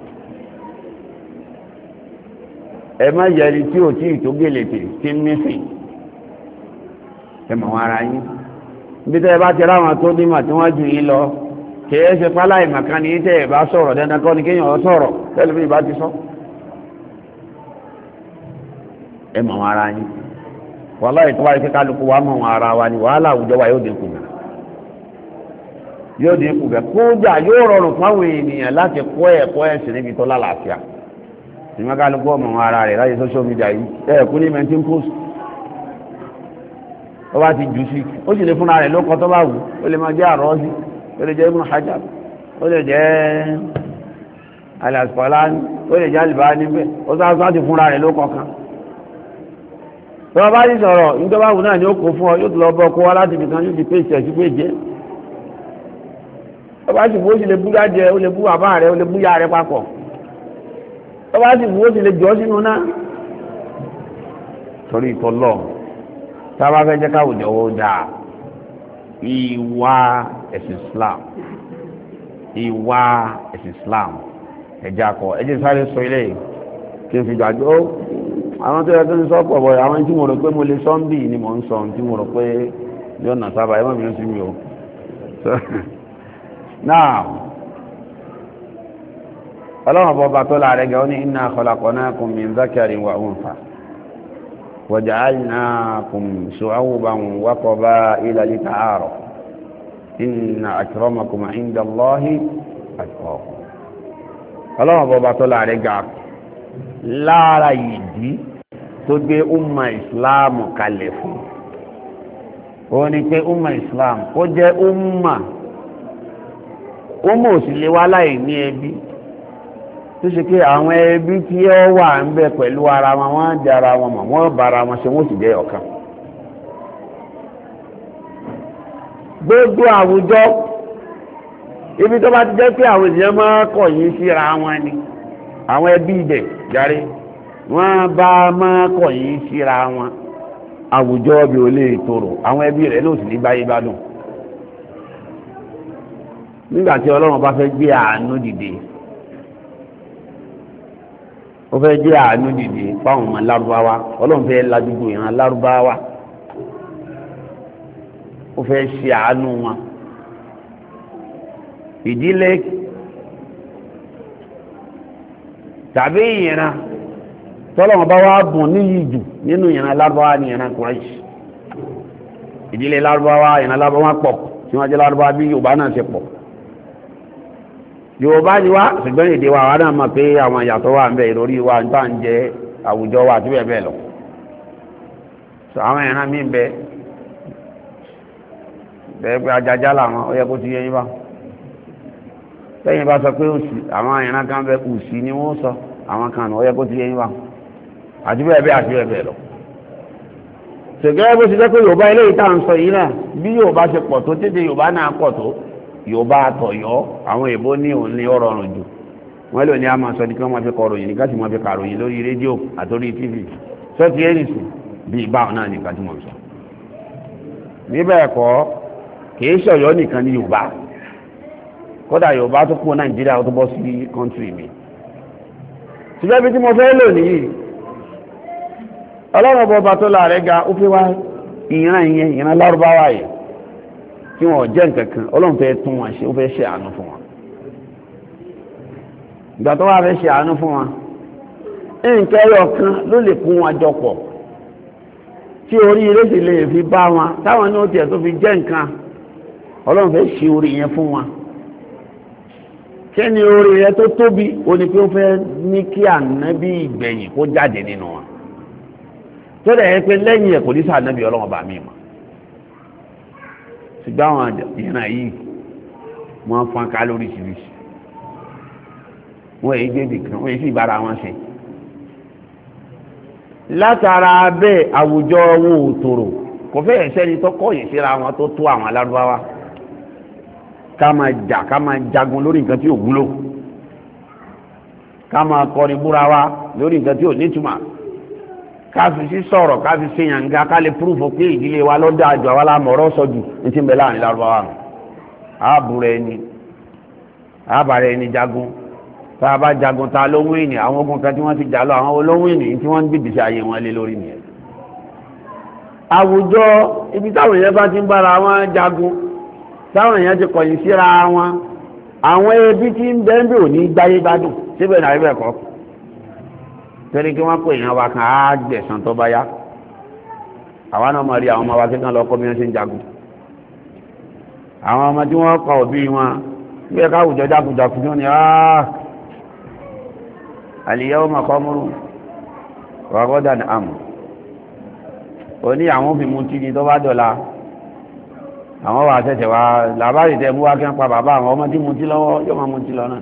ẹ má yẹri tí ò tí ì tó gèlètè tí ń nísìn ẹ mọ̀ wọn ara yín bí tẹ́ ẹ bá ti ráwọn tó nímọ̀ tí wọ́n jù yín lọ kì í ṣe pálá ìmọ̀kan ní tẹ́ ẹ bá sọ̀rọ̀ dandan kọ́ ni kéèyàn ọ sọ̀rọ̀ tẹ́lẹ̀ bí ìbá ti sọ ẹ ara yín wàhálà ìtọ́wá ìfẹ́ kálukú wa mọ̀ ara wa ni wàhálà àwùjọ wa yóò dínkù náà yóò dín kù bẹ kódà yóò rọrùn fáwọn ènìyàn láti kọ́ ẹ̀kọ́ ẹ̀sìn níbi tó lálàáfíà ìmọ̀kálukú ọmọ wọn ara rẹ̀ láyé social media yìí ẹ̀ẹ̀kú ní maintain post ó bá ti jù sí ó sì lè fúnra rẹ̀ lókọ tó bá wù ó lè máa jẹ́ àrọ́sí ó lè jẹ́ ibùn hajab ó lè jẹ́ alaskọlani ó lè jẹ́ alìbá níbẹ̀ ó sá sá ti fúnra rẹ̀ lókọ kan tó bá ti sọ̀rọ̀ nítorí wù náà ni ó kó fún ọ yóò lọ bọ́ kó wá láti ibìkan yóò ti pé ìṣẹ̀ sí pé jẹ́ ó bá sì bó sì lè bú jáde ó lè bú bàbá rẹ̀ ó lè bú yá rẹ̀ papọ̀ tó bá sì wó sí lè jọ sínú náà torí ìtọ́lọ̀ tá fẹ́ jẹ́ káwùjọ wo dáa ìwà ẹ̀sìn Islam ìwà ẹ̀sìn Islam ẹ̀jẹ̀ akọ ẹ̀jẹ̀ sáré sọ ilé kí n fi gbàgbé àwọn tó yẹ sọ pọ̀ àwọn tí mo rò pé mo lè sọ ń bì ni ń sọ tí o. ọlọ́run bọba tó láàrẹ gẹ̀ ó ní inna khalaqnakum min dhakarin wa untha wa ja'alnakum shu'uban wa qaba'ila lita'arafu inna akramakum 'inda Allahi atqakum ọlọ́run bọba tó láàrẹ gà lára ìdí tó tó ṣe pé àwọn ẹbí tí ó wà ń bẹ pẹ̀lú ara wọn wọ́n jẹ ara wọn mọ̀ wọ́n bá ara wọn ṣe wọ́n sì jẹ ọ̀kan gbogbo àwùjọ ibi tó bá ti jẹ́ pé àwọn èèyàn máa kọ̀ yín síra wọn ni àwọn ẹbí ibẹ̀ járe bá máa kọ̀ yín síra wọn àwùjọ bí lè tòrò àwọn ẹbí ní bá dùn nígbà tí ó fẹ́ jẹ́ àánú dìde fáwọn ọmọ lárúbáwá ọlọ́run fẹ́ ládùúgbò ìran lárúbáwá ó fẹ́ ṣe àánú wọn ìdílé tàbí ìran tọ́lọ́wọ́n bá wá bùn níyì jù nínú ìran lárúbáwá ni ìran kùrẹ́ṣì ìdílé lárúbáwá ìran lárúbáwá pọ̀ tí wọ́n jẹ́ lárúbáwá bí yorùbá náà ṣe pọ̀. yorùbá ni wá ṣùgbọ́n èdè wa wà náà mọ̀ pé àwọn ìyàtọ̀ wà ń wa ń jẹ àwùjọ wa lọ àwọn ìran bẹ bẹ́ẹ̀ pé ajajá làwọn ó yẹ kó ti yẹ yín bá bá sọ pé òsì àwọn ìran kan bẹ òsì ni wọ́n sọ àwọn kan nù ó yẹ kó ti yẹ bá àti bẹ́ẹ̀ bẹ́ẹ̀ àti lọ bó jẹ́ pé eléyìí tá à ń sọ yìí náà bí ṣe pọ̀ tó tètè yorùbá àtọ̀yọ́ àwọn ebo ní òun ní ọ̀rọ̀ ọ̀rùn jù wọ́n a máa sọ ní kí wọ́n máa fi kọ̀ròyìn ní káṣí ma fi yìí lórí rédíò àtòrí tv sọ́ọ̀tì ẹ̀rìsì bí ìbáwọn náà ní tí mo sọ. níbẹ̀ ẹ̀kọ́ kìí ṣọ̀yọ́ nìkan ní yorùbá kódà yorùbá tó kú nàìjíríà tó bọ́ sí kọ́ńtì mi. tí mo fẹ́ lò nìyí ọlọ́run ọba tó ga ó fi wá ìran ìyẹn ìran lárúbáwá yìí tí wọn jẹ́ nǹkan kan ọlọ́run fẹ́ tún wọn ṣe ó fẹ́ ṣe àánú fún wọn ìgbà tó wá fẹ́ ṣe àánú fún wọn nǹkan ẹyọ kan ló lè kún wọn jọ pọ̀ tí orí ilé sì lè fi bá wọn táwọn ní ó tiẹ̀ tó fi jẹ́ nǹkan ọlọ́run fẹ́ ṣe orí yẹn fún wọn kí orí yẹn tó tóbi ó pé ó fẹ́ ní kí ànábì ìgbẹ̀yìn kó jáde nínú wọn tó dẹ̀ yẹ pé lẹ́yìn ẹ̀ kò ní sànábì ọlọ́run bá mi mọ́ ṣùgbọ́n àwọn ìran yìí wọ́n fọ́n ká lóríṣiríṣi wọ́n èyí gbé nìkan wọ́n èyí sì bára wọn ṣe látara bẹ́ẹ̀ àwùjọ wọn ò tòrò kò fẹ́ẹ̀ sẹ́ni tó kọ̀yìn síra wọn tó tó àwọn alárúbáwá ká máa jà ká máa jagun lórí nǹkan tí ò wúlò ká máa kọrin búra wa lórí nǹkan tí ò nítumọ̀ káfi sí sọ̀rọ̀ káfi sí yànga ká lè púrúfù pé ìdílé wa lọ́dọ̀ àjọ àwọn alámọ̀ọ́rọ́ sọ jù ní ti ń bẹ láàrin lárúbáwá nù àbúrẹ́ ẹni àbàrẹ́ ẹni jagun tá a bá jagun ta ló wíìnì àwọn ogun kan tí wọ́n ti jà lọ àwọn olówíìnì tí wọ́n ń gbìbìsí ayé wọn lé lórí nìyẹn àwùjọ ibi táwọn èèyàn bá ti ń bára wọn jagun táwọn èèyàn ti kọ̀yìn síra wọn àwọn ẹbí tí ń bẹ́ẹ̀ bí ò ní gbáyé gbádùn síbẹ̀ náà ibẹ̀ kọ́kọ́ torí kí wọ́n pè yàn wá kan á gbẹ̀sán tó bá yá àwa náà mọ̀ rí àwọn ọmọ wa kí kan lọ kọ́ bí wọ́n ṣe ń jagun àwọn ọmọ tí wọ́n kọ òbí wọn bí ẹ̀ka àwùjọ jákujàku ní ọ̀nà àlìyàwó mọ̀kọ́múrù rọ̀gọ́dà àmù ó ní àwọn fi mú tí ní tó bá dọ̀la àwọn wà sẹ̀sẹ̀ wá làbárì tẹ́ mú wá kí wọ́n pa bàbá àwọn ọmọ tí mú tí lọ́wọ́ yóò máa mú tí lọ náà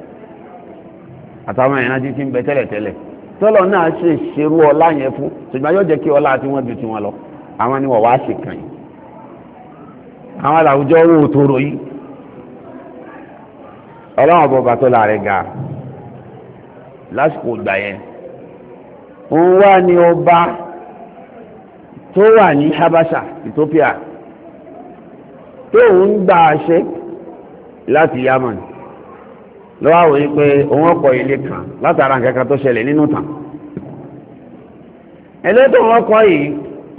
àtàwọn ìran títí ń bẹ tẹ́lẹ̀tẹ́lẹ̀ tọ́lọ̀ náà ṣe ṣerú ọlá yẹn fún ṣùgbọ́n yóò jẹ́ kí ọlá tí wọ́n ju tiwọn lọ àwọn ni wọ́n wá ṣe kàn yìí àwọn àlàwùjọ owó tóró yìí ọlọ́run bọ̀bà tó láàrin ga lásìkò ìgbà yẹn òun wá ní ọba tó wà ní Habasha Ethiopia tó ń gba àṣẹ láti Yamani lọ́wọ́ àwọn yìí pé òun ọkọ̀ ilé kan látara nǹkan tó ṣẹlẹ̀ nínú tàn ẹlẹ́tọ̀ òun ọkọ̀ yìí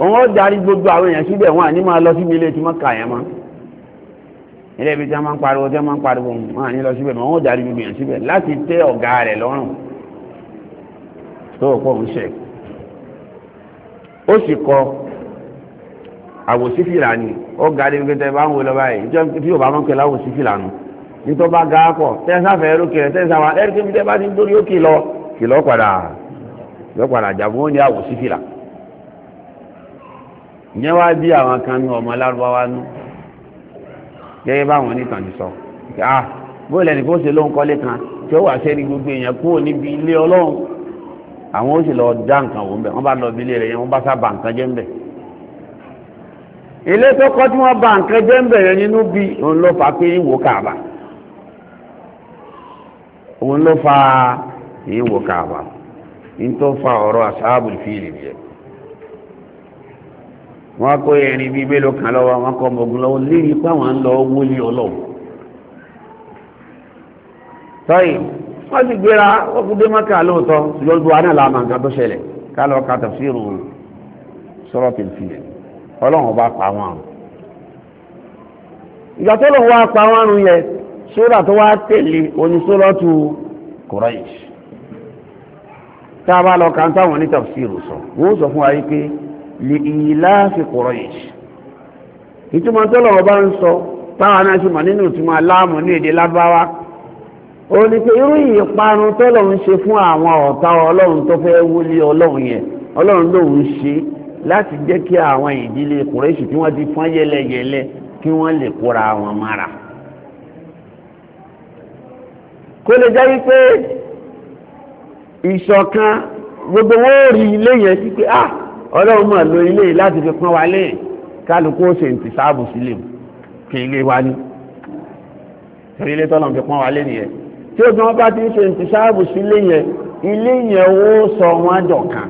òun ó darí gbogbo àwọn èèyàn síbẹ̀ wọn àní máa lọ síbi ilé tí wọ́n kà yẹn mọ́ ilé ibi tí wọ́n máa ń pariwo tí wọ́n máa ń pariwo wọn àní lọ síbẹ̀ mọ́ wọn ó gbogbo èèyàn síbẹ̀ láti tẹ ọ̀gá rẹ̀ lọ́rùn tó o kọ́ òun ṣe ó sì kọ àwòsífìlà ni ó ga débi pé tẹ bá lọ báyìí tí yóò bá mọ̀ nítorí bá ga pọ̀ tẹ́sàfẹ́ erókè rẹ̀ tẹ́sàwà ẹ̀rí bí tẹ́ bá ti ń dórí òkè lọ kìlọ̀ padà kìlọ̀ padà jàbọ́ ní àwò sí fìlà ìyẹn wá bí àwọn kan ní ọmọ alárúbáwá nú gẹ́gẹ́ báwọn onítàn ti sọ ah bóyá ẹnì kó ṣe ló ń kọ́lé kan tí ó wà sẹ́ni gbogbo èèyàn kúrò níbi ilé ọlọ́run àwọn ó sì lọ dá nǹkan wò ń bẹ̀ wọ́n bá lọ bí ilé rẹ̀ yẹn wọ́n bá sábà nǹkan jẹ́ ń bẹ̀ ilé tó kọ́ tí wọ́n bá nǹkan jẹ́ ń bẹ̀ yẹn nínú bí òun ló fà pé ìwò kààbà òun ló fa èèwọ̀ kààbà ní tó fa ọ̀rọ̀ àsáàbù fíìlì yẹ wọ́n kó ẹ̀rin bíi mélòó kan lọ́wọ́ wọn kọ́ ọmọogun lọ́wọ́ léyìí páwọn ń lọ wọlé ọlọ́run tọ́yì wọ́n ti gbéra wọ́n kú dé mọ́kà lóòótọ́ ṣùgbọ́n gbogbo àná nǹkan tó ṣẹlẹ̀ ká lọ ka tafsiru sọ́rọ́ tìlfìlẹ̀ ọlọ́run bá pa wọn. ìgbà tó lòun wá pa wọn rún yẹn sóra tó wá tẹ̀lé onísọ́lọ́tù Quraish tá a bá lọ kàn táwọn ní tafsiru sọ wọ́n sọ fún wa yìí pé lè ìlà fi Quraish ìtumọ̀ tó lọ́wọ́ bá ń sọ táwọn náà sì mọ̀ nínú ìtumọ̀ aláàmù ní èdè lábáwá ó ní pé irú ìparun tó lọ́wọ́ ń ṣe fún àwọn ọ̀tá ọlọ́run tó fẹ́ wúlé ọlọ́run yẹn ọlọ́run lòun ṣe láti jẹ́ kí àwọn ìdílé Quraish tí wọ́n ti fọ́n yẹlẹyẹlẹ kí wọ́n lè kóra wọn mára kó lè jẹ́ wípé ìṣọ̀kan gbogbo wọ́n rí ilé yẹn sí pé ah ọlọ́run mọ̀ lo ilé láti fi pọ́n wa lẹ́yìn kálukú ó ṣe ń ti sáàbù sílẹ̀ kí ilé wa ní torí ilé tọ́lọ̀ fi pọ́n wa lẹ́yìn yẹn tí ó gbọ́n bá ti ń ṣe ń ti sáàbù sílẹ̀ yẹn ilé yẹn ó sọ wọn dọ̀kan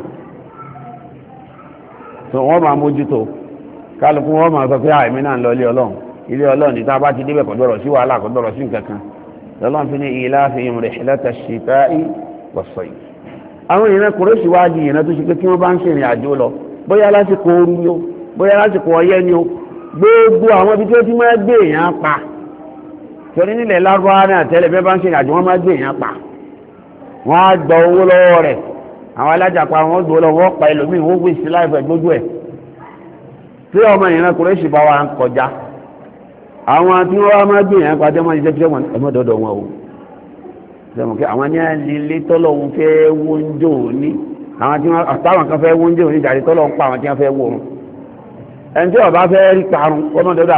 tó wọ́n máa mójútó kálukú wọ́n máa sọ pé ah, àìmí ń lọ ilé ọlọ́run ilé ọlọ́run ní tá a bá ti débẹ̀ kò sí wàhálà kò sí nǹkan kan lọ́lọ́n fi ní ilá fi ìrìn ìṣẹ́lẹ́tà ṣìtá ìwọ̀sọ̀ yìí àwọn ìran kòrèṣì wá di ìran tó ṣe pé kí wọ́n bá ń ṣèrìn àjò lọ bóyá lásìkò ooru ni ó bóyá lásìkò ọyẹ́ ni ó gbogbo àwọn ibi tí ó ti máa gbé èèyàn pa torí nílẹ̀ bẹ́ẹ̀ bá ń àjò wọ́n máa gbé èèyàn pa wọ́n á gba owó lọ́wọ́ rẹ̀ lọ wọ́n pa ẹlòmíì wọ́n láìpẹ́ gbójú ẹ̀ tí ọmọ àwọn tí wọ́n máa gbìyàn pàdé máa jẹ́ jẹ́ ẹmọ́dọ̀dọ̀ wọn o jẹ́mọ̀ kí àwọn ní alílé tọ́lọ̀un fẹ́ wóúnjò ní àwọn tí wọ́n àtàwọn kan fẹ́ wóúnjò ní jàrí tọ́lọ̀un pa àwọn tí wọ́n fẹ́ wóorun ẹni tí ọba fẹ́ rí parun ọmọdọ̀dọ̀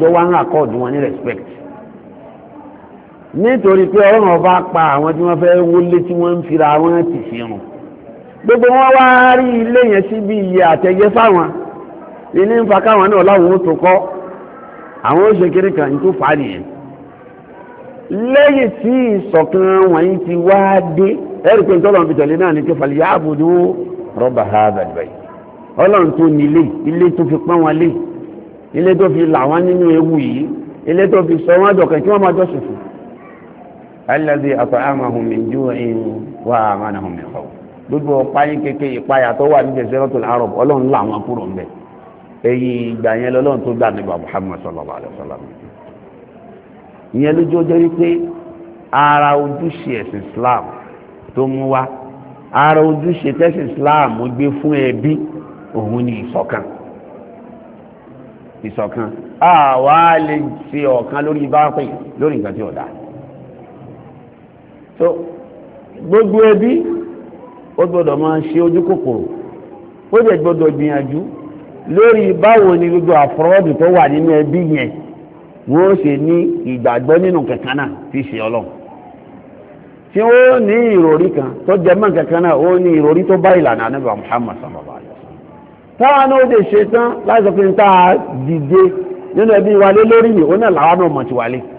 àwọn respect nítorí pé ọlọ́run ọba pa àwọn tí wọ́n fẹ́ gbogbo wọn wá rí ilé yẹn síbi iye àtẹ̀jẹ́ fáwọn ilé ń fa káwọn náà láwọn ó tó kọ́ àwọn ó ṣe kéré kan tó fà nìyẹn ti wá dé ẹ̀rí pé tọ́lọ́n fi tẹ̀lé náà ní kí fàlìyà rọ́bà ha bàbàì ọlọ́run tó nílé ilé tó fi pọ́n wọn lé ilé fi là wọn nínú ewu yìí ilé fi sọ wọn kí wọ́n máa gbogbo ọ̀páyín kéke ìpayà tó wà níbi Jaziratul Arab ọlọ́run là kúrò ńbẹ èyí ìgbà yẹn lọ́lọ́run tó gbà nígbà Muhammad sallallahu wa wasallam ìyẹn lójú ọjọ́ wípé ara ojúṣe ẹ̀sìn Islam tó mú wá ara ojúṣe tẹ́sìn Islam gbé fún ẹbí òun ni ìṣọ̀kan ìṣọ̀kan àwa lè ṣe ọ̀kan lórí lórí nǹkan tí ò gbogbo ẹbí ó gbọ́dọ̀ máa ṣe ojú kòkòrò ó dẹ̀ gbọ́dọ̀ gbìyànjú lórí báwo ni gbogbo àfọwọ́dù tó wà nínú ẹbí yẹn wọ́n ó ṣe ní ìgbàgbọ́ nínú kankan náà fi ṣe ọlọ́run tí ó ní ìròrí kan tó jẹ mọ́ kankan náà ó ní ìròrí tó bá ìlànà anábà Muhammad sallallahu alaihi wasallam táwọn náà ó dẹ̀ ṣe tán láti sọ pé ń tá a dìde nínú ẹbí wa lé lórí yìí ó náà làwọn náà mọ̀ ti wà